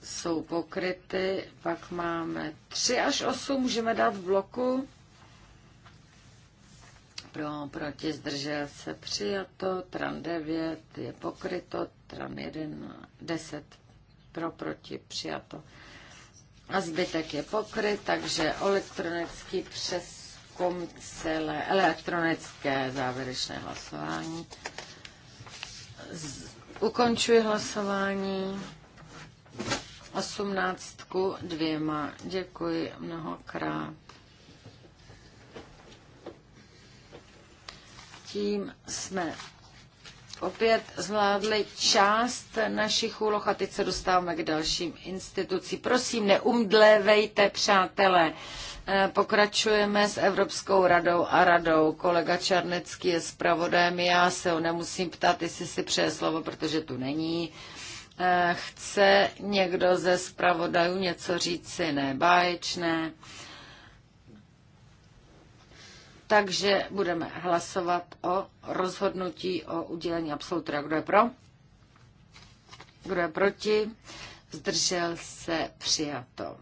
jsou pokryty, pak máme 3 až 8, můžeme dát v bloku. Pro, proti, zdržel se, přijato, tran 9 je pokryto, tran 1, 10, pro, proti, přijato. A zbytek je pokryt, takže elektronický přeskum celé elektronické závěrečné hlasování. Ukončuji hlasování. osmnáctku dvěma. Děkuji mnohokrát. Tím jsme opět zvládli část našich úloh a teď se dostáváme k dalším institucím. Prosím, neumdlévejte, přátelé. Eh, pokračujeme s Evropskou radou a radou. Kolega Čarnecký je zpravodajem, já se ho nemusím ptát, jestli si přeje slovo, protože tu není. Eh, chce někdo ze zpravodajů něco říci? Ne, báječné. Takže budeme hlasovat o rozhodnutí o udělení absolutoria. Kdo je pro? Kdo je proti? Zdržel se přijato.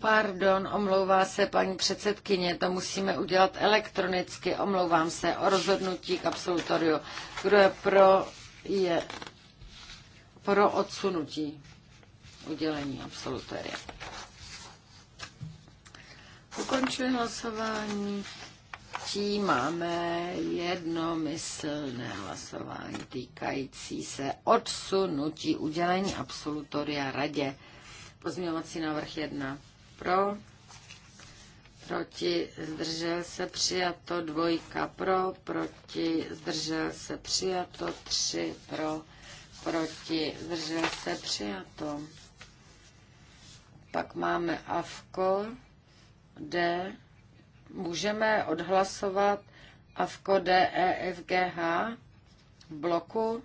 Pardon, omlouvá se paní předsedkyně, to musíme udělat elektronicky, omlouvám se, o rozhodnutí k absolutoriu. Kdo je pro, je pro odsunutí udělení absolutoria. Ukončuji hlasování. Tím máme jednomyslné hlasování týkající se odsunutí udělení absolutoria radě. Pozměňovací návrh 1 pro, proti, zdržel se přijato, dvojka pro, proti, zdržel se přijato, tři pro, proti, zdržel se přijato. Pak máme AFKO, D, můžeme odhlasovat AFKO D, E, F, G, H v bloku,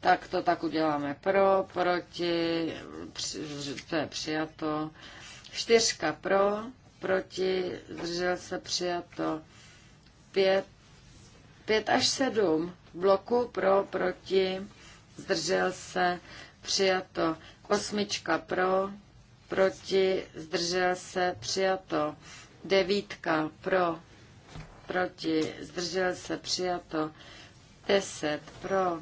tak to tak uděláme pro, proti, při, to je přijato, Čtyřka pro, proti, zdržel se přijato. Pět, pět až sedm bloku pro, proti, zdržel se přijato. Osmička pro, proti, zdržel se přijato. Devítka pro, proti, zdržel se přijato. Deset pro,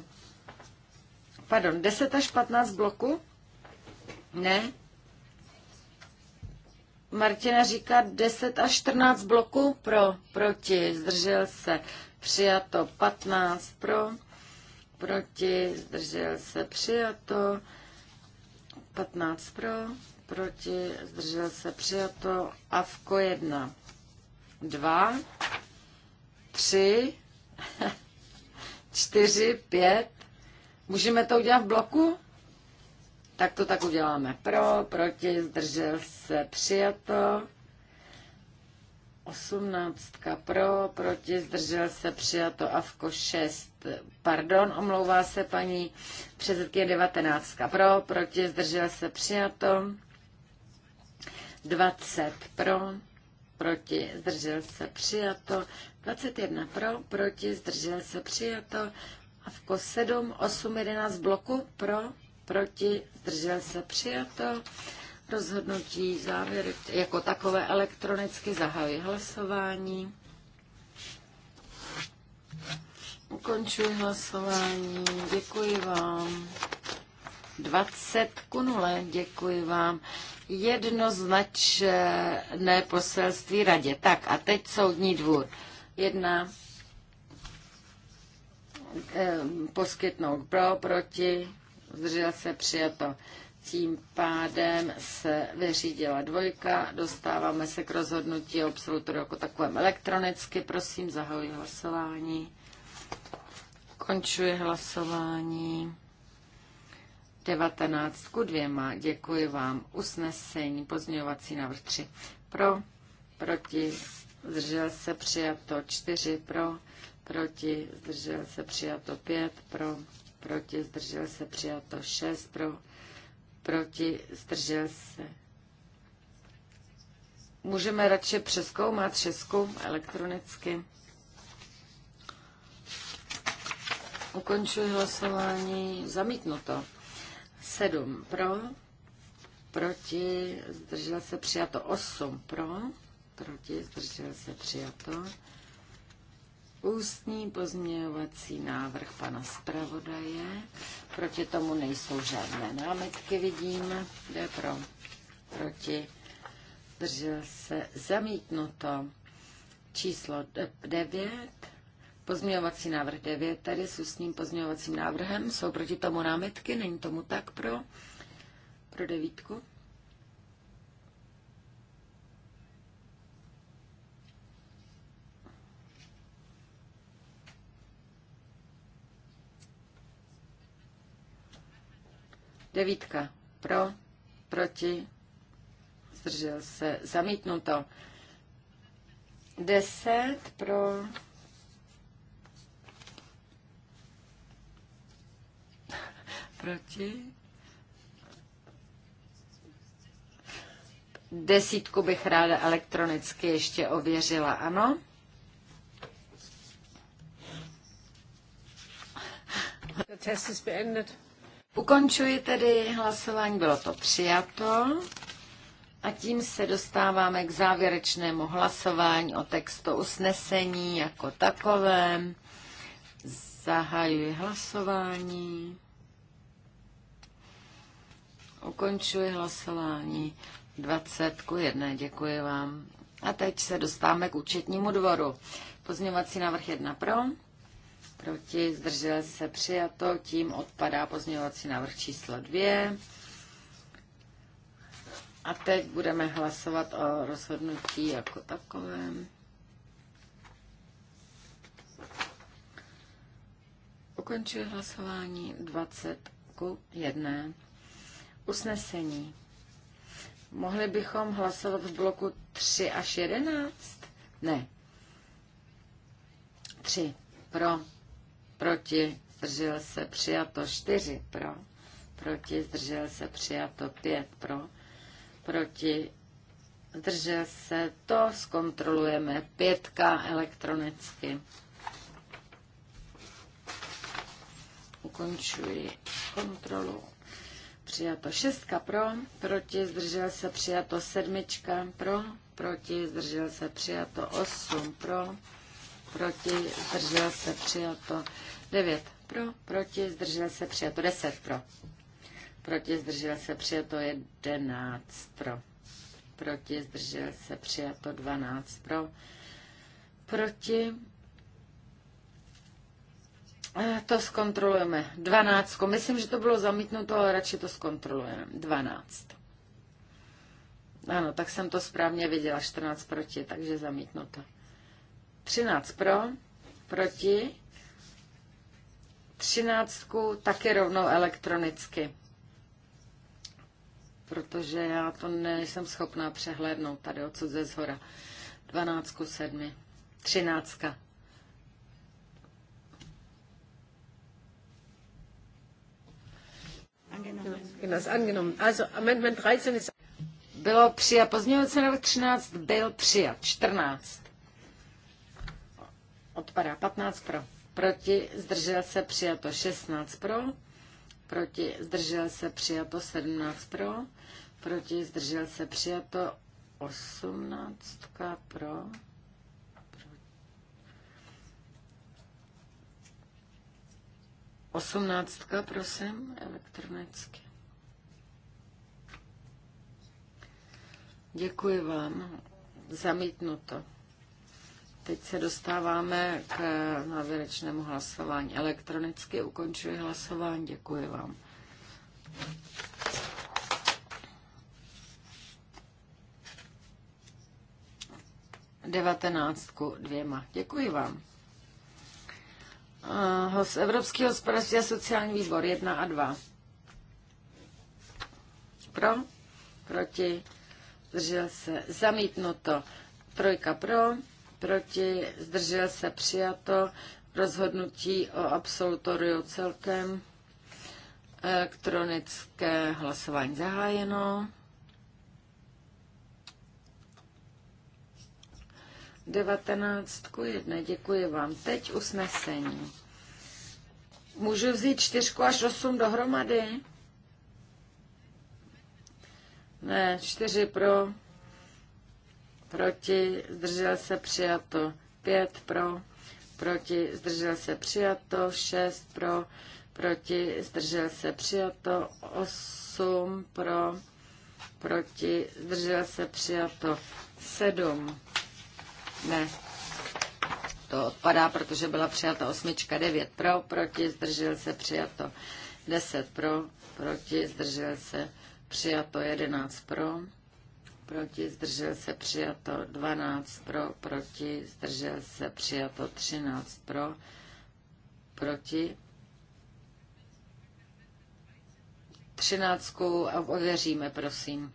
pardon, deset až patnáct bloku? Ne, Martina říká 10 až 14 bloků pro, proti, zdržel se, přijato 15 pro, proti, zdržel se, přijato 15 pro, proti, zdržel se, přijato a v ko 1, 2, 3, 4, 5. Můžeme to udělat v bloku? Tak to tak uděláme. Pro, proti, zdržel se, přijato. Osmnáctka pro, proti, zdržel se, přijato. Avko šest, pardon, omlouvá se paní předsedkyně devatenáctka. Pro, proti, zdržel se, přijato. Dvacet pro, proti, zdržel se, přijato. jedna pro, proti, zdržel se, přijato. Avko sedm, osm jedenáct bloku pro, proti, zdržel se přijato. Rozhodnutí závěry jako takové elektronicky zahájí hlasování. Ukončuji hlasování. Děkuji vám. 20 ku nule. Děkuji vám. Jednoznačné poselství radě. Tak a teď soudní dvůr. Jedna eh, poskytnout pro, proti, zdržel se, přijato. Tím pádem se vyřídila dvojka, dostáváme se k rozhodnutí absolutoru jako takovém elektronicky. Prosím, zahajuji hlasování. Končuji hlasování. 19 ku dvěma Děkuji vám. Usnesení, pozměňovací návrh 3. Pro, proti, zdržel se přijato 4 pro, proti, zdržel se přijato 5 pro, proti, zdržel se, přijato 6 pro, proti, zdržel se. Můžeme radši přeskoumat šestku elektronicky. Ukončuji hlasování. Zamítnuto. 7 pro, proti, zdržel se přijato 8 pro, proti, zdržel se přijato Ústní pozměňovací návrh pana zpravodaje. Proti tomu nejsou žádné námitky, vidím. Jde pro, proti. Držel se zamítnuto. Číslo 9. Pozměňovací návrh 9 tady s ústním pozměňovacím návrhem. Jsou proti tomu námitky? Není tomu tak pro, pro devítku? Devítka pro, proti, zdržel se, zamítnuto. Deset pro, <laughs> proti. Desítku bych ráda elektronicky ještě ověřila, ano. Der Test ist beendet. Ukončuji tedy hlasování, bylo to přijato. A tím se dostáváme k závěrečnému hlasování o textu usnesení jako takovém. Zahajuji hlasování. Ukončuji hlasování 20 ku 1. Děkuji vám. A teď se dostáváme k účetnímu dvoru. Pozměňovací návrh 1 pro proti, zdržel se přijato, tím odpadá pozměňovací návrh číslo 2. A teď budeme hlasovat o rozhodnutí jako takovém. Ukončuji hlasování 20 ku 1. Usnesení. Mohli bychom hlasovat v bloku 3 až 11? Ne. 3 pro, proti, zdržel se, přijato 4 pro, proti, zdržel se, přijato 5 pro, proti, zdržel se, to zkontrolujeme, 5 elektronicky. Ukončuji kontrolu. Přijato 6 pro, proti, zdržel se, přijato 7 pro, proti, zdržel se, přijato 8 pro, proti, zdržel se, přijato. 9 pro, proti, zdržel se, přijato. 10 pro, proti, zdržel se, přijato. 11 pro, proti, zdržel se, přijato. 12 pro, proti. To zkontrolujeme. 12. Myslím, že to bylo zamítnuto, ale radši to zkontrolujeme. 12. Ano, tak jsem to správně viděla. 14 proti, takže zamítnuto. 13 pro, proti. 13 taky rovnou elektronicky. Protože já to nejsem schopná přehlédnout tady odsud ze zhora. 12 7. 13. Bylo přijat. Pozměňovací návrh 13 byl přijat. 14 odpadá 15 pro, proti, zdržel se, přijato 16 pro, proti, zdržel se, přijato 17 pro, proti, zdržel se, přijato 18 pro, Osmnáctka, prosím, elektronicky. Děkuji vám. Zamítnuto teď se dostáváme k závěrečnému hlasování. Elektronicky ukončuji hlasování. Děkuji vám. Devatenáctku dvěma. Děkuji vám. Z Evropský hospodářský a sociální výbor jedna a dva. Pro, proti, zdržel se, zamítnuto. Trojka pro, proti, zdržel se přijato, rozhodnutí o absolutoriu celkem, elektronické hlasování zahájeno. 19 jedné, děkuji vám. Teď usnesení. Můžu vzít čtyřku až osm dohromady? Ne, čtyři pro, proti, zdržel se přijato 5 pro, proti, zdržel se přijato 6 pro, proti, zdržel se přijato 8 pro, proti, zdržel se přijato 7. Ne, to odpadá, protože byla přijata osmička 9 pro, proti, zdržel se přijato 10 pro, proti, zdržel se přijato 11 pro proti, zdržel se přijato 12 pro, proti, zdržel se přijato 13 pro, proti. 13 ověříme, prosím.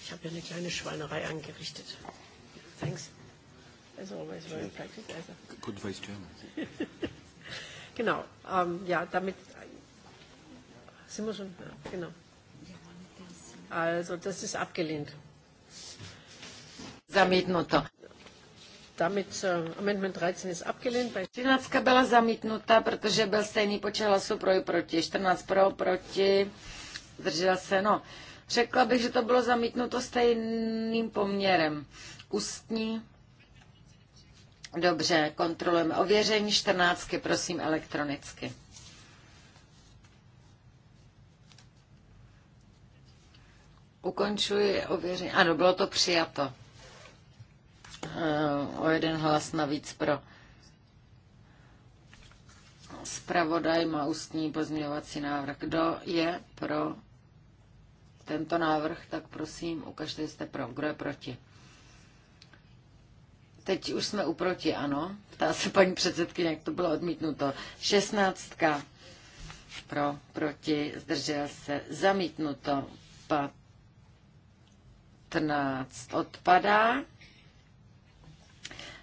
Ich habe ja eine kleine Schweinerei angerichtet. Thanks. As always, very practical. Good Vice Chairman. <laughs> genau. Ähm, ja, damit sind wir schon. Ja, genau. Also, das ist abgelehnt. Zamítnuto. Damit uh, Amendment 13 ist abgelehnt. Bei 13 byla zamítnuta, protože byl stejný počet hlasů pro i proti. 14 pro, proti, zdržel se. No, řekla bych, že to bylo zamítnuto stejným poměrem ústní. Dobře, kontrolujeme ověření 14, prosím elektronicky. Ukončuji ověření. Ano, bylo to přijato. Eh, o jeden hlas navíc pro. zpravodaj má ústní pozměňovací návrh. Kdo je pro tento návrh, tak prosím, ukažte, jste pro. Kdo je proti? Teď už jsme uproti, ano. Ptá se paní předsedkyně, jak to bylo odmítnuto. 16 pro, proti, zdržel se, zamítnuto. Patnáct odpadá.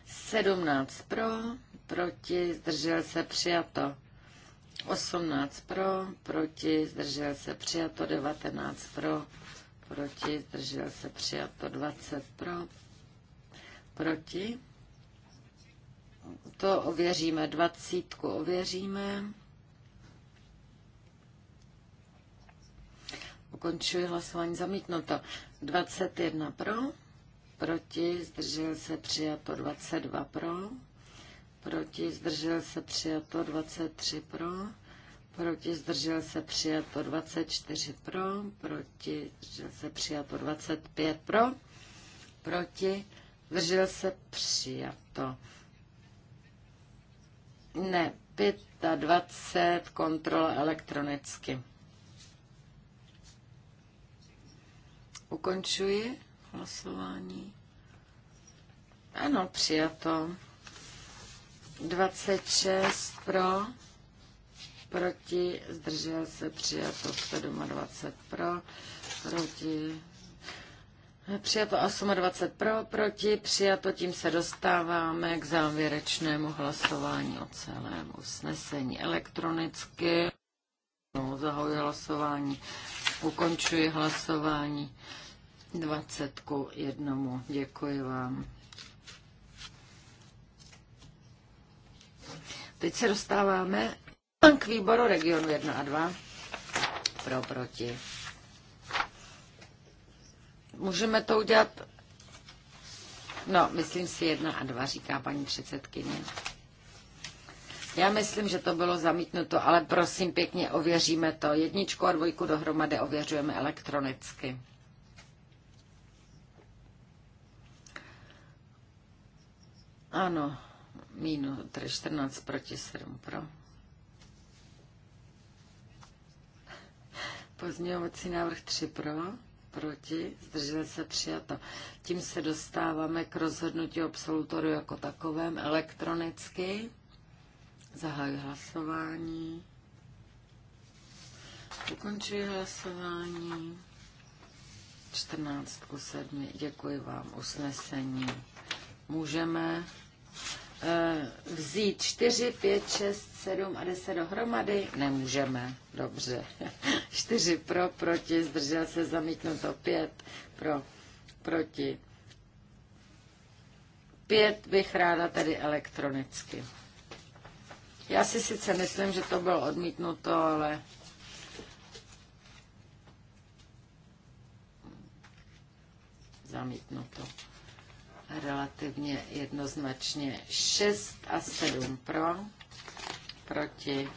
17 pro, proti, zdržel se, přijato. 18 pro, proti, zdržel se přijato, 19 pro, proti, zdržel se přijato, 20 pro, Proti? To ověříme. Dvacítku ověříme. Ukončuji hlasování zamítnuto. 21 pro, proti, zdržel se přijato 22 pro, proti, zdržel se přijato 23 pro, proti, zdržel se přijato 24 pro, proti, zdržel se přijato 25 pro, proti, zdržel se, přijato. Ne, 25, kontrola elektronicky. Ukončuji hlasování. Ano, přijato. 26 pro, proti, zdržel se přijato 27 pro, proti, Přijato 28 pro, proti, přijato, tím se dostáváme k závěrečnému hlasování o celém usnesení elektronicky. No, hlasování, ukončuji hlasování 20 k 1. Děkuji vám. Teď se dostáváme k výboru regionu 1 a 2 pro proti Můžeme to udělat, no, myslím si jedna a dva, říká paní předsedkyně. Já myslím, že to bylo zamítnuto, ale prosím pěkně, ověříme to. Jedničku a dvojku dohromady ověřujeme elektronicky. Ano, minus 14 proti 7 pro. Pozměňovací návrh 3 pro proti, zdržel se přijato. Tím se dostáváme k rozhodnutí absolutoru jako takovém elektronicky. Zahajuji hlasování. Ukončuji hlasování. 14 7. Děkuji vám. Usnesení. Můžeme Eh, vzít 4, 5, 6, 7 a 10 dohromady? Nemůžeme. Dobře. 4 <laughs> pro, proti, zdržel se zamítnuto 5 pro, proti. 5 bych ráda tady elektronicky. Já si sice myslím, že to bylo odmítnuto, ale zamítnuto relativně jednoznačně 6 a 7 pro, proti,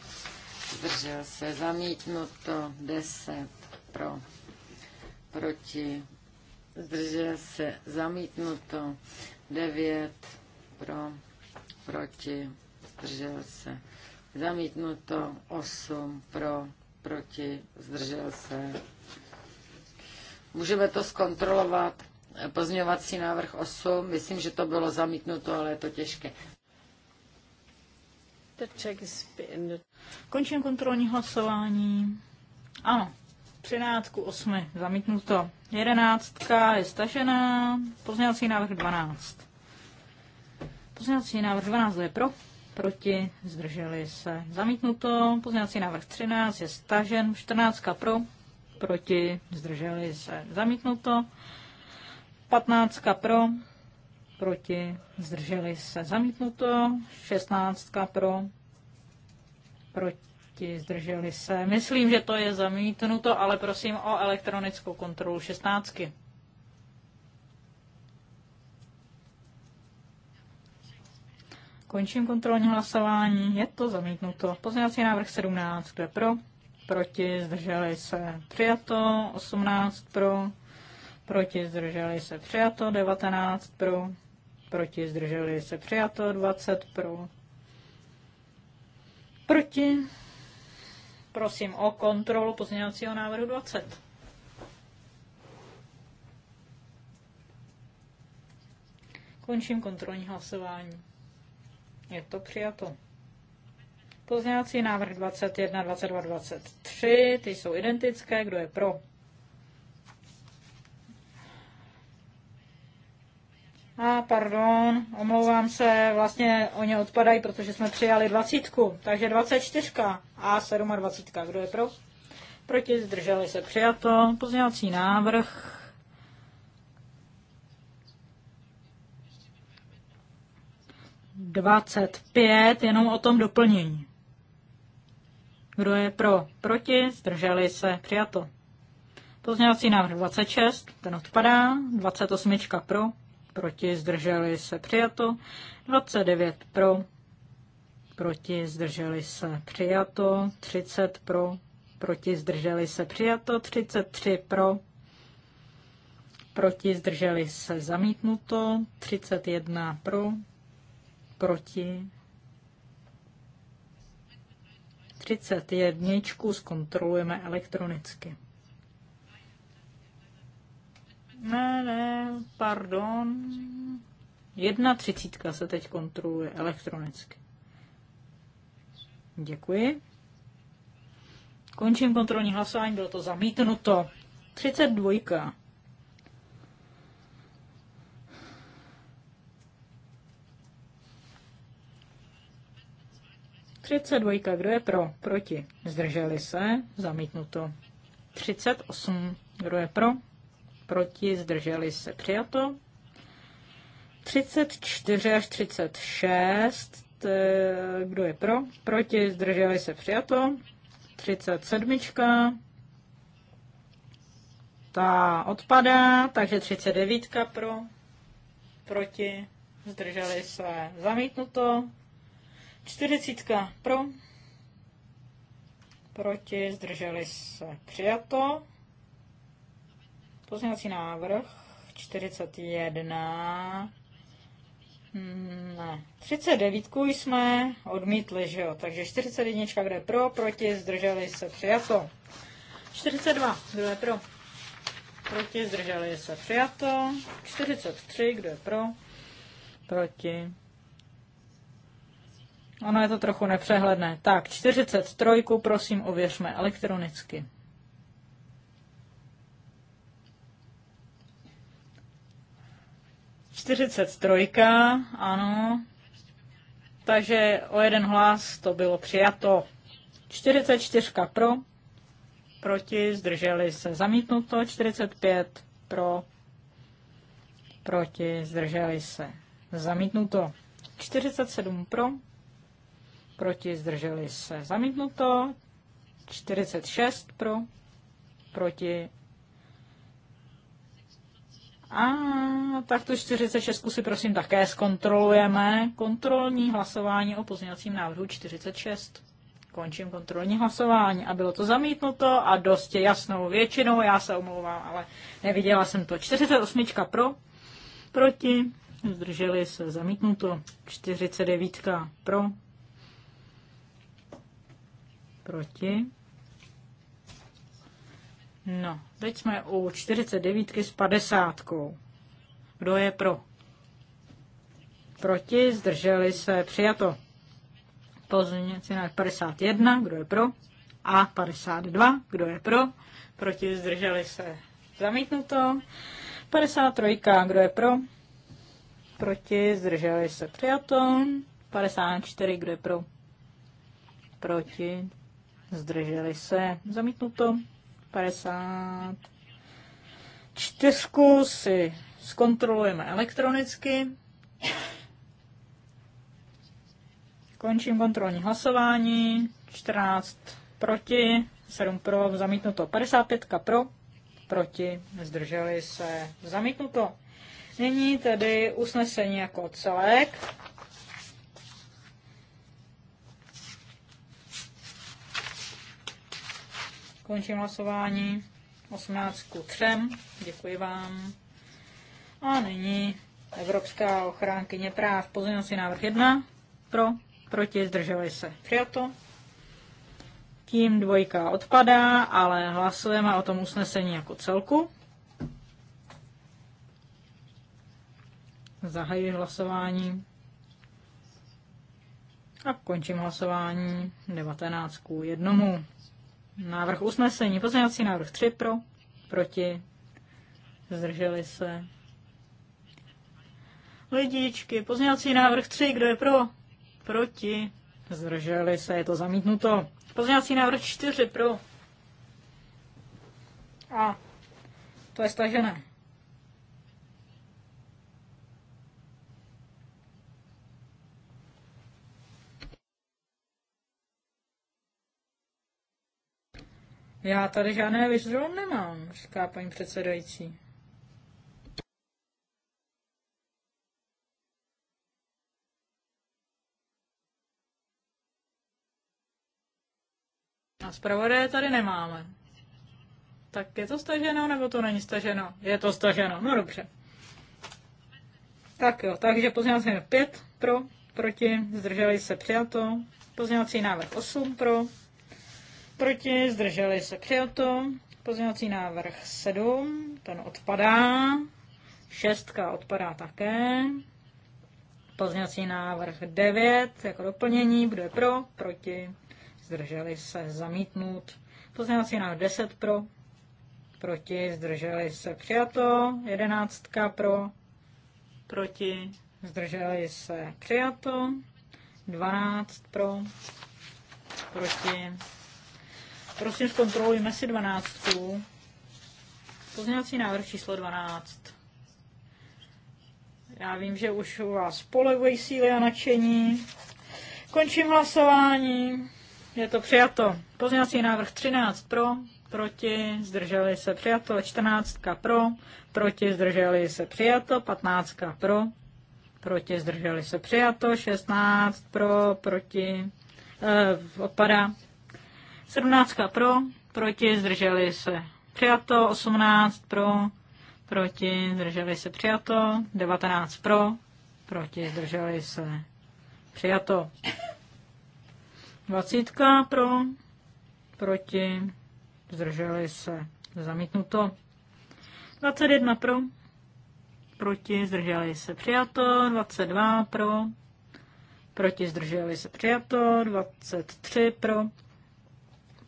zdržel se, zamítnuto 10 pro, proti, zdržel se, zamítnuto 9 pro, proti, zdržel se, zamítnuto 8 pro, proti, zdržel se. Můžeme to zkontrolovat. Pozměňovací návrh 8, myslím, že to bylo zamítnuto, ale je to těžké. Končím kontrolní hlasování. Ano, 13 ku 8 zamítnuto. 11 je stažená, pozměňovací návrh 12. Pozměňovací návrh 12 je pro, proti, zdrželi se. Zamítnuto, pozměňovací návrh 13 je stažen, 14 pro, proti, zdrželi se. Zamítnuto, 15 pro, proti, zdrželi se zamítnuto, 16 pro, proti, zdrželi se. Myslím, že to je zamítnuto, ale prosím o elektronickou kontrolu 16. Končím kontrolní hlasování, je to zamítnuto. Pozměňovací návrh 17, kdo je pro? Proti, zdrželi se. Přijato, 18 pro, proti zdrželi se přijato 19 pro, proti zdrželi se přijato 20 pro, proti, prosím o kontrolu pozměňovacího návrhu 20. Končím kontrolní hlasování. Je to přijato. Pozměňovací návrh 21, 22, 23, ty jsou identické. Kdo je pro? A pardon, omlouvám se, vlastně oni odpadají, protože jsme přijali dvacítku, takže 24 a 27. Kdo je pro? Proti zdrželi se přijato. Pozdělací návrh. Dvacet pět, jenom o tom doplnění. Kdo je pro? Proti? Zdrželi se? Přijato. Pozměňovací návrh 26, ten odpadá. 28 pro? proti, zdrželi se přijato. 29 pro, proti, zdrželi se přijato. 30 pro, proti, zdrželi se přijato. 33 pro, proti, zdrželi se zamítnuto. 31 pro, proti. 31 zkontrolujeme elektronicky. Ne, ne, pardon. Jedna třicítka se teď kontroluje elektronicky. Děkuji. Končím kontrolní hlasování, bylo to zamítnuto. 32. Třicet dvojka, kdo je pro? Proti. Zdrželi se, zamítnuto. Třicet osm, kdo je pro? proti, zdrželi se přijato. 34 až 36, kdo je pro, proti, zdrželi se přijato. 37. Ta odpadá, takže 39 pro, proti, zdrželi se zamítnuto. 40 pro, proti, zdrželi se přijato. Pozměňovací návrh 41. Hmm, ne. 39 jsme odmítli, že jo? Takže 41, kde pro, proti, zdrželi se, přijato. 42, kdo je pro? Proti, zdrželi se, přijato. 43, kdo je pro? Proti. Ono je to trochu nepřehledné. Tak, 43, prosím, ověřme elektronicky. 43, ano. Takže o jeden hlas to bylo přijato. 44 pro, proti, zdrželi se zamítnuto. 45 pro, proti, zdrželi se zamítnuto. 47 pro, proti, zdrželi se zamítnuto. 46 pro, proti, a tak tu 46 si prosím také zkontrolujeme. Kontrolní hlasování o pozměňovacím návrhu 46. Končím kontrolní hlasování a bylo to zamítnuto a dost jasnou většinou, já se omlouvám, ale neviděla jsem to. 48 pro, proti, zdrželi se zamítnuto, 49 pro, proti, No, teď jsme u 49 s 50. Kdo je pro? Proti, zdrželi se, přijato. Pozměňovací návrh 51, kdo je pro? A 52, kdo je pro? Proti, zdrželi se, zamítnuto. 53, kdo je pro? Proti, zdrželi se, přijato. 54, kdo je pro? Proti, zdrželi se, zamítnuto. 54 si zkontrolujeme elektronicky. Končím kontrolní hlasování. 14 proti, 7 pro, zamítnuto. 55 pro, proti, zdrželi se, zamítnuto. Nyní tedy usnesení jako celek. Končím hlasování. 18 ku 3. Děkuji vám. A nyní Evropská ochránkyně práv. Pozměňovací návrh 1. Pro, proti, zdrželi se. Přijato. Tím dvojka odpadá, ale hlasujeme o tom usnesení jako celku. Zahajuji hlasování. A končím hlasování 19 k 1. Návrh usnesení. Pozměňovací návrh 3 pro, proti, zdrželi se. Lidičky, pozměňovací návrh 3, kdo je pro? Proti, zdrželi se, je to zamítnuto. Pozměňovací návrh 4 pro. A to je stažené. Já tady žádné withdrawal nemám, říká paní předsedající. A zpravodaje tady nemáme. Tak je to staženo, nebo to není staženo? Je to staženo, no dobře. Tak jo, takže pozměňovací návrh 5 pro, proti, zdrželi se přijato. Pozměňovací návrh 8 pro, proti, zdrželi se přijato. Pozměňovací návrh 7, ten odpadá. Šestka odpadá také. Pozměňovací návrh 9 jako doplnění, bude pro, proti, zdrželi se zamítnout. Pozměňovací návrh 10 pro, proti, zdrželi se přijato. Jedenáctka pro, proti, zdrželi se přijato. 12 pro, proti, Prosím, zkontrolujme si dvanáctku. Pozměňovací návrh číslo 12. Já vím, že už u vás polevují síly a nadšení. Končím hlasování. Je to přijato. Pozměňovací návrh 13 pro, proti, zdrželi se přijato. 14 pro, proti, zdrželi se přijato. 15 pro, proti, zdrželi se přijato. 16 pro, proti, eh, odpada. 17 pro, proti, zdrželi se. Přijato 18 pro, proti, zdrželi se. Přijato 19 pro, proti, zdrželi se. Přijato 20 pro, proti, zdrželi se. Zamítnuto 21 pro, proti, zdrželi se. Přijato 22 pro, proti, zdrželi se. Přijato 23 pro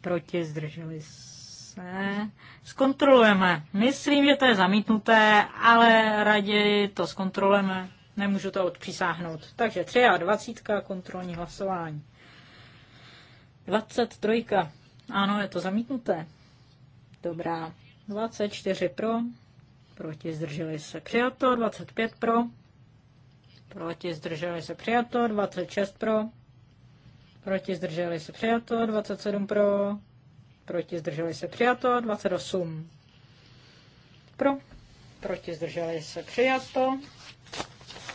proti, zdrželi se. Zkontrolujeme. Myslím, že to je zamítnuté, ale raději to zkontrolujeme. Nemůžu to odpřísáhnout. Takže 23. kontrolní hlasování. 23. Ano, je to zamítnuté. Dobrá. 24 pro, proti zdrželi se přijato, 25 pro, proti zdrželi se přijato, 26 pro, proti zdrželi se přijato, 27 pro, proti zdrželi se přijato, 28 pro, proti zdrželi se přijato.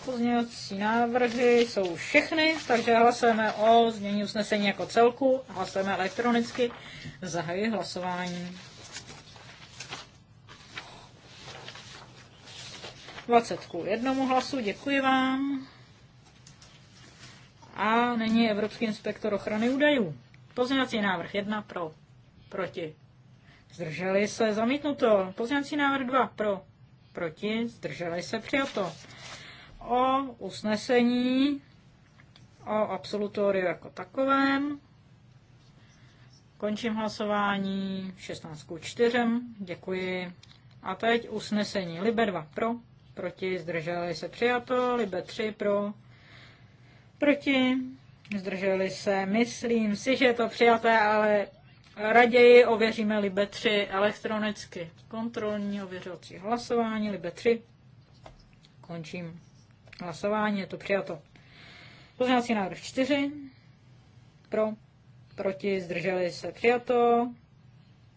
Pozměňovací návrhy jsou všechny, takže hlasujeme o změní usnesení jako celku, hlasujeme elektronicky, zahajuji hlasování. 20 k jednomu hlasu, děkuji vám. A není Evropský inspektor ochrany údajů. Pozměňovací návrh 1 pro, proti. Zdrželi se, zamítnuto. Pozměňovací návrh 2 pro, proti. Zdrželi se, přijato. O usnesení, o absolutoriu jako takovém. Končím hlasování 16 k 4. Děkuji. A teď usnesení Libe 2 pro, proti zdrželi se přijato, Libe 3 pro, Proti? Zdrželi se. Myslím si, že je to přijaté, ale raději ověříme Libe 3 elektronicky. Kontrolní ověřovací hlasování Libe 3. Končím hlasování, je to přijato. Pozměňovací návrh 4. Pro. Proti zdrželi se přijato.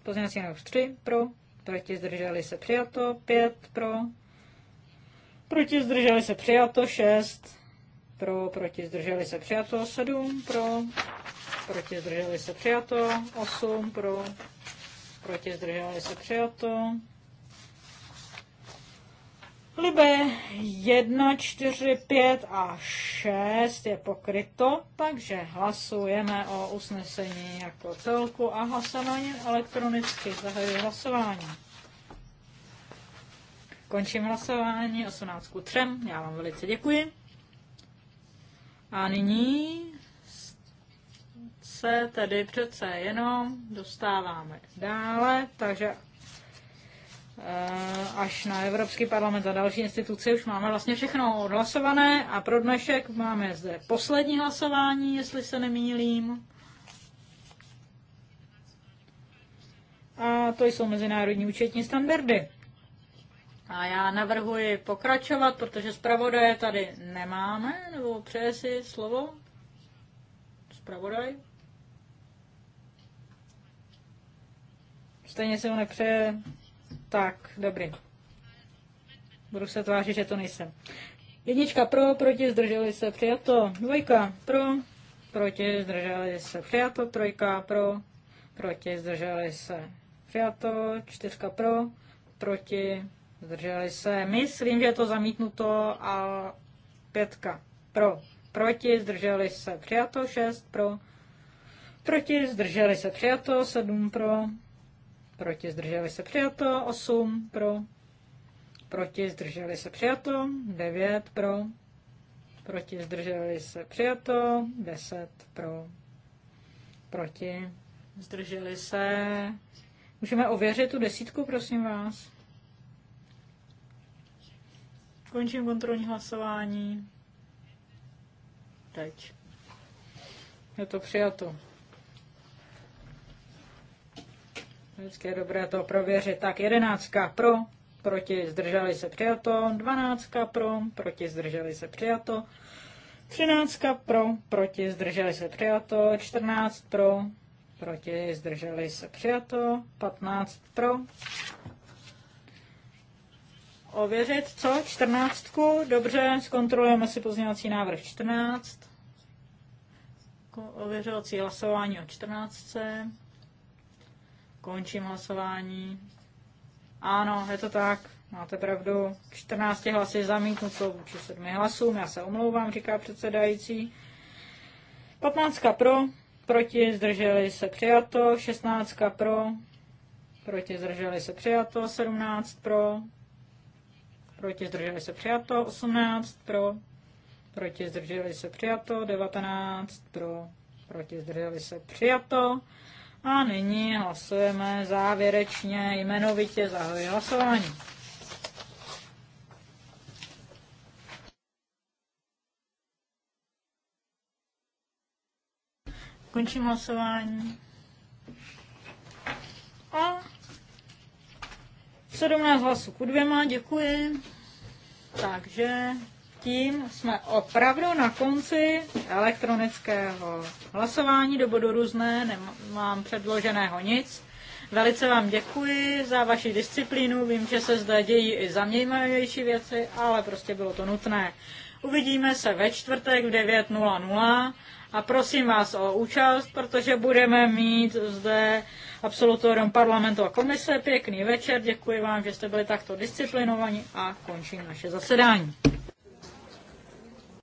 Pozměňovací návrh 3. Pro. Proti zdrželi se přijato. 5. Pro. Proti zdrželi se přijato. 6 pro, proti zdrželi se přijato, 7 pro, proti zdrželi se přijato, 8 pro, proti zdrželi se přijato. Libe 1, 4, 5 a 6 je pokryto, takže hlasujeme o usnesení jako celku a hlasování elektronicky. Zahajuji hlasování. Končím hlasování 18 k 3. Já vám velice děkuji. A nyní se tedy přece jenom dostáváme dále, takže eh, až na Evropský parlament a další instituce už máme vlastně všechno odhlasované a pro dnešek máme zde poslední hlasování, jestli se nemýlím. A to jsou mezinárodní účetní standardy. A já navrhuji pokračovat, protože zpravodaje tady nemáme, nebo přeje si slovo? Zpravodaj? Stejně se ho nepřeje. Tak, dobrý. Budu se tvářit, že to nejsem. Jednička pro, proti, zdrželi se, přijato. Dvojka pro, proti, zdrželi se, přijato. Trojka pro, proti, zdrželi se, přijato. Čtyřka pro, proti, Zdrželi se. Myslím, že je to zamítnuto a pětka pro. Proti zdrželi se přijato šest pro. Proti zdrželi se přijato sedm pro. Proti zdrželi se přijato osm pro. Proti zdrželi se přijato devět pro. Proti zdrželi se přijato deset pro. Proti zdrželi se. Můžeme ověřit tu desítku, prosím vás. Končím kontrolní hlasování. Teď. Je to přijato. Vždycky je dobré to prověřit. Tak, jedenáctka pro, proti zdrželi se přijato, dvanáctka pro, proti zdrželi se přijato, třináctka pro, proti zdrželi se přijato, čtrnáct pro, proti zdrželi se přijato, patnáct pro, ověřit. Co? 14? Dobře, zkontrolujeme si pozměňovací návrh 14. Ověřovací hlasování o 14. Končím hlasování. Ano, je to tak. Máte pravdu. 14 hlasy zamítnout jsou vůči 7 hlasům. Já se omlouvám, říká předsedající. 15 pro, proti zdrželi se přijato. 16 pro, proti zdrželi se přijato. 17 pro, proti zdrželi se přijato, 18 pro, proti zdrželi se přijato, 19 pro, proti zdrželi se přijato. A nyní hlasujeme závěrečně jmenovitě zahoji hlasování. Končím hlasování. A 17 hlasů ku dvěma, děkuji. Takže tím jsme opravdu na konci elektronického hlasování do bodu různé, nemám předloženého nic. Velice vám děkuji za vaši disciplínu, vím, že se zde dějí i zamějmavější věci, ale prostě bylo to nutné. Uvidíme se ve čtvrtek v 9.00 a prosím vás o účast, protože budeme mít zde absolutorium parlamentu a komise. Pěkný večer, děkuji vám, že jste byli takto disciplinovaní a končím naše zasedání.